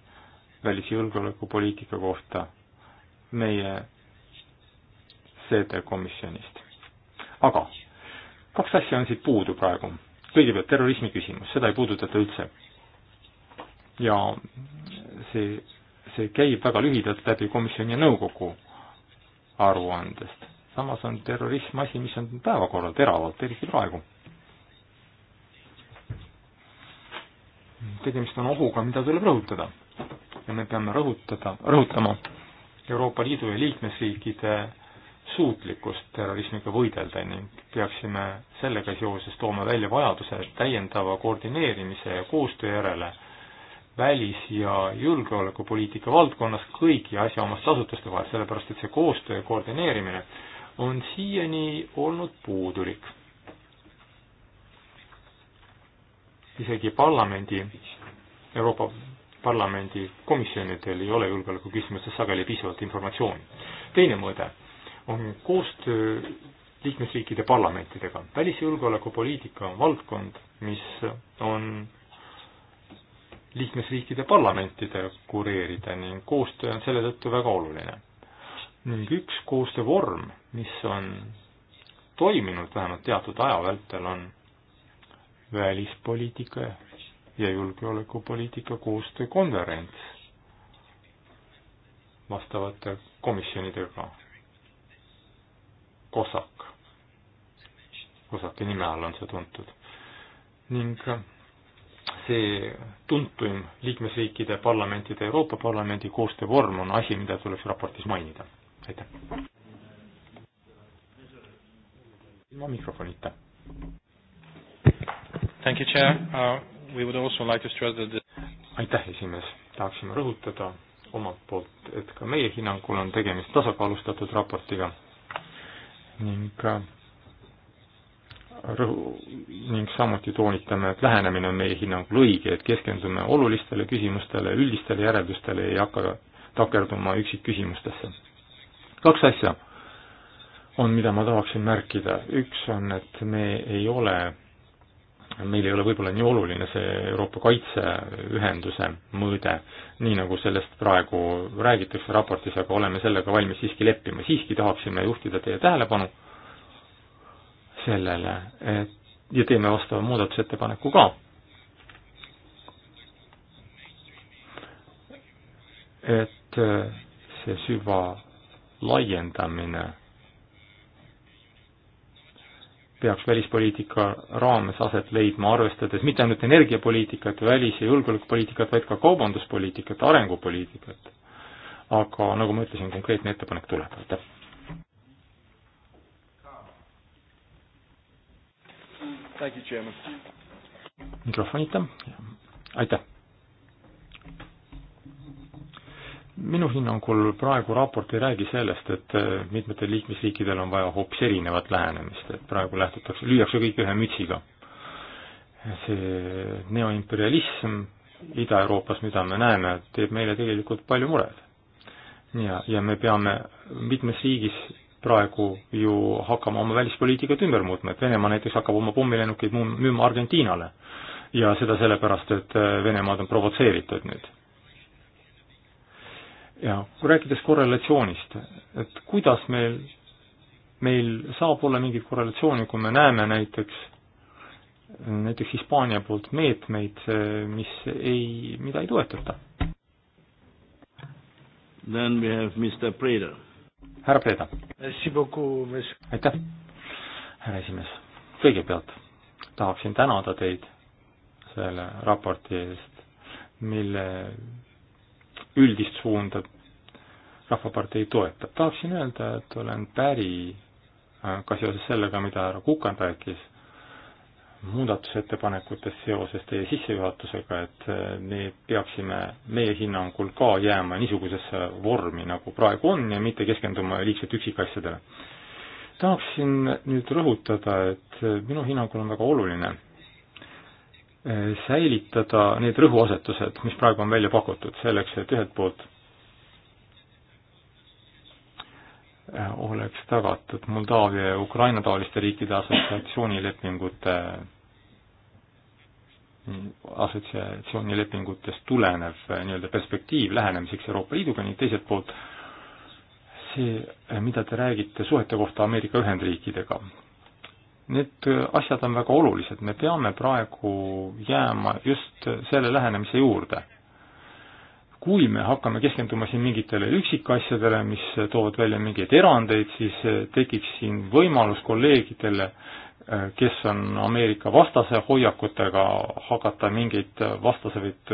välisjulgeolekupoliitika kohta meie CD komisjonist. aga kaks asja on siit puudu praegu. kõigepealt terrorismi küsimus, seda ei puudutata üldse. ja see, see käib väga lühidalt läbi komisjoni ja nõukogu aruandest. samas on terrorism asi, mis on päevakorral teravalt, eriti praegu tegemist on ohuga, mida tuleb rõhutada. ja me peame rõhutada, rõhutama Euroopa Liidu ja liikmesriikide suutlikkust terrorismiga võidelda ning peaksime sellega seoses tooma välja vajaduse täiendava koordineerimise ja koostöö järele välis- ja julgeolekupoliitika valdkonnas kõigi asjaomaste asutuste vahel, sellepärast et see koostöö ja koordineerimine on siiani olnud puudulik isegi parlamendi, Euroopa Parlamendi komisjonidel ei ole julgeoleku küsimustes sageli piisavalt informatsiooni. teine mõõde on koostöö liikmesriikide parlamentidega. välisjulgeolekupoliitika on valdkond, mis on liikmesriikide parlamentide kureerida ning koostöö on selle tõttu väga oluline. ning üks koostöövorm, mis on toiminud vähemalt teatud aja vältel, on välispoliitika ja julgeolekupoliitika koostöökonverents vastavate komisjonidega COSAC, COSAC-i nime all on see tuntud. ning see tuntuim liikmesriikide parlamentide, Euroopa Parlamendi koostöövorm on asi, mida tuleks raportis mainida. aitäh. ilma mikrofonita. Thank you, Chair. Uh, we would also like to stress that the... aitäh, esimees. tahaksime rõhutada omalt poolt, et ka meie hinnangul on tegemist tasakaalustatud raportiga ning äh, rõhu-, ning samuti toonitame, et lähenemine on meie hinnangul õige, et keskendume olulistele küsimustele, üldistele järeldustele, ei hakka takerduma üksikküsimustesse. kaks asja on, mida ma tahaksin märkida. üks on, et me ei ole meil ei ole võib-olla nii oluline see Euroopa kaitseühenduse mõõde, nii nagu sellest praegu räägitakse raportis, aga oleme sellega valmis siiski leppima. siiski tahaksime juhtida teie tähelepanu sellele, et ja teeme vastava muudatusettepaneku ka. et äh, see süva laiendamine peaks välispoliitika raames aset leidma, arvestades mitte ainult energiapoliitikat, välis- ja julgeolekupoliitikat, vaid ka kaubanduspoliitikat, arengupoliitikat. aga nagu ma ütlesin, konkreetne ettepanek tuleb, aitäh. mikrofonita, aitäh minu hinnangul praegu raport ei räägi sellest, et äh, mitmetel liikmesriikidel on vaja hoopis erinevat lähenemist, et praegu lähtutakse, lüüakse kõik ühe mütsiga. see neoimperialism Ida-Euroopas, mida me näeme, teeb meile tegelikult palju mured. ja, ja me peame mitmes riigis praegu ju hakkama oma välispoliitikat ümber muutma, et Venemaa näiteks hakkab oma pommilennukeid müüma Argentiinale. ja seda sellepärast, et äh, Venemaad on provotseeritud nüüd ja kui rääkides korrelatsioonist, et kuidas meil, meil saab olla mingit korrelatsiooni, kui me näeme näiteks, näiteks Hispaania poolt meetmeid, mis ei, mida ei toetata. Then we have Mr Preda. härra Preda. aitäh, härra esimees. kõigepealt tahaksin tänada teid selle raporti eest, mille üldist suunda Rahvapartei toetab. tahaksin öelda, et olen päri äh, ka seoses sellega, mida härra Kukan rääkis muudatusettepanekutest seoses teie sissejuhatusega, et äh, me peaksime meie hinnangul ka jääma niisugusesse vormi, nagu praegu on ja mitte keskenduma liigselt üksikasjadele. tahaksin nüüd rõhutada, et äh, minu hinnangul on väga oluline säilitada need rõhuasetused, mis praegu on välja pakutud, selleks et ühelt poolt oleks tagatud Moldaavia ja Ukraina taoliste riikide assotsiatsioonilepingute, assotsiatsioonilepingutest tulenev eh, nii-öelda perspektiiv lähenemiseks Euroopa Liiduga ning teiselt poolt see, eh, mida te räägite suhete kohta Ameerika Ühendriikidega, Need äh, asjad on väga olulised, me peame praegu jääma just selle lähenemise juurde. kui me hakkame keskenduma siin mingitele üksikasjadele, mis toovad välja mingeid erandeid, siis äh, tekiks siin võimalus kolleegidele, äh, kes on Ameerika vastase hoiakutega, hakata mingeid vastaseid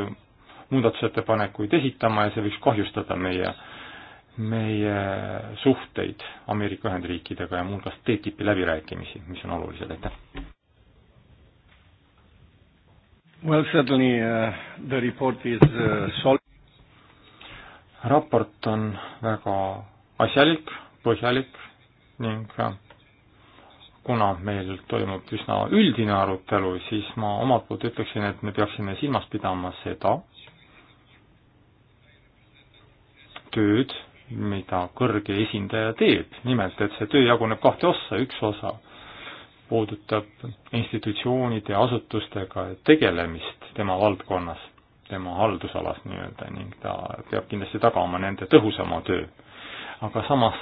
muudatusettepanekuid esitama ja see võiks kahjustada meie äh, meie suhteid Ameerika Ühendriikidega ja muuhulgas TTIP-i läbirääkimisi, mis on olulised, aitäh! Well, certainly uh, the report is uh, sol-. raport on väga asjalik, põhjalik ning uh, kuna meil toimub üsna üldine arutelu, siis ma omalt poolt ütleksin, et me peaksime silmas pidama seda tööd, mida kõrge esindaja teeb, nimelt et see töö jaguneb kahte ossa, üks osa puudutab institutsioonide ja asutustega tegelemist tema valdkonnas, tema haldusalas nii-öelda ning ta peab kindlasti tagama nende tõhusama töö. aga samas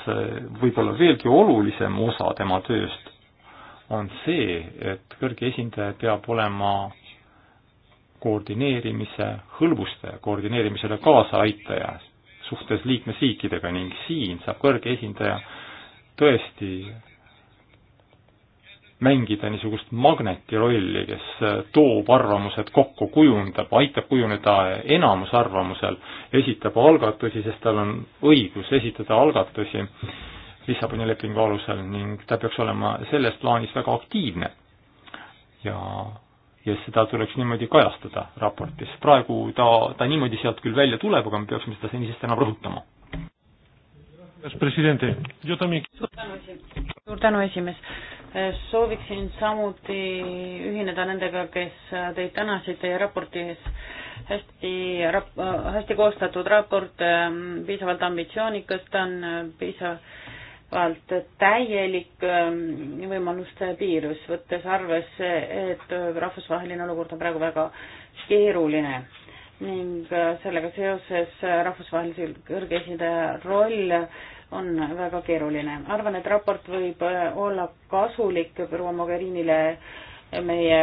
võib-olla veelgi olulisem osa tema tööst on see, et kõrge esindaja peab olema koordineerimise hõlbustaja, koordineerimisele kaasaaitaja, suhtes liikmesriikidega ning siin saab kõrge esindaja tõesti mängida niisugust magneti rolli, kes toob arvamused kokku, kujundab, aitab kujuneda enamusarvamusel, esitab algatusi, sest tal on õigus esitada algatusi Lissaboni lepingu alusel ning ta peaks olema selles plaanis väga aktiivne. ja ja seda tuleks niimoodi kajastada raportis. praegu ta, ta niimoodi sealt küll välja tuleb, aga me peaksime seda senisest enam rõhutama. suur tänu, esimees. Eh, sooviksin samuti ühineda nendega, kes teid tänasite ja raporti ees hästi rap-, äh, hästi koostatud raport, eh, piisavalt ambitsioonikas, ta on eh, piisav vald täielik ähm, võimaluste piirus, võttes arvesse, et äh, rahvusvaheline olukord on praegu väga keeruline ning äh, sellega seoses äh, rahvusvahelise kõrge esindaja roll on väga keeruline. arvan, et raport võib olla kasulik proua Mogherinile meie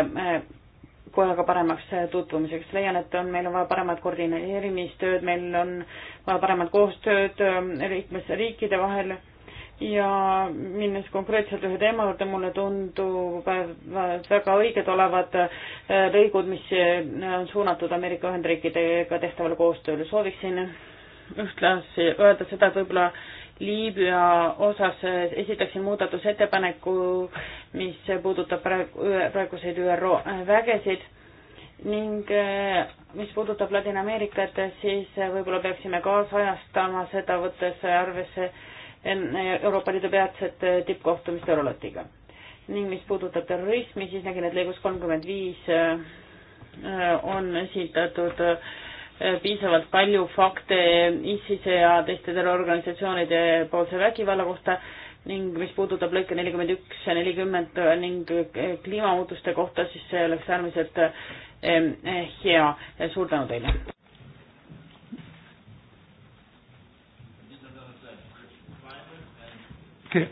kojaga paremaks tutvumiseks. leian, et on, meil on vaja paremat koordineerimistööd, meil on vaja paremat koostööd ähm, liikmesriikide vahel ja minnes konkreetselt ühe teema juurde, mulle tunduvad väga õiged olevat äh, lõigud, mis äh, on suunatud Ameerika Ühendriikidega tehtavale koostööle. sooviksin ühtlasi öelda seda, et võib-olla Liibüa osas äh, esitaksin muudatusettepaneku, mis puudutab praegu, praeguseid ÜRO vägesid ning mis puudutab Ladina-Ameerikat, siis võib-olla peaksime kaasajastama seda, võttes arvesse äh, Äh, Euroopa Liidu peatset äh, tippkohtumist Eurolatiga. ning mis puudutab terrorismi, siis nägin, et lõigus kolmkümmend viis äh, on esitatud piisavalt palju fakte ISISe ja teiste terrororganisatsioonide poolse vägivalla kohta ning mis puudutab lõike nelikümmend üks ja nelikümmend ning kliimamuutuste kohta, siis see oleks äärmiselt hea. suur tänu teile!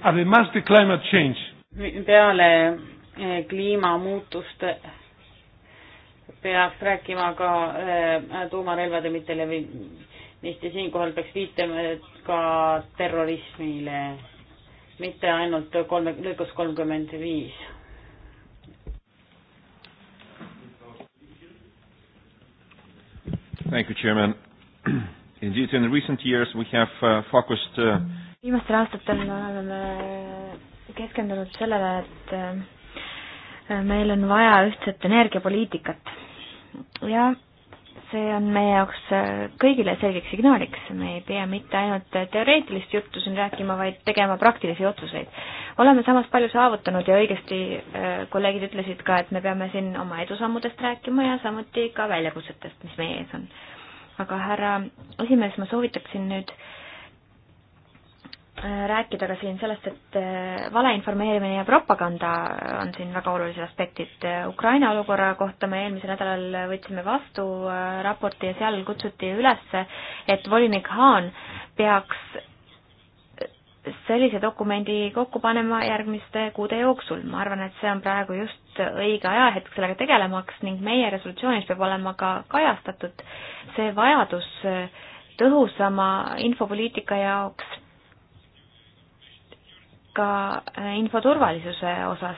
Además de climate change. peale eh, kliimamuutuste peaks rääkima ka eh, tuumarelvade mittelevimist ja siinkohal peaks viitama ka terrorismile, mitte ainult kolme, lõigus kolmkümmend viis. Thank you, Chairman. *clears throat* Indeed, in recent years we have uh, focused uh, viimastel aastatel oleme me keskendunud sellele, et äh, meil on vaja ühtset energiapoliitikat ja see on meie jaoks äh, kõigile selgeks signaaliks, me ei pea mitte ainult teoreetilist juttu siin rääkima, vaid tegema praktilisi otsuseid. oleme samas palju saavutanud ja õigesti äh, kolleegid ütlesid ka, et me peame siin oma edusammudest rääkima ja samuti ka väljakutsetest, mis meie ees on. aga härra esimees, ma soovitaksin nüüd äh, rääkida ka siin sellest, et äh, valeinformeerimine ja propaganda on siin väga olulised aspektid. Ukraina olukorra kohta me eelmisel nädalal võtsime vastu äh, raporti ja seal kutsuti üles, et volinik Haan peaks äh, sellise dokumendi kokku panema järgmiste kuude jooksul. ma arvan, et see on praegu just õige ajahetk sellega tegelemaks ning meie resolutsioonis peab olema ka kajastatud see vajadus tõhusama infopoliitika jaoks ka äh, infoturvalisuse osas.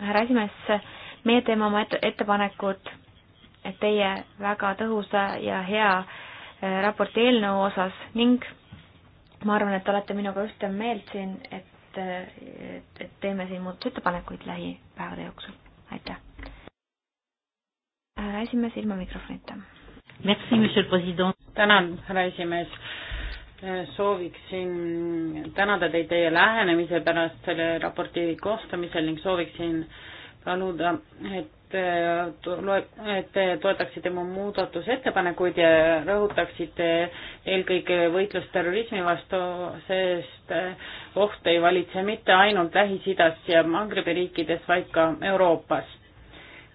härra esimees, meie teeme oma ettepanekud et teie väga tõhusa ja hea äh, raporti eelnõu osas ning ma arvan, et olete minuga ühte meelt siin, et, äh, et, et teeme siin muudatusettepanekuid lähipäevade jooksul. aitäh. härra esimees ilma mikrofonita. tänan, härra esimees sooviksin tänada teid teie lähenemise pärast selle raporti koostamisel ning sooviksin paluda, et et te toetaksite mu muudatusettepanekuid ja rõhutaksite eelkõige võitlust terrorismi vastu, sest oht ei valitse mitte ainult Lähis-Idas ja Magribi riikides, vaid ka Euroopas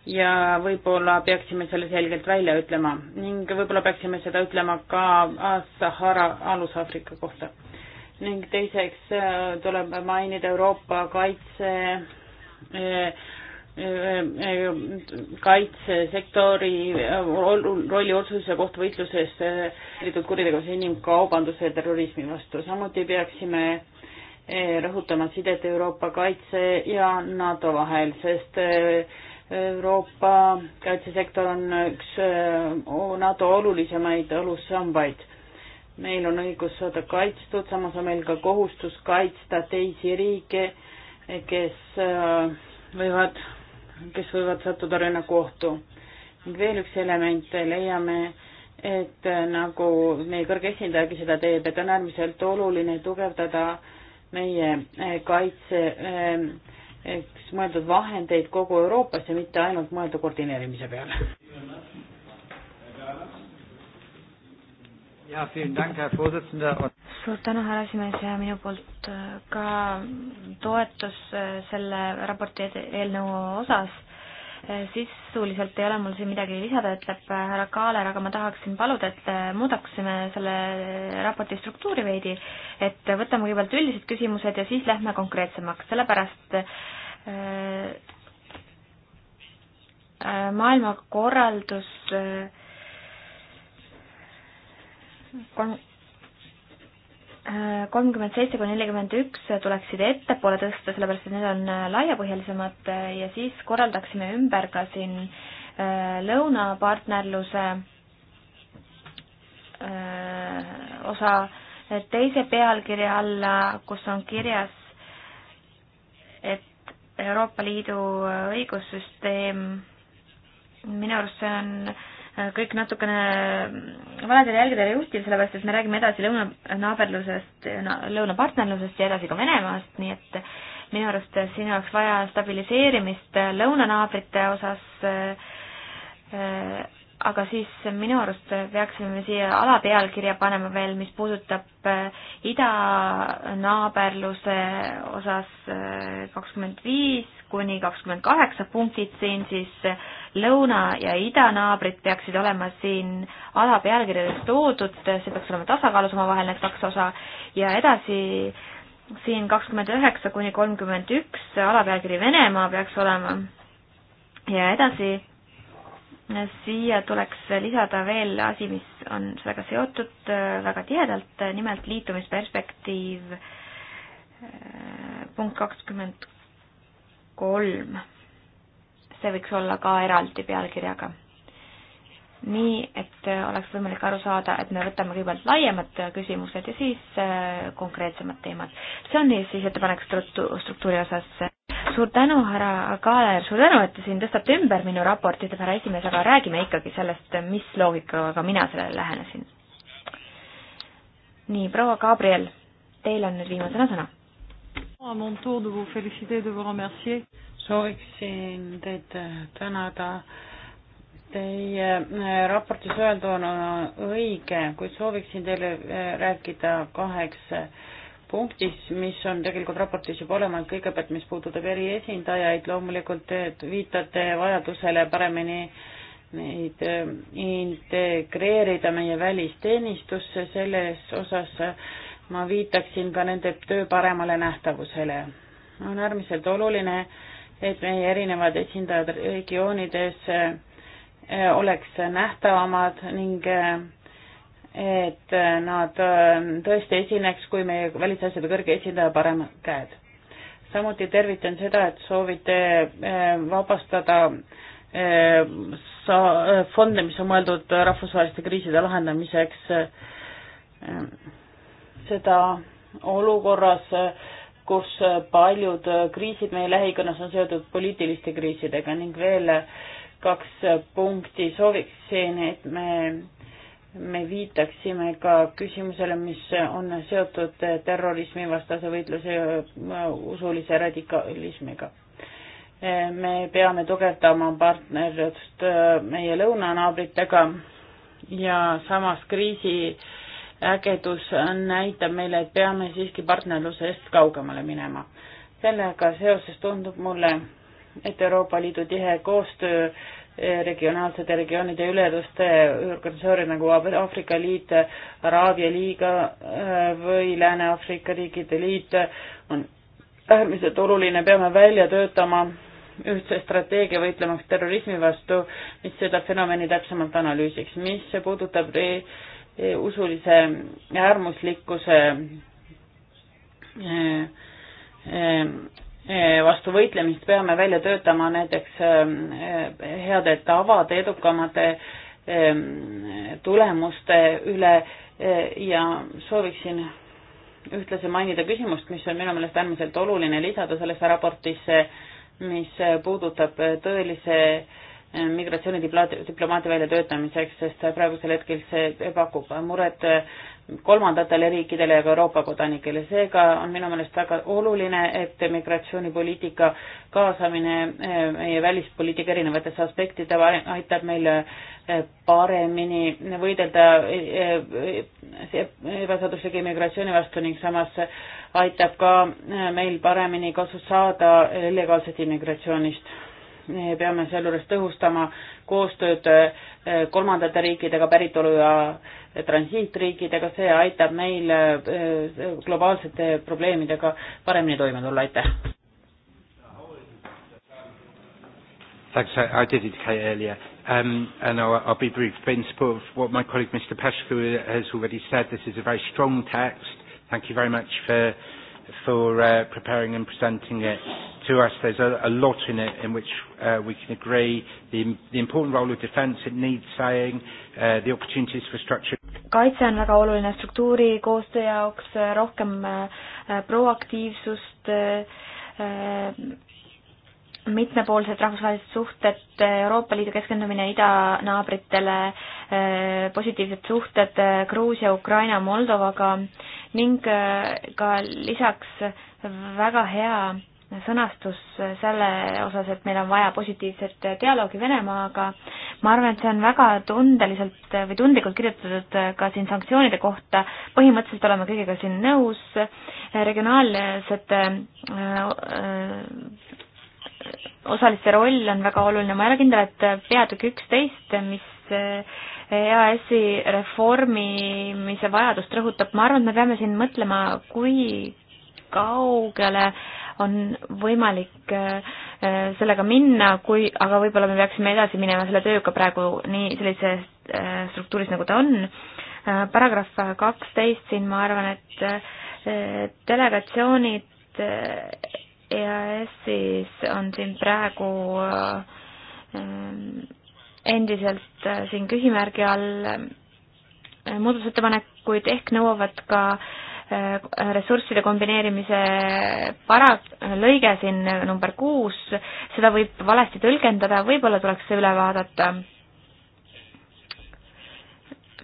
ja võib-olla peaksime selle selgelt välja ütlema ning võib-olla peaksime seda ütlema ka Sahara alus-Aafrika kohta. ning teiseks äh, tuleb mainida Euroopa kaitse äh, äh, kaitsesektori rolli otsuse kohta võitluses liitud kuritegevuse inimkaubanduse ja terrorismi vastu. samuti peaksime rõhutama sidet Euroopa kaitse ja NATO vahel, sest Euroopa kaitsesektor on üks äh, NATO olulisemaid alussambaid. meil on õigus saada kaitstud, samas on meil ka kohustus kaitsta teisi riike, kes äh, võivad, kes võivad sattuda rünnakuohtu. ning veel üks element, leiame, et äh, nagu meie kõrge esindajagi seda teeb, et on äärmiselt oluline tugevdada meie kaitse äh, eks mõeldud vahendeid kogu Euroopas ja mitte ainult mõelda koordineerimise peale. suur tänu, härra esimees ja minu poolt äh, ka toetus äh, selle raporti eelnõu osas Äh, sisuliselt ei ole mul siin midagi lisada, ütleb äh, härra Kaaler, aga ma tahaksin paluda, et äh, muudaksime selle raporti struktuuri veidi, et võtame kõigepealt üldised küsimused ja siis lähme konkreetsemaks, sellepärast maailmakorraldus kon-, kolmkümmend seitse kuni nelikümmend üks tuleksid ettepoole tõsta, sellepärast et need on äh, laiapõhjalisemad äh, ja siis korraldaksime ümber ka siin äh, lõunapartnerluse osa teise pealkirja alla, kus on kirjas, et Euroopa Liidu õigussüsteem, minu arust see on kõik natukene valedele jälgedele juhtida, sellepärast et me räägime edasi lõunanaaberlusest, lõunapartnerlusest ja edasi ka Venemaast, nii et minu arust siin oleks vaja stabiliseerimist lõunanaabrite osas, aga siis minu arust peaksime siia alapealkirja panema veel, mis puudutab idanaaberluse osas kakskümmend viis kuni kakskümmend kaheksa punktid siin siis äh, lõuna- ja idanaabrid peaksid olema siin alapealkirjades toodud, see peaks olema tasakaalus omavahel, need kaks osa, ja edasi siin kakskümmend üheksa kuni kolmkümmend üks, alapealkiri Venemaa peaks olema ja edasi siia tuleks lisada veel asi, mis on sellega seotud väga tihedalt, nimelt liitumisperspektiiv punkt kakskümmend kolm see võiks olla ka eraldi pealkirjaga. nii, et äh, oleks võimalik aru saada, et me võtame kõigepealt laiemad äh, küsimused ja siis äh, konkreetsemad teemad. see on siis ettepanek struktu-, struktuuri osas. suur tänu, härra Kaaler, suur tänu, et te siin tõstate ümber minu raporti, ütleb härra esimees, aga räägime ikkagi sellest, mis loogikaga mina sellele lähenesin. nii, proua Gabriel, teil on nüüd viimasena sõna sooviksin teid tänada. Teie äh, raportis öeldu on õige, kuid sooviksin teile äh, rääkida kaheks äh, punktis, mis on tegelikult raportis juba olemas, kõigepealt mis puudutab eriesindajaid, loomulikult te viitate vajadusele paremini neid integreerida meie välisteenistusse, selles osas äh, ma viitaksin ka nende töö paremale nähtavusele. on äärmiselt oluline, et meie erinevad esindajad regioonides eh, oleks nähtavamad ning eh, et nad eh, tõesti esineks kui meie välisasjade kõrge esindaja parem käed. samuti tervitan seda, et soovite vabastada fonde, mis on mõeldud rahvusvaheliste kriiside lahendamiseks seda olukorras, kus paljud kriisid meie lähikonnas on seotud poliitiliste kriisidega ning veel kaks punkti sooviksin, et me, me viitaksime ka küsimusele, mis on seotud terrorismivastase võitluse ja usulise radikalismiga. me peame tugevdama partnerlust meie lõunanaabritega ja samas kriisi äh, ägedus näitab meile, et peame siiski partnerlusest kaugemale minema. sellega seoses tundub mulle, et Euroopa Liidu tihe koostöö eh, regionaalsete regioonide üleduste organisatsioone nagu Aafrika Liit, Araabia Liiga eh, või Lääne-Aafrika Riikide Liit on äärmiselt oluline, peame välja töötama ühtse strateegia võitlemaks terrorismi vastu, mis seda fenomeni täpsemalt analüüsiks. mis puudutab re-, usulise äärmuslikkuse eh, eh, vastu võitlemist peame välja töötama näiteks eh, heade tavade edukamate tulemuste üle ja sooviksin ühtlasi mainida küsimust, mis on minu meelest äärmiselt oluline lisada sellesse raportisse, mis puudutab tõelise äh, migratsioonidiplomaatia väljatöötamiseks, sest praegusel hetkel see pakub muret kolmandatele riikidele ja ka Euroopa kodanikele. seega on minu meelest väga oluline, et migratsioonipoliitika kaasamine eh, meie välispoliitika erinevatesse aspektide aitab meil eh, paremini võidelda eh, ebaseaduslike immigratsiooni vastu ning samas aitab ka meil paremini kasu saada illegaalsest immigratsioonist me peame sealjuures tõhustama koostööd eh, kolmandate riikidega, päritolu ja eh, transiitriikidega, see aitab meil eh, globaalsete probleemidega paremini toime tulla, aitäh. Thanks, I did indicate earlier, um, and I'll, I'll be brief. In support of what my colleague Mr. Pashku has already said, this is a very strong text. Thank you very much for for uh, preparing and presenting it to us. There's a, a lot in it in which uh, we can agree. The, the important role of defence, it needs saying, uh, the opportunities for structure. kaitse on väga oluline struktuuri koostöö jaoks, rohkem äh, proaktiivsust äh,, mitmepoolsed rahvusvahelised suhted, Euroopa Liidu keskendumine idanaabritele, eh, positiivsed suhted eh, Gruusia, Ukraina, Moldovaga ning eh, ka lisaks väga hea sõnastus selle osas, et meil on vaja positiivset dialoogi Venemaaga. ma arvan, et see on väga tundeliselt või tundlikult kirjutatud ka siin sanktsioonide kohta. põhimõtteliselt oleme kõigega siin nõus. regionaalsete osaliste roll on väga oluline, ma ei ole kindel, et peatükk üksteist, mis eh, EAS-i reformimise vajadust rõhutab, ma arvan, et me peame siin mõtlema, kui kaugele on võimalik eh, sellega minna, kui, aga võib-olla me peaksime edasi minema selle tööga praegu nii sellises eh, struktuuris, nagu ta on. paragrahv kaksteist siin ma arvan, et delegatsioonid EAS-is on siin praegu äh, endiselt äh, siin küsimärgi all äh, muudatusettepanekuid ehk nõuavad ka ressursside kombineerimise para-, lõige siin number kuus, seda võib valesti tõlgendada, võib-olla tuleks see üle vaadata.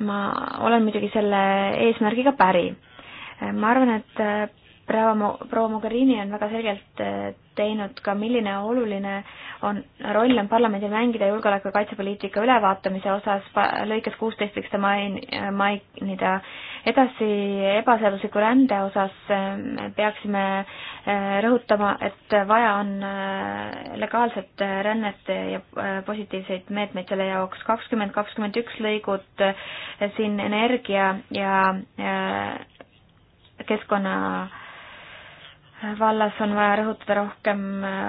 ma olen muidugi selle eesmärgiga päri. ma arvan, et proua, proua Mogherini on väga selgelt äh, teinud ka, milline oluline on, roll on parlamendil mängida julgeoleku- ja kaitsepoliitika ülevaatamise osas, lõikes kuusteist võiks ta main-, mainida. edasi ebaseadusliku rände osas äh, peaksime äh, rõhutama, et vaja on legaalset rännet ja positiivseid meetmeid selle jaoks. kakskümmend, kakskümmend üks lõigud siin energia ja keskkonna äh, vallas on vaja rõhutada rohkem äh,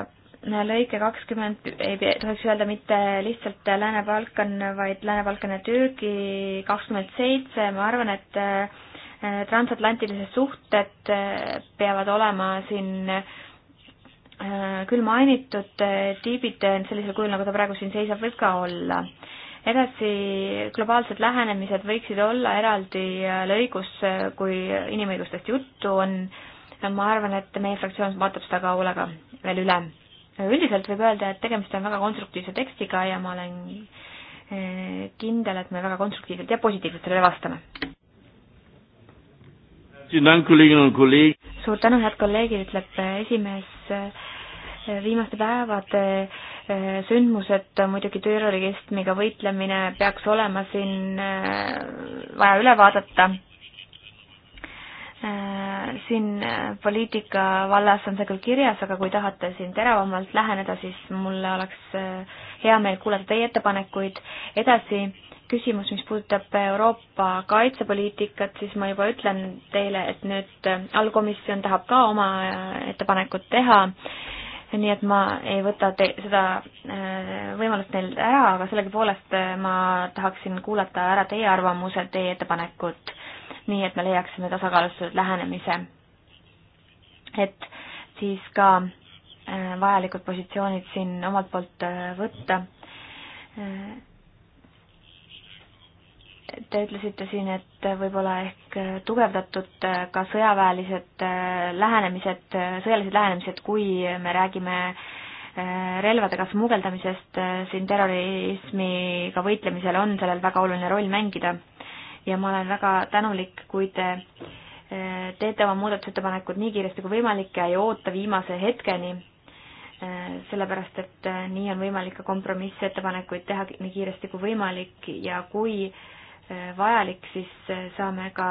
lõike kakskümmend ei tohiks öelda mitte lihtsalt Lääne-Balkan, vaid Lääne-Balkan ja Türgi kakskümmend seitse, ma arvan, et äh, transatlantilised suhted äh, peavad olema siin küll mainitud, tiibid sellisel kujul, nagu ta praegu siin seisab, võib ka olla. edasi, globaalsed lähenemised võiksid olla eraldi lõigus, kui inimõigustest juttu on äh, ma arvan, et meie fraktsioon vaatab seda ka hoolega veel üle. üldiselt võib öelda, et tegemist on väga konstruktiivse tekstiga ja ma olen eh, kindel, et me väga konstruktiivselt ja positiivselt sellele vastame. suur tänu, head kolleegid, ütleb esimees. viimaste päevade eh, sündmused, muidugi terrorismiga võitlemine peaks olema siin eh, vaja üle vaadata Äh, siin äh, poliitika vallas on see küll kirjas, aga kui tahate siin teravamalt läheneda, siis mulle oleks äh, hea meel kuulata teie ettepanekuid. edasi küsimus, mis puudutab Euroopa kaitsepoliitikat, siis ma juba ütlen teile, et nüüd allkomisjon tahab ka oma ettepanekut teha nii et ma ei võta te-, seda võimalust neil ära, aga sellegipoolest ma tahaksin kuulata ära teie arvamused, teie ettepanekud nii et me leiaksime tasakaalustatud lähenemise, et siis ka äh, vajalikud positsioonid siin omalt poolt äh, võtta. Äh, te ütlesite siin, et võib-olla ehk tugevdatud ka sõjaväelised lähenemised, sõjalised lähenemised, kui me räägime relvadega smugeldamisest, siin terrorismiga võitlemisel on sellel väga oluline roll mängida ja ma olen väga tänulik, kui te eh, teete oma muudatusettepanekud nii kiiresti kui võimalik ja ei oota viimase hetkeni, eh, sellepärast et eh, nii on võimalik ka kompromissettepanekuid teha nii kiiresti kui võimalik ja kui vajalik, siis saame ka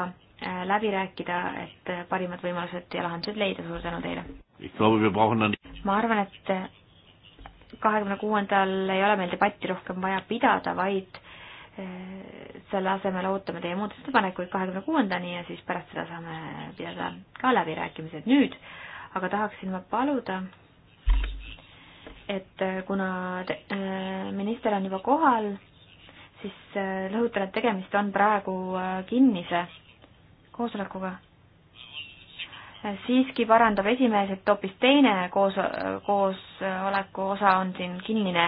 läbi rääkida, et parimad võimalused ja lahendused leida, suur tänu teile! ma arvan, et kahekümne kuuendal ei ole meil debatti rohkem vaja pidada, vaid Eh, selle asemel ootame teie muudatusettepanekuid kahekümne kuuendani ja siis pärast seda saame pidada ka läbirääkimised nüüd, aga tahaksin ma paluda, et eh, kuna te, eh, minister on juba kohal, siis rõhutan, et tegemist on praegu kinnise koosolekuga. siiski parandab esimees, et hoopis teine koos, koosoleku osa on siin kinnine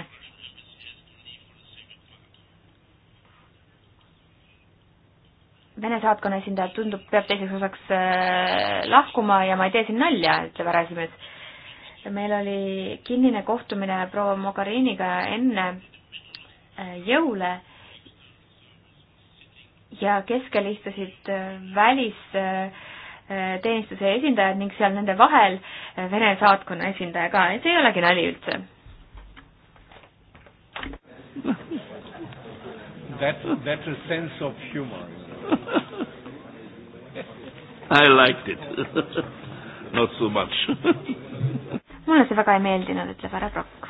Vene saatkonna esindaja tundub, peab teiseks osaks äh, lahkuma ja ma ei tee siin nalja, ütleb härrasimees. meil oli kinnine kohtumine proua Mogheriniga enne äh, jõule ja keskel istusid äh, välisteenistuse esindajad ning seal nende vahel Vene saatkonna esindaja ka, et see ei olegi nali üldse. That's, that's a sense of humor I liked it *laughs* not so much *laughs* mulle see väga ei meeldinud, ütleb härra Prokk.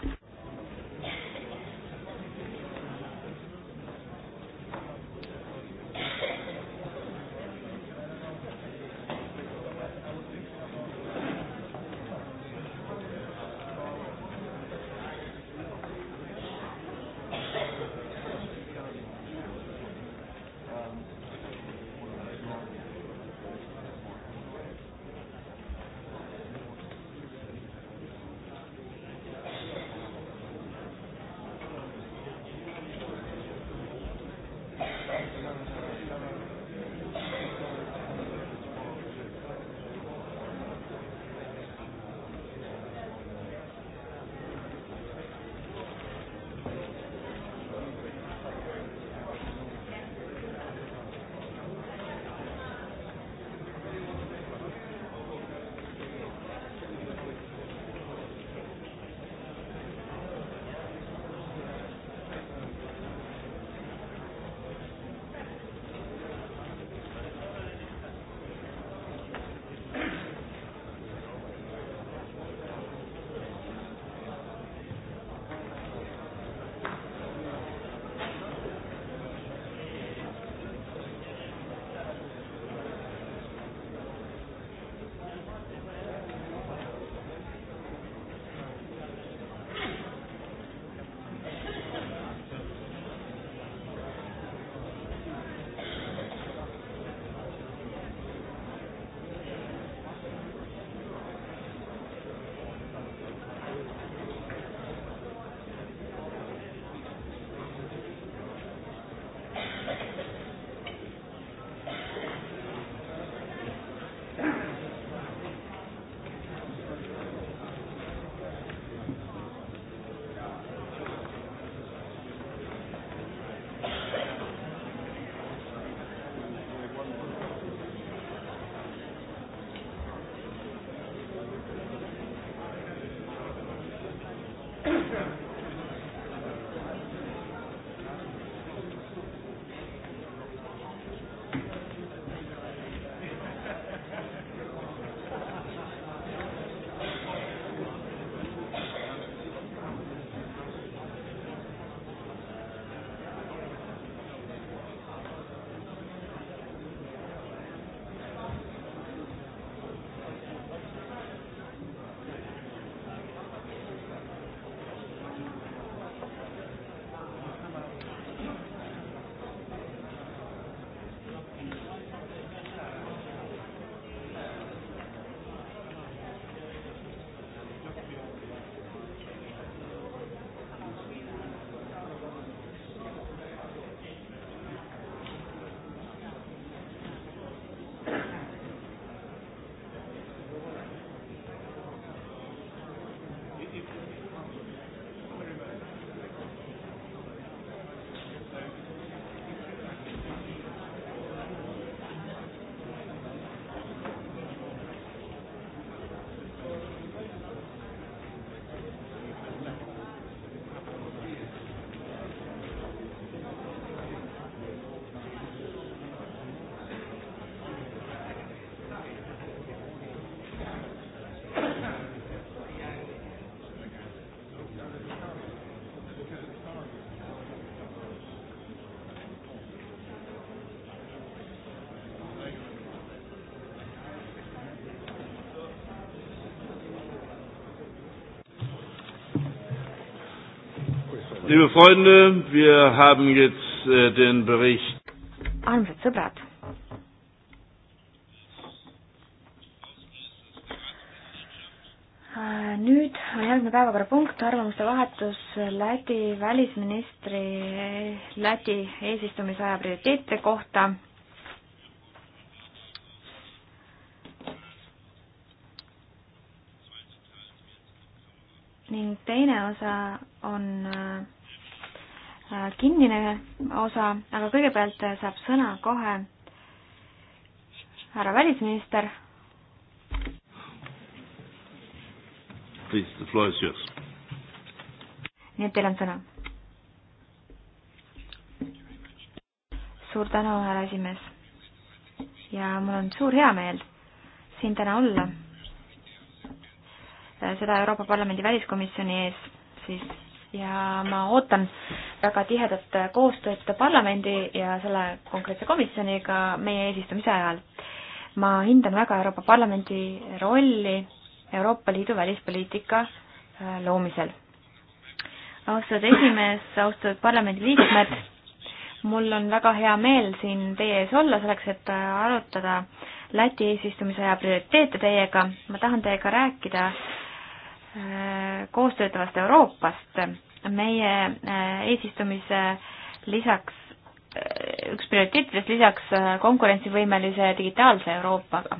Liebe Freunde, wir haben jetzt äh, den Bericht. Armsad sõbrad. Äh, nüüd järgmine päevakorrapunkt, arvamuste vahetus Läti välisministri Läti eesistumisaja prioriteete kohta. ning teine osa on äh, kinnine osa, aga kõigepealt saab sõna kohe härra välisminister. nii et teil on sõna. suur tänu, härra esimees. ja mul on suur heameel siin täna olla. seda Euroopa Parlamendi väliskomisjoni ees siis ja ma ootan väga tihedat koostööd parlamendi ja selle konkreetse komisjoniga meie eesistumise ajal. ma hindan väga Euroopa Parlamendi rolli Euroopa Liidu välispoliitika äh, loomisel. austatud esimees, austatud parlamendiliikmed, mul on väga hea meel siin teie ees olla, selleks et äh, arutada Läti eesistumise aja prioriteete teiega. ma tahan teiega rääkida äh, koostöötavast Euroopast meie äh, eesistumise lisaks, äh, üks prioriteetidest lisaks äh, konkurentsivõimelise digitaalse Euroopaga.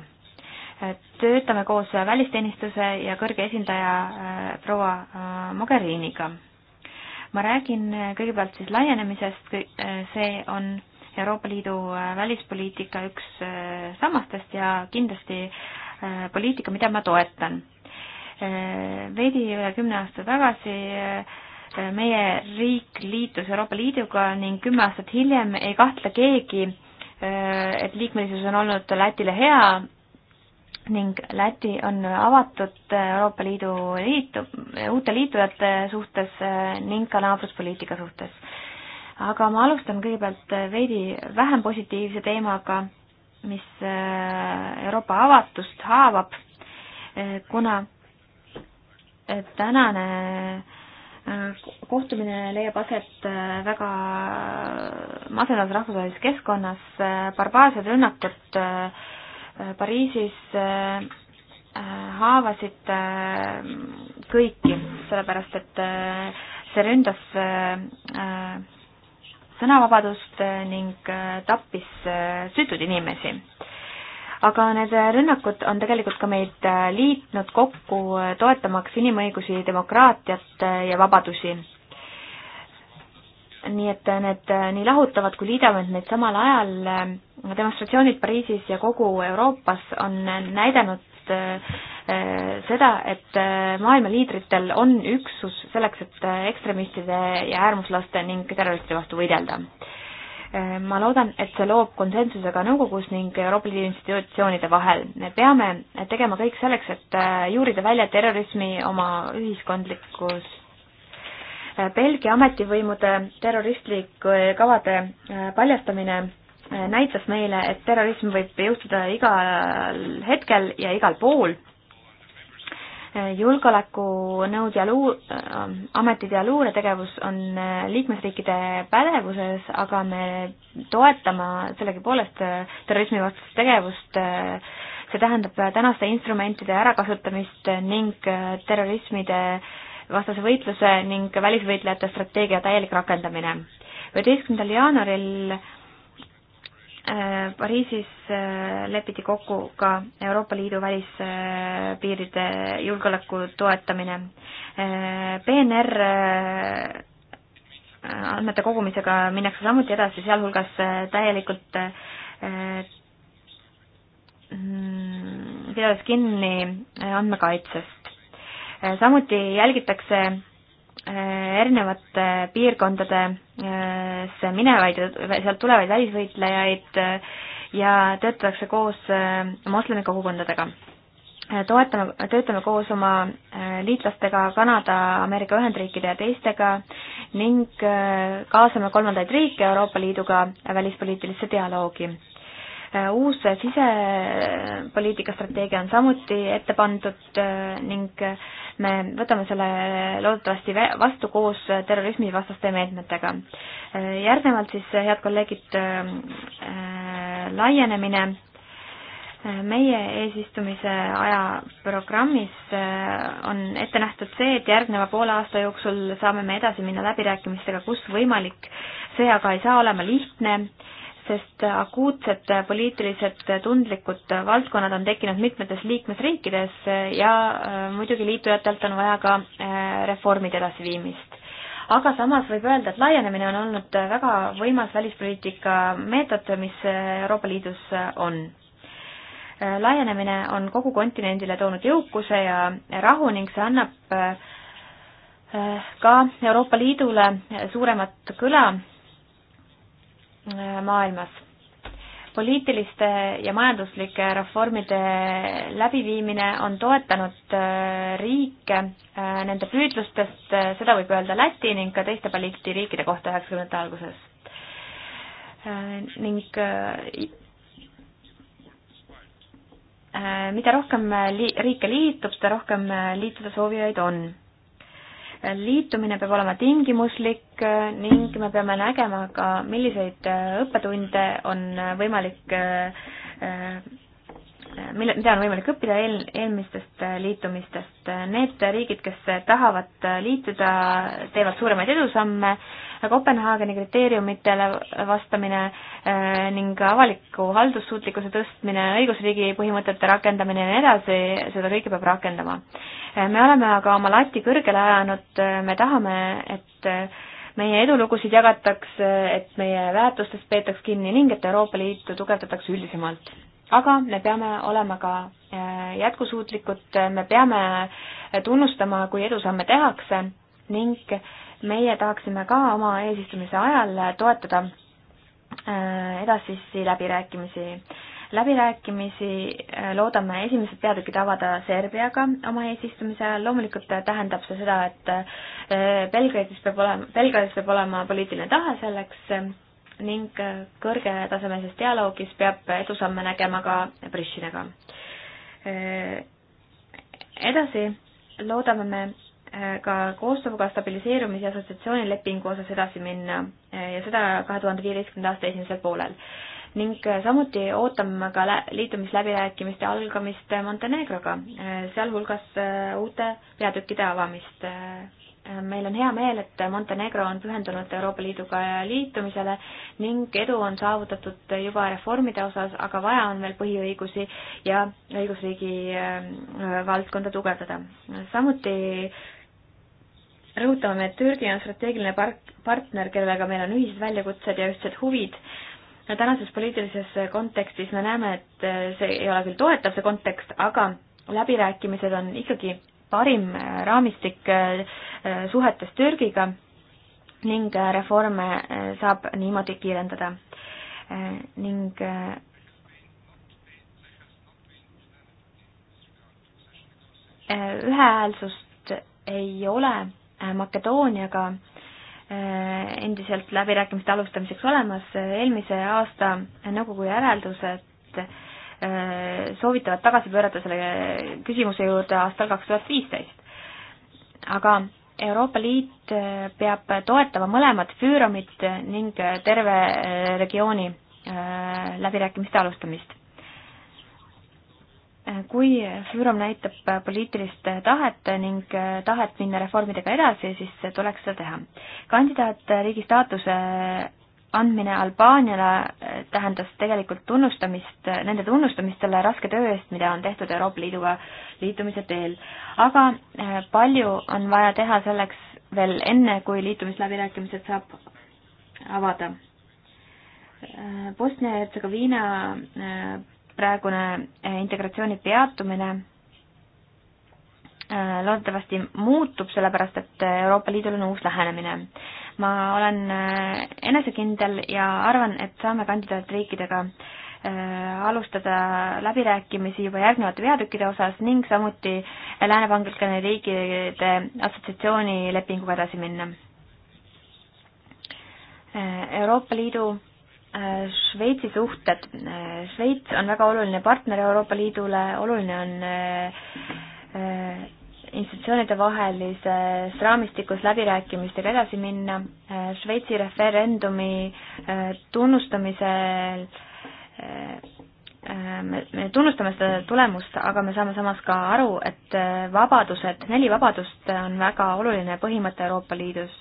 töötame koos välisteenistuse ja kõrge esindaja proua Mogheriniga. ma räägin kõigepealt siis laienemisest, see on Euroopa Liidu välispoliitika üks sammastest ja kindlasti poliitika, mida ma toetan veidi üle kümne aasta tagasi meie riik liitus Euroopa Liiduga ning kümme aastat hiljem ei kahtle keegi, äh, et liikmelisus on olnud Lätile hea ning Läti on avatud Euroopa Liidu liitu, uute liitujate suhtes äh, ning ka naabruspoliitika suhtes. aga ma alustan kõigepealt äh, veidi vähem positiivse teemaga, mis Euroopa avatust haavab, kuna tänane äh, Äh, kohtumine leiab aset äh, väga masendavas rahvusvahelises keskkonnas, äh, barbaarsed rünnakud Pariisis haavasid kõiki, sellepärast et see ründas sõnavabadust ning tappis süütuid inimesi aga need rünnakud on tegelikult ka meid äh, liitnud kokku, äh, toetamaks inimõigusi, demokraatiat äh, ja vabadusi. nii et need nii lahutavad kui liidavad neid samal ajal, demonstratsioonid Pariisis ja kogu Euroopas on näidanud seda, et maailma liidritel on üksus selleks, et ekstremistide ja äärmuslaste ning terroristide vastu võidelda Äh, ma loodan, et see loob konsensuse ka nõukogus ning Euroopa Liidu institutsioonide vahel. me peame tegema kõik selleks, et äh, juurida välja terrorismi oma ühiskondlikus äh, Belgia ametivõimude terroristlike kavade paljastamine näitas meile, et terrorism võib juhtuda igal hetkel ja igal pool julgeolekunõud ja luu- äh,, ametid ja luuretegevus on äh, liikmesriikide pädevuses, aga me toetame sellegipoolest äh, terrorismivastast tegevust, äh, see tähendab tänaste instrumentide ärakasutamist ning terrorismide vastase võitluse ning välisvõitlejate strateegia täielik rakendamine. üheteistkümnendal jaanuaril Äh, Pariisis äh, lepiti kokku ka Euroopa Liidu välispiiride äh, julgeoleku toetamine. PNR andmete kogumisega minnakse samuti edasi, sealhulgas täielikult mm, pidades kinni andmekaitsest. samuti jälgitakse Äh, erinevate piirkondadesse äh, minevaid ja sealt tulevaid välisvõitlejaid äh, ja töötatakse koos moslemi kogukondadega. toetame, töötame koos oma liitlastega Kanada, Ameerika Ühendriikide ja teistega ning kaasame kolmandaid riike Euroopa Liiduga välispoliitilisse dialoogi Äh, uus sisepoliitika strateegia on samuti ette pandud äh, ning äh, me võtame selle loodetavasti vastu koos terrorismivastaste meetmetega. järgnevalt siis, head kolleegid, laienemine. meie eesistumise aja programmis on ette nähtud see, et järgneva poole aasta jooksul saame me edasi minna läbirääkimistega, kus võimalik. see aga ei saa olema lihtne sest akuutsed poliitilised tundlikud valdkonnad on tekkinud mitmetes liikmesriikides ja äh, muidugi liitujatelt on vaja ka äh, reformide edasiviimist. aga samas võib öelda, et laienemine on olnud väga võimas välispoliitika meetod, mis äh, Euroopa Liidus on laienemine on kogu kontinendile toonud jõukuse ja rahu ning see annab ka Euroopa Liidule suuremat kõla maailmas. poliitiliste ja majanduslike reformide läbiviimine on toetanud äh, riike äh, nende püüdlustest, äh, seda võib öelda Läti ning ka teiste Balti riikide kohta üheksakümnendate alguses. ning mida rohkem li-, riike liitub, seda rohkem liituda soovijaid on liitumine peab olema tingimuslik äh, ning me peame nägema ka, milliseid äh, õppetunde on äh, võimalik mille, mida on võimalik õppida eel, eelmistest äh, liitumistest. Need riigid, kes tahavad äh, liituda, teevad suuremaid edusamme, Kopenhaageni kriteeriumitele vastamine äh, ning avaliku haldussuutlikkuse tõstmine, õigusriigi põhimõtete rakendamine ja nii edasi, seda kõike peab rakendama. me oleme aga oma lati kõrgele ajanud, me tahame, et meie edulugusid jagatakse, et meie väärtustest peetaks kinni ning et Euroopa Liitu tugevdatakse üldisemalt aga me peame olema ka äh, jätkusuutlikud, me peame tunnustama, kui edusamme tehakse ning meie tahaksime ka oma eesistumise ajal toetada äh, edasisi läbirääkimisi. läbirääkimisi äh, loodame esimesed peatükid avada Serbiaga oma eesistumise ajal, loomulikult tähendab see seda, et Belgradis peab olema, Belgradis peab olema poliitiline tahe selleks ning kõrgetasemelises dialoogis peab edusamme nägema ka Prištinaga. Edasi loodame me äh, ka Kosovoga stabiliseerumise ja assotsiatsioonilepingu osas edasi minna äh, ja seda kahe tuhande viieteistkümnenda aasta esimesel poolel. ning äh, samuti ootame ka liitumisläbirääkimiste algamist Montenegroga, sealhulgas uute peatükkide avamist meil on hea meel, et Montenegro on pühendunud Euroopa Liiduga liitumisele ning edu on saavutatud juba reformide osas, aga vaja on veel põhiõigusi ja õigusriigi äh, valdkonda tugevdada. samuti rõhutame me, et Türgi on strateegiline park-, partner, kellega meil on ühised väljakutsed ja ühtsed huvid. tänases poliitilises kontekstis me näeme, et see ei ole küll toetav, see kontekst, aga läbirääkimised on ikkagi parim raamistik äh, suhetes Türgiga ning äh, reforme äh, saab niimoodi kiirendada. ning ühehäälsust ei ole Makedooniaga endiselt läbirääkimiste alustamiseks olemas, eelmise aasta nõukogu järeldused Äh, soovitavad tagasi pöörata selle küsimuse juurde aastal kaks tuhat viisteist. aga Euroopa Liit äh, peab toetama mõlemat füüromit ning terve äh, regiooni läbirääkimiste alustamist. kui füürom näitab poliitilist tahet ning tahet minna reformidega edasi, siis tuleks seda teha. kandidaatriigi staatuse andmine Albaaniale eh, tähendas tegelikult tunnustamist, eh, nende tunnustamist selle raske töö eest, mida on tehtud Euroopa Liiduga liitumise teel. aga eh, palju on vaja teha selleks veel enne, kui liitumisläbirääkimised saab avada. Bosnia-Hertsegoviina praegune integratsiooni peatumine Äh, loodetavasti muutub, sellepärast et Euroopa Liidul on uus lähenemine. ma olen äh, enesekindel ja arvan, et saame kandidaatriikidega äh, alustada läbirääkimisi juba järgnevate peatükkide osas ning samuti Lääne-Balkani riikide assotsiatsiooni lepinguga edasi minna. Euroopa Liidu Šveitsi suhted. Šveits on väga oluline partner Euroopa Liidule, oluline on Äh, institutsioonide vahelises raamistikus läbirääkimistega edasi minna. Äh, Šveitsi referendumi äh, tunnustamisel me tunnustame seda tulemust, aga me saame samas ka aru, et vabadused, neli vabadust on väga oluline põhimõte Euroopa Liidus.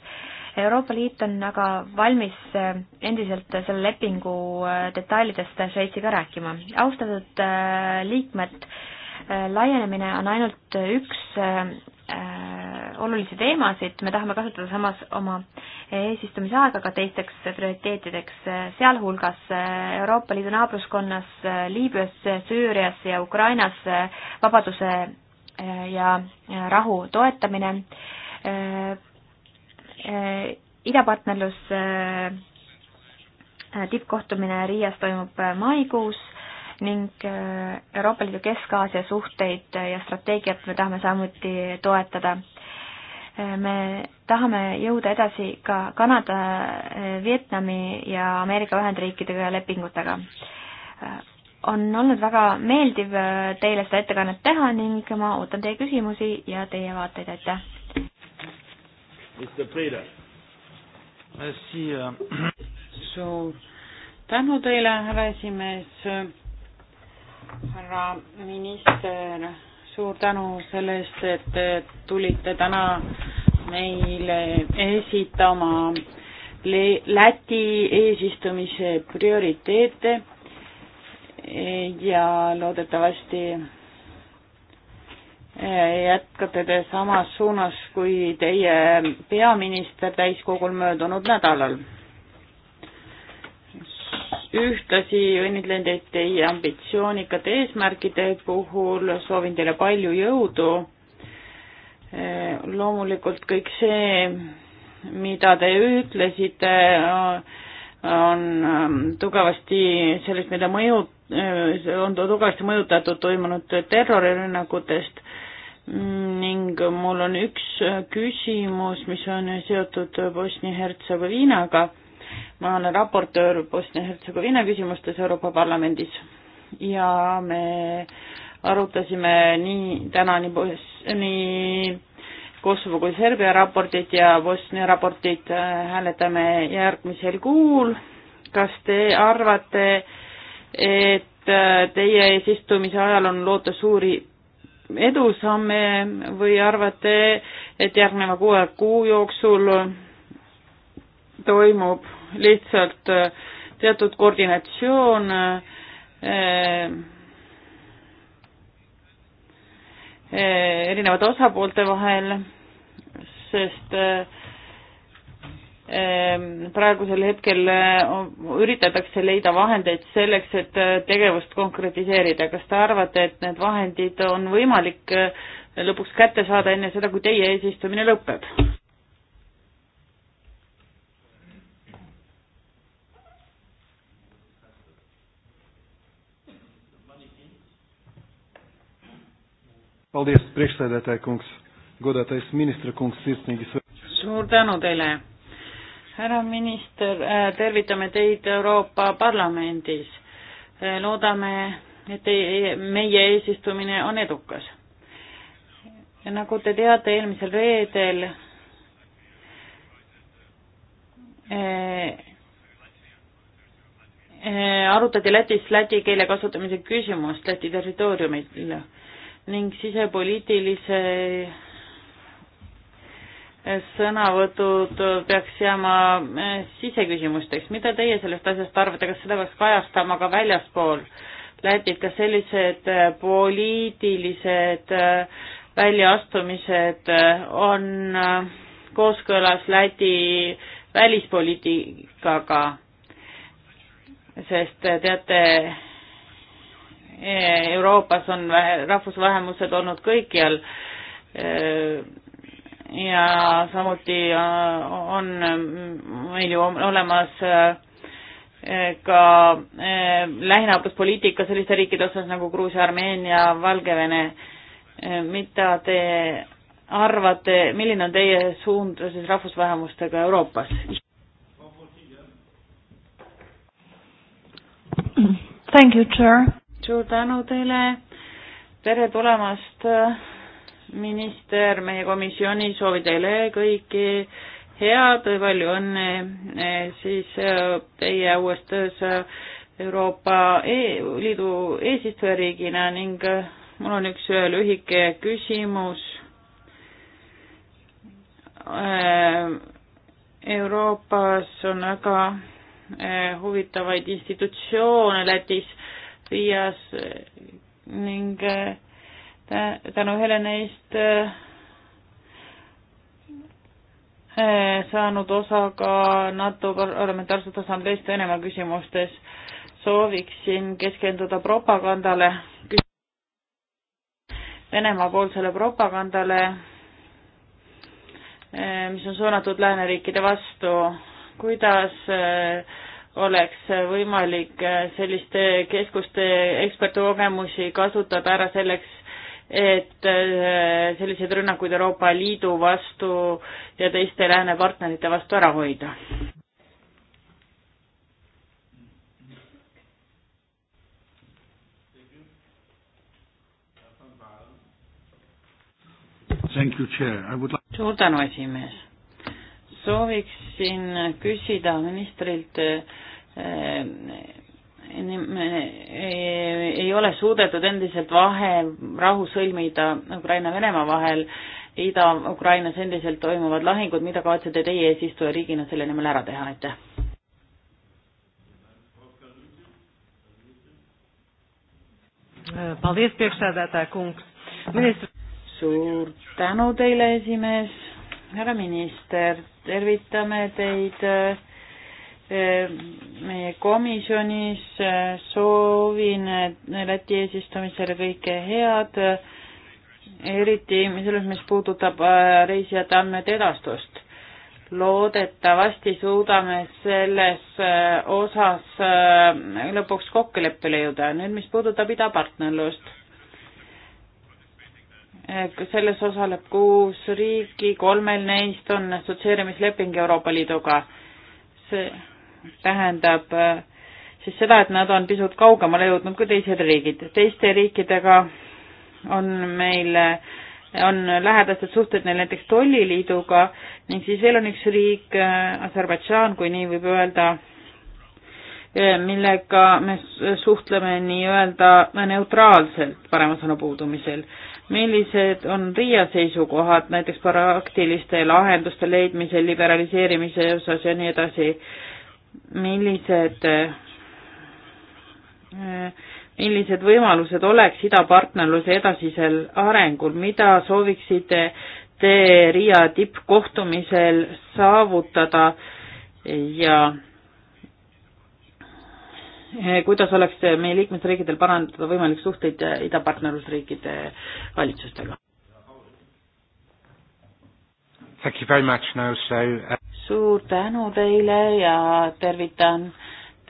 Euroopa Liit on aga valmis endiselt selle lepingu detailidest Šveitsiga rääkima. austatud liikmed, Äh, laienemine on ainult üks äh, äh, olulisi teemasid, me tahame kasutada samas oma eesistumisaega ka teisteks prioriteetideks, sealhulgas Euroopa Liidu naabruskonnas Liibüas, Süürias ja Ukrainas vabaduse ja rahu toetamine, idapartnerlus tippkohtumine Riias toimub maikuus ning äh, Euroopa Liidu Kesk-Aasia suhteid ja strateegiat me tahame samuti toetada. Äh, me tahame jõuda edasi ka Kanada, äh, Vietnami ja Ameerika Ühendriikidega lepingutega. on olnud väga meeldiv teile seda ettekannet teha ning ma ootan teie küsimusi ja teie vaateid, aitäh! *clears throat* suur tänu teile, härra esimees härra minister, suur tänu selle eest, et tulite täna meile esitama Läti eesistumise prioriteete ja loodetavasti eh, jätkate te samas suunas kui teie peaminister täiskogul möödunud nädalal ühtlasi õnnitlen teid teie ambitsioonikate eesmärkide puhul, soovin teile palju jõudu. Eh, loomulikult kõik see, mida te ütlesite, on ähm, tugevasti sellest, mida mõju, eh, on tugevasti mõjutatud toimunud terrorirünnakutest ning mul on üks küsimus, mis on seotud Bosnia-Hertsegoviinaga ma olen raportöör Bosnia-Hertsegoviina küsimustes Euroopa Parlamendis ja me arutasime nii täna nii Bos-, nii Kosovo kui Serbia raportit ja Bosnia raportit äh, hääletame järgmisel kuul. kas te arvate, et äh, teie eesistumise ajal on loota suuri edusamme või arvate, et järgneva kuue kuu jooksul toimub lihtsalt äh, teatud koordinatsioon äh, äh, erinevate osapoolte vahel, sest praegusel hetkel üritatakse leida vahendeid selleks, et tegevust konkretiseerida. kas te arvate, et need vahendid on võimalik lõpuks kätte saada enne seda, kui teie eesistumine lõpeb? Paldies, priekšsēdētāji kungs, godātais ministra kungs, sirsnīgi sveicam. suur tänu teile, härra minister, äh, tervitame teid Euroopa Parlamendis. Äh, loodame, et teie, meie eesistumine on edukas. nagu te teate, eelmisel reedel äh, arutati Lätis läti keele kasutamise küsimust Läti territooriumil ning sisepoliitilise sõnavõtud peaks jääma eh, siseküsimusteks. mida teie sellest asjast arvate, kas seda peaks kajastama ka väljaspool Lätit, kas sellised eh, poliitilised eh, väljaastumised on kooskõlas Läti välispoliitikaga? sest teate, Eh, Euroopas on rahvusvähemused olnud kõikjal eh, ja samuti eh, on mm, meil ju olemas ka lähinaabruspoliitika selliste riikide osas nagu Gruusia, Armeenia, Valgevene. mida te arvate, milline on teie suund siis rahvusvähemustega Euroopas? Thank you, Chair suur tänu teile, tere tulemast, minister, meie komisjoni, soovin teile kõiki head, palju õnne eh, siis eh, teie uues töös eh, Euroopa e Liidu eesistujariigina ning mul on üks lühike küsimus. Euroopas on väga huvitavaid institutsioone Lätis FIAS ning äh, tänu ühele neist äh, äh, saanud osa ka NATO parlamentaarsest assambleest Venemaa küsimustes. sooviksin keskenduda propagandale, Venemaa-poolsele propagandale, mis on suunatud lääneriikide vastu. kuidas äh, oleks võimalik äh, selliste keskuste ekspertkogemusi kasutada ära selleks, et äh, selliseid rünnakuid Euroopa Liidu vastu ja teiste lääne partnerite vastu ära hoida. suur tänu, esimees sooviksin küsida ministrilt eh, eh, eh, ei ole suudetud endiselt vaherahu sõlmida Ukraina-Venemaa vahel. Ida-Ukrainas endiselt toimuvad lahingud, mida kavatsete teie eesistujariigina selle nimel ära teha, aitäh? suur tänu teile, esimees härra minister, tervitame teid eh, meie komisjonis, soovin Läti eesistumisele kõike head, eriti selles, mis puudutab eh, reisijate andmete edastust. loodetavasti suudame selles eh, osas lõpuks kokkuleppele jõuda. nüüd, mis puudutab idapartnerlust selles osaleb kuus riiki, kolmel neist on assotsieerimisleping Euroopa Liiduga. see tähendab äh, siis seda, et nad on pisut kaugemale jõudnud kui teised riigid. teiste riikidega on meil, äh, on lähedased suhted neil näiteks Tolliliiduga ning siis veel on üks riik, äh, Aserbaidžaan, kui nii võib öelda, millega me suhtleme nii-öelda neutraalselt parema sõna puudumisel millised on Riia seisukohad näiteks praktiliste lahenduste leidmise, liberaliseerimise osas ja nii edasi, millised, millised võimalused oleks idapartnerluse edasisel arengul, mida sooviksite te Riia tippkohtumisel saavutada ja Eh, kuidas oleks eh, meie liikmesriikidel parandada võimalik suhteid eh, idapartnerlusriikide valitsustega? Uh, suur tänu teile ja tervitan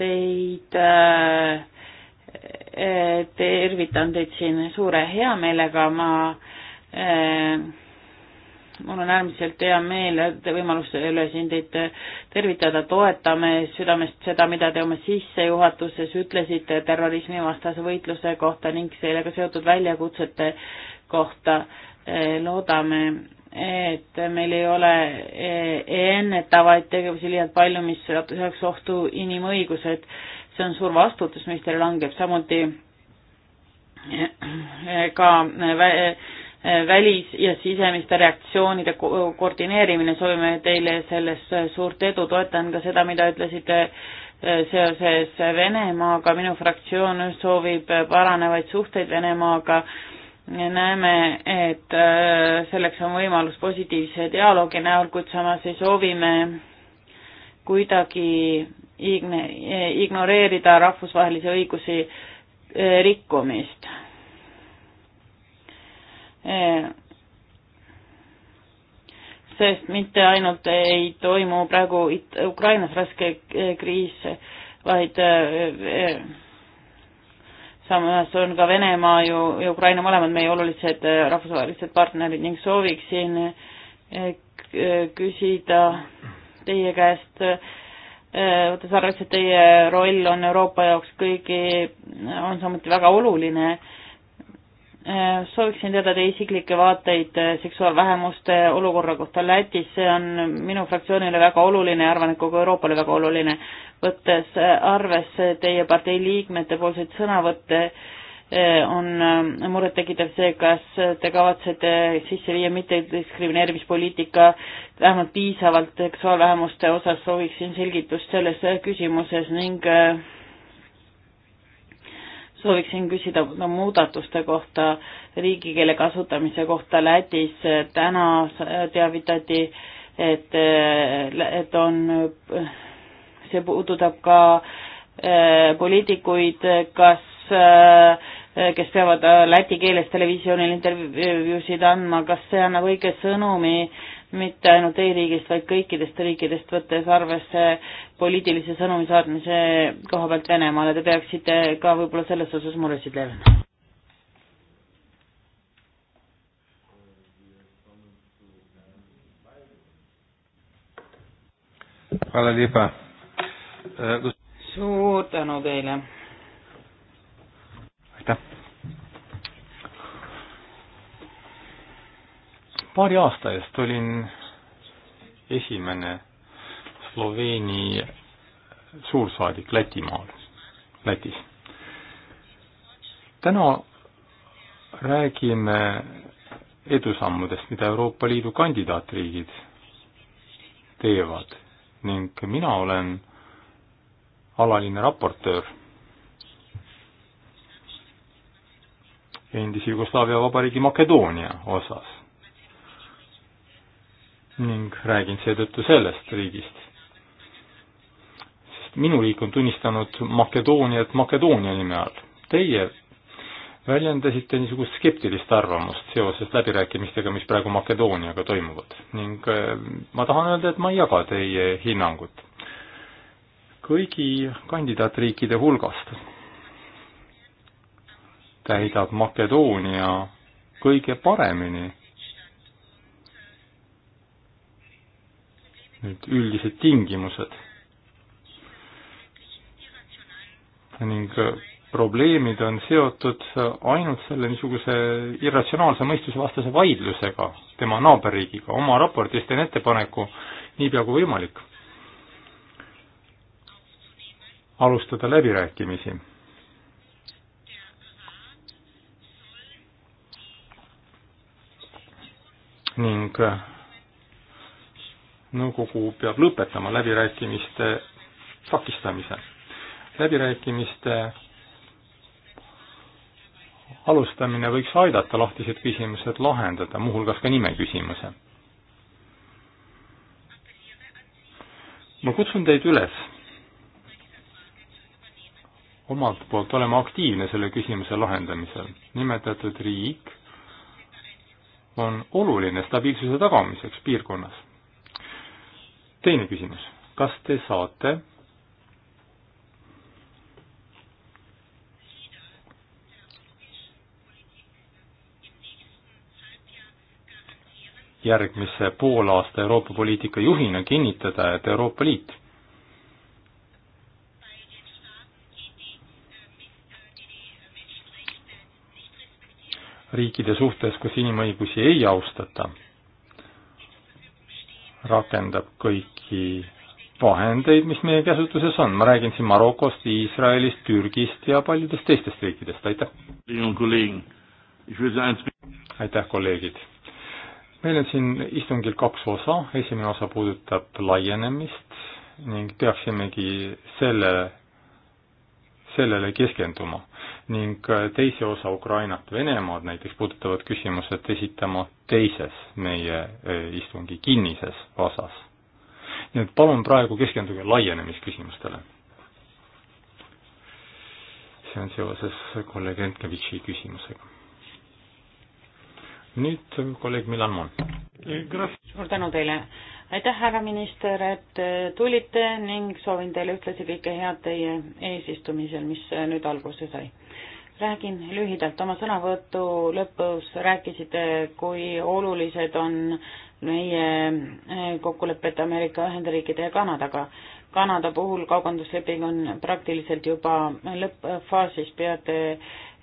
teid äh, tervitan teid siin suure heameelega, ma äh, mul on äärmiselt hea meel võimaluse üle siin teid tervitada, toetame südamest seda, mida te oma sissejuhatuses ütlesite terrorismivastase võitluse kohta ning sellega seotud väljakutsete kohta. Eh, loodame, et meil ei ole eh, ennetavaid tegevusi liialt palju, mis seaks ohtu inimõigused. see on suur vastutus, mis teile langeb, samuti eh, ka välis- ja sisemiste reaktsioonide ko koordineerimine, soovime teile selles suurt edu, toetan ka seda, mida ütlesite äh, seoses Venemaaga, minu fraktsioon soovib paranevaid suhteid Venemaaga, näeme, et äh, selleks on võimalus positiivse dialoogi näol, kuid samas ei soovi me kuidagi ignoreerida rahvusvahelise õiguse äh, rikkumist sest mitte ainult ei toimu praegu Ukrainas raske äh, kriis, vaid äh, äh, samas on ka Venemaa ju ja Ukraina mõlemad meie olulised rahvusvahelised partnerid ning sooviksin küsida teie käest, võttes arvesse, et teie roll on Euroopa jaoks kõigi, on samuti väga oluline Äh, sooviksin teada teie isiklikke vaateid äh, seksuaalvähemuste olukorra kohta Lätis, see on minu fraktsioonile väga oluline ja arvan, et kogu Euroopale väga oluline, võttes äh, arvesse teie partei liikmete poolseid sõnavõtte, on murettekitav see, kas te kavatsete sisse viia mittediskrimineerimispoliitika vähemalt piisavalt seksuaalvähemuste osas, sooviksin selgitust selles küsimuses ning sooviksin küsida no, muudatuste kohta, riigikeele kasutamise kohta Lätis. täna teavitati, et, et on, see puudutab ka äh, poliitikuid, kas äh, kes peavad eh, läti keeles televisioonil intervjuusid andma, kas see annab õige sõnumi mitte ainult e-riigist, vaid kõikidest riikidest, võttes arvesse poliitilise sõnumi saatmise koha pealt Venemaale, te peaksite ka võib-olla selles osas muresid leevendama. Eh, suur tänu teile! aitäh! paari aasta eest olin esimene Sloveeni suursaadik Lätimaal, Lätis. täna räägime edusammudest, mida Euroopa Liidu kandidaatriigid teevad ning mina olen alaline raportöör endise Jugoslaavia vabariigi Makedoonia osas ning räägin seetõttu sellest riigist. sest minu riik on tunnistanud Makedooniat Makedoonia nime all. Teie väljendasite niisugust skeptilist arvamust seoses läbirääkimistega, mis praegu Makedooniaga toimuvad ning äh, ma tahan öelda, et ma ei jaga teie hinnangut kõigi kandidaatriikide hulgast täidab Makedoonia kõige paremini nüüd üldised tingimused ning äh, probleemid on seotud äh, ainult selle niisuguse irratsionaalse mõistusevastase vaidlusega tema naaberriigiga. oma raportis teen ettepaneku niipea kui võimalik alustada läbirääkimisi. ning äh, nõukogu peab lõpetama läbirääkimiste takistamise. läbirääkimiste alustamine võiks aidata lahtised küsimused lahendada, muuhulgas ka nime küsimuse. ma kutsun teid üles omalt poolt olema aktiivne selle küsimuse lahendamisel. nimetatud riik on oluline stabiilsuse tagamiseks piirkonnas teine küsimus, kas te saate järgmise poolaasta Euroopa poliitika juhina kinnitada, et Euroopa Liit riikide suhtes, kus inimõigusi ei austata rakendab kõiki vahendeid, mis meie käsutuses on, ma räägin siin Marokost, Iisraelist, Türgist ja paljudest teistest riikidest, aitäh! aitäh, kolleegid! meil on siin istungil kaks osa, esimene osa puudutab laienemist ning peaksimegi selle, sellele keskenduma ning äh, teise osa Ukrainat, Venemaad näiteks puudutavad küsimused esitama teises meie äh, istungi kinnises osas. nii et palun praegu keskenduge laienemisküsimustele. see on seoses kolleeg Entkevitši küsimusega. nüüd kolleeg Milan Mon. suur tänu teile aitäh, härra minister, et äh, tulite ning soovin teile ühtlasi kõike head teie eesistumisel, mis äh, nüüd alguse sai. räägin lühidalt, oma sõnavõtu lõpus rääkisite, kui olulised on meie äh, kokkulepped Ameerika Ühendriikide ja Kanadaga. Kanada puhul kaubandusleping on praktiliselt juba lõppfaasis, peate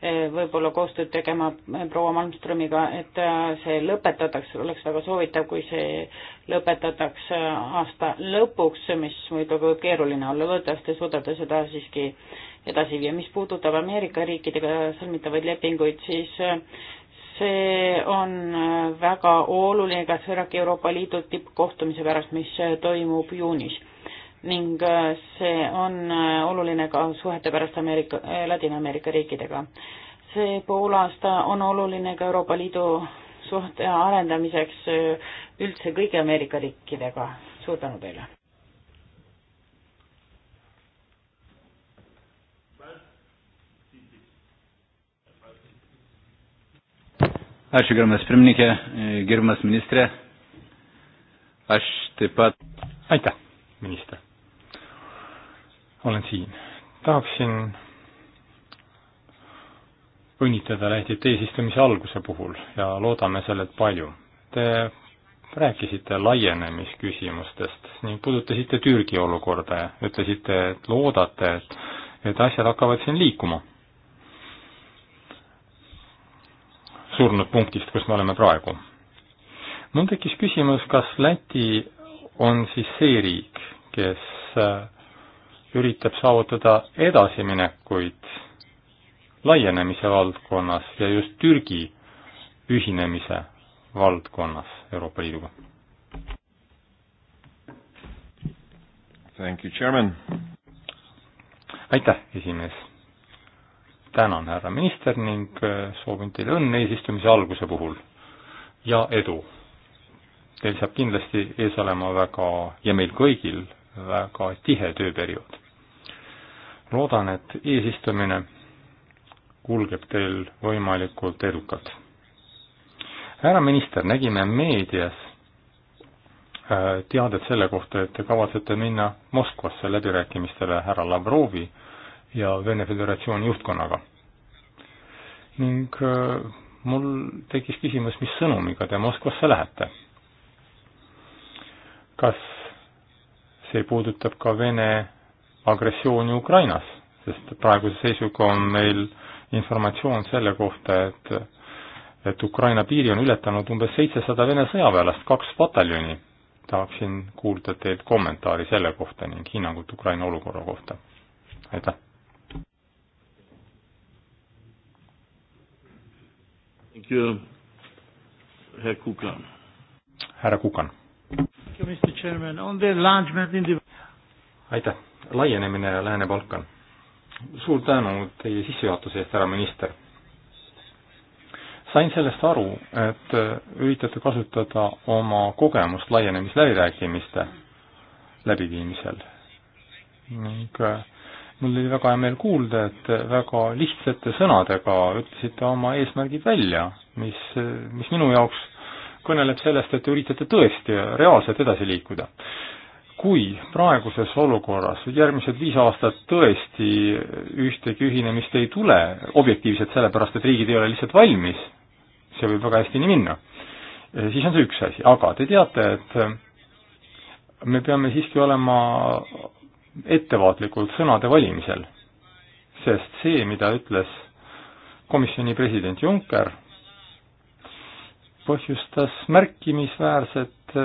võib-olla koostööd tegema proua Malmströmiga, et äh, see lõpetataks, oleks väga soovitav, kui see lõpetataks äh, aasta lõpuks, mis muidugi võib keeruline olla, loodetavasti suudate seda siiski edasi viia. mis puudutab Ameerika riikidega sõlmitavaid lepinguid, siis äh, see on väga oluline ka Sõraki Euroopa Liidu tippkohtumise pärast, mis toimub juunis ning äh, see on äh, oluline ka suhete pärast Ameerika, äh, Ladina-Ameerika riikidega. see poolaasta on oluline ka Euroopa Liidu suhte arendamiseks üldse kõigi Ameerika riikidega. suur tänu teile! Ačiū, gerbiamas pirmininkė, gerbiamas ministrė. Aš taip pat. Aitäh, minister olen siin. tahaksin õnnitleda Lätit eesistumise alguse puhul ja loodame sellelt palju. Te rääkisite laienemisküsimustest ning puudutasite Türgi olukorda ja ütlesite, et loodate, et, et asjad hakkavad siin liikuma. surnud punktist, kus me oleme praegu. mul tekkis küsimus, kas Läti on siis see riik, kes äh, üritab saavutada edasiminekuid laienemise valdkonnas ja just Türgi ühinemise valdkonnas Euroopa Liiduga. Thank you, chairman. aitäh, esimees. tänan, härra minister, ning äh, soovin teile õnne eesistumise alguse puhul ja edu. Teil saab kindlasti ees olema väga ja meil kõigil väga tihe tööperiood loodan, et eesistumine kulgeb teil võimalikult edukalt. härra minister, nägime meedias äh, teadet selle kohta, et te kavatsete minna Moskvasse läbirääkimistele härra Lavrovi ja Vene Föderatsiooni juhtkonnaga. ning äh, mul tekkis küsimus, mis sõnumiga te Moskvasse lähete? kas see puudutab ka Vene agressiooni Ukrainas, sest praeguse seisuga on meil informatsioon selle kohta, et et Ukraina piiri on ületanud umbes seitsesada Vene sõjaväelast, kaks pataljoni. tahaksin kuulda teilt kommentaari selle kohta ning hinnangut Ukraina olukorra kohta. aitäh! härra Kukan. härra Kukan. aitäh! laienemine Lääne-Balkan. suur tänu teie sissejuhatuse eest, härra minister. sain sellest aru, et üritate kasutada oma kogemust laienemisläbirääkimiste läbiviimisel ning äh, mul oli väga hea meel kuulda, et väga lihtsate sõnadega ütlesite oma eesmärgid välja, mis, mis minu jaoks kõneleb sellest, et te üritate tõesti reaalselt edasi liikuda kui praeguses olukorras järgmised viis aastat tõesti ühtegi ühinemist ei tule, objektiivselt sellepärast, et riigid ei ole lihtsalt valmis, see võib väga hästi nii minna, siis on see üks asi, aga te teate, et me peame siiski olema ettevaatlikud sõnade valimisel, sest see, mida ütles komisjoni president Juncker, põhjustas märkimisväärset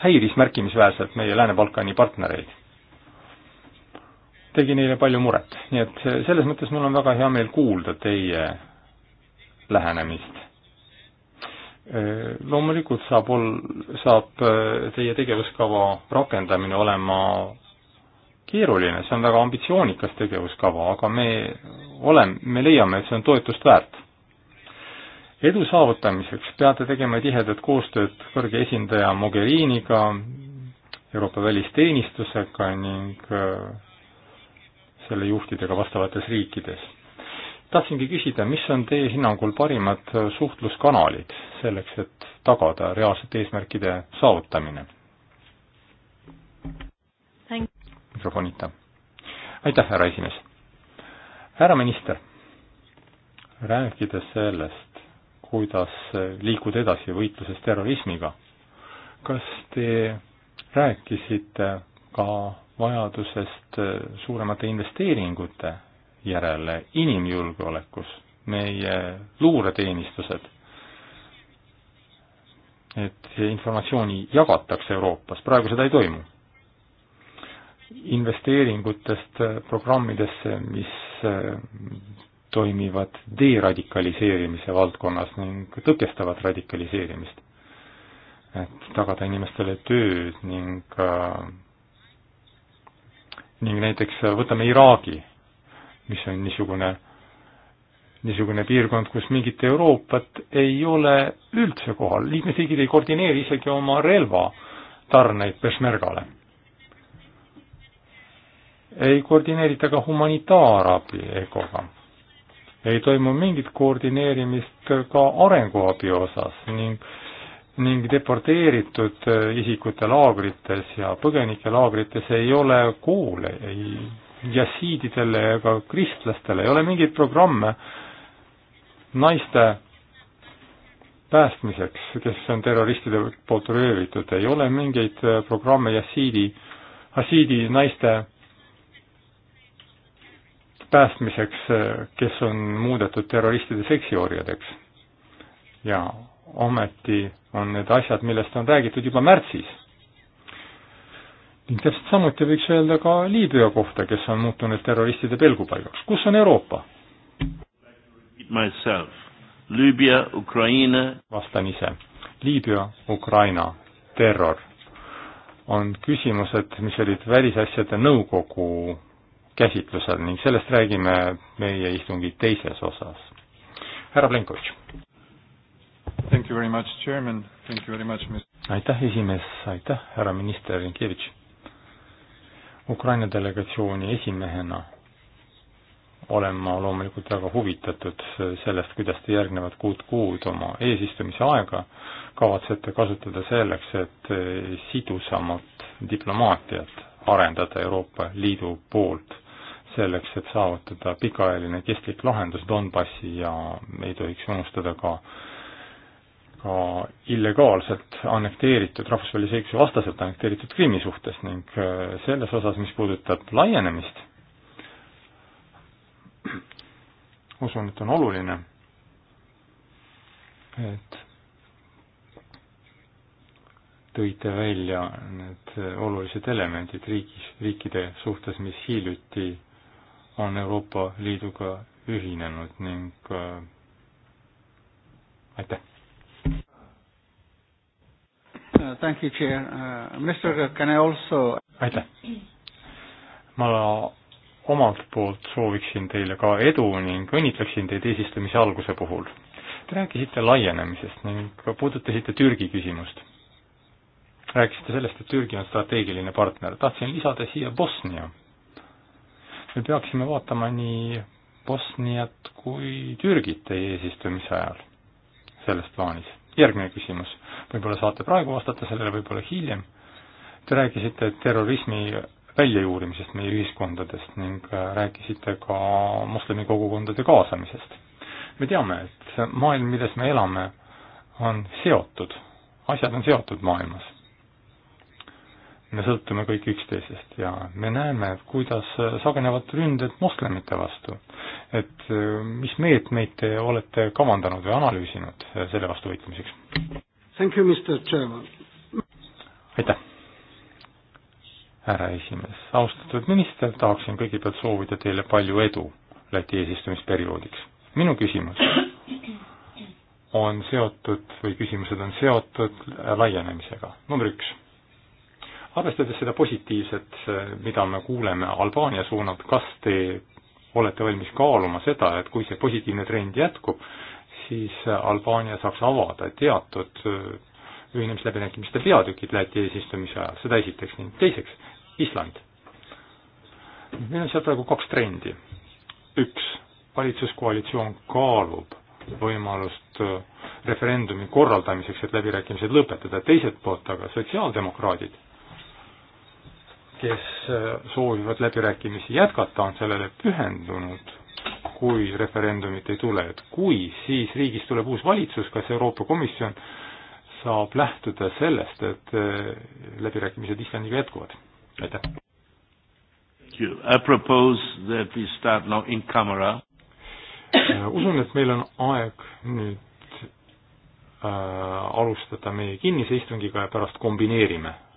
häiris märkimisväärselt meie Lääne-Balkani partnereid. tegi neile palju muret, nii et selles mõttes mul on väga hea meel kuulda teie lähenemist. Loomulikult saab ol-, saab äh, teie tegevuskava rakendamine olema keeruline, see on väga ambitsioonikas tegevuskava, aga me oleme, me leiame, et see on toetust väärt edu saavutamiseks peate tegema tihedat koostööd kõrge esindaja Mogheriniga, Euroopa välisteenistusega ning äh, selle juhtidega vastavates riikides. tahtsingi küsida, mis on teie hinnangul parimad äh, suhtluskanalid selleks, et tagada reaalsete eesmärkide saavutamine? mikrofonita. aitäh, härra esimees! härra minister, rääkides sellest, kuidas liikuda edasi võitluses terrorismiga. kas te rääkisite ka vajadusest suuremate investeeringute järele inimjulgeolekus, meie luureteenistused, et informatsiooni jagatakse Euroopas, praegu seda ei toimu. investeeringutest programmidesse, mis toimivad deradikaliseerimise valdkonnas ning tõkestavad radikaliseerimist. et tagada inimestele tööd ning äh, ning näiteks võtame Iraagi, mis on niisugune, niisugune piirkond, kus mingit Euroopat ei ole üldse kohal, liikmesriigid ei koordineeri isegi oma relvatarneid Peshmergale ei koordineerita ka humanitaarabi EGO-ga ei toimu mingit koordineerimist ka arenguabi osas ning, ning deporteeritud eh, isikute laagrites ja põgenikelaagrites ei ole koole ei jasiididele ega kristlastele, ei ole mingeid programme naiste päästmiseks, kes on terroristide poolt röövitud, ei ole mingeid eh, programme jasiidi, jasiidi naiste päästmiseks, kes on muudetud terroristide seksiorjadeks. ja ometi on need asjad, millest on räägitud juba märtsis. ning täpselt samuti võiks öelda ka Liibüa kohta, kes on muutunud terroristide pelgupaigaks. kus on Euroopa? vastan ise. Liibüa, Ukraina, terror on küsimused, mis olid Välisasjade Nõukogu käsitlusel ning sellest räägime meie istungi teises osas. härra Plenkovitš. Thank you very much, chairman, thank you very much, mis-. aitäh, esimees, aitäh, härra minister Rinkevitš. Ukraina delegatsiooni esimehena olen ma loomulikult väga huvitatud sellest, kuidas te järgnevad kuud kuud oma eesistumise aega kavatsete kasutada selleks, et sidusamat diplomaatiat arendada Euroopa Liidu poolt selleks, et saavutada pikaajaline kestlik lahendus Donbassi ja ei tohiks unustada ka ka illegaalselt annekteeritud, rahvusvahelise õiguse vastaselt annekteeritud Krimmi suhtes ning äh, selles osas, mis puudutab laienemist, usun, et on oluline, et tõite välja need olulised elemendid riigis, riikide suhtes, mis hiljuti on Euroopa Liiduga ühinenud ning äh, aitäh. Uh, thank you, Chair. Uh, Minister, uh, can I also... aitäh. ma omalt poolt sooviksin teile ka edu ning õnnitleksin teid eesistumise alguse puhul. Te rääkisite laienemisest ning puudutasite Türgi küsimust. rääkisite sellest, et Türgi on strateegiline partner. tahtsin lisada siia Bosnia me peaksime vaatama nii Bosniat kui Türgit teie eesistumise ajal selles plaanis. järgmine küsimus, võib-olla saate praegu vastata sellele, võib-olla hiljem. Te rääkisite terrorismi väljajuurimisest meie ühiskondadest ning äh, rääkisite ka moslemi kogukondade kaasamisest. me teame, et maailm, milles me elame, on seotud, asjad on seotud maailmas me sõltume kõik üksteisest ja me näeme, kuidas sagenevad ründed moslemite vastu. et äh, mis meetmeid te olete kavandanud või analüüsinud äh, selle vastu võitlemiseks? aitäh, härra esimees. austatud minister, tahaksin kõigepealt soovida teile palju edu Läti eesistumisperioodiks. minu küsimus on seotud või küsimused on seotud laienemisega. number üks arvestades seda positiivset, mida me kuuleme Albaania suunalt, kas te olete valmis kaaluma seda, et kui see positiivne trend jätkub, siis Albaania saaks avada teatud äh, ühinemisläbirääkimiste peatükid Läti eesistumise ajal, seda esiteks ning teiseks Island. meil on seal praegu kaks trendi. üks, valitsuskoalitsioon kaalub võimalust äh, referendumi korraldamiseks, et läbirääkimised lõpetada, teiselt poolt aga sotsiaaldemokraadid kes äh, soovivad läbirääkimisi jätkata, on sellele pühendunud, kui referendumit ei tule, et kui, siis riigis tuleb uus valitsus, kas Euroopa Komisjon saab lähtuda sellest, et äh, läbirääkimised Islandiga jätkuvad. aitäh! Äh, usun, et meil on aeg nüüd äh, alustada meie kinnise istungiga ja pärast kombineerime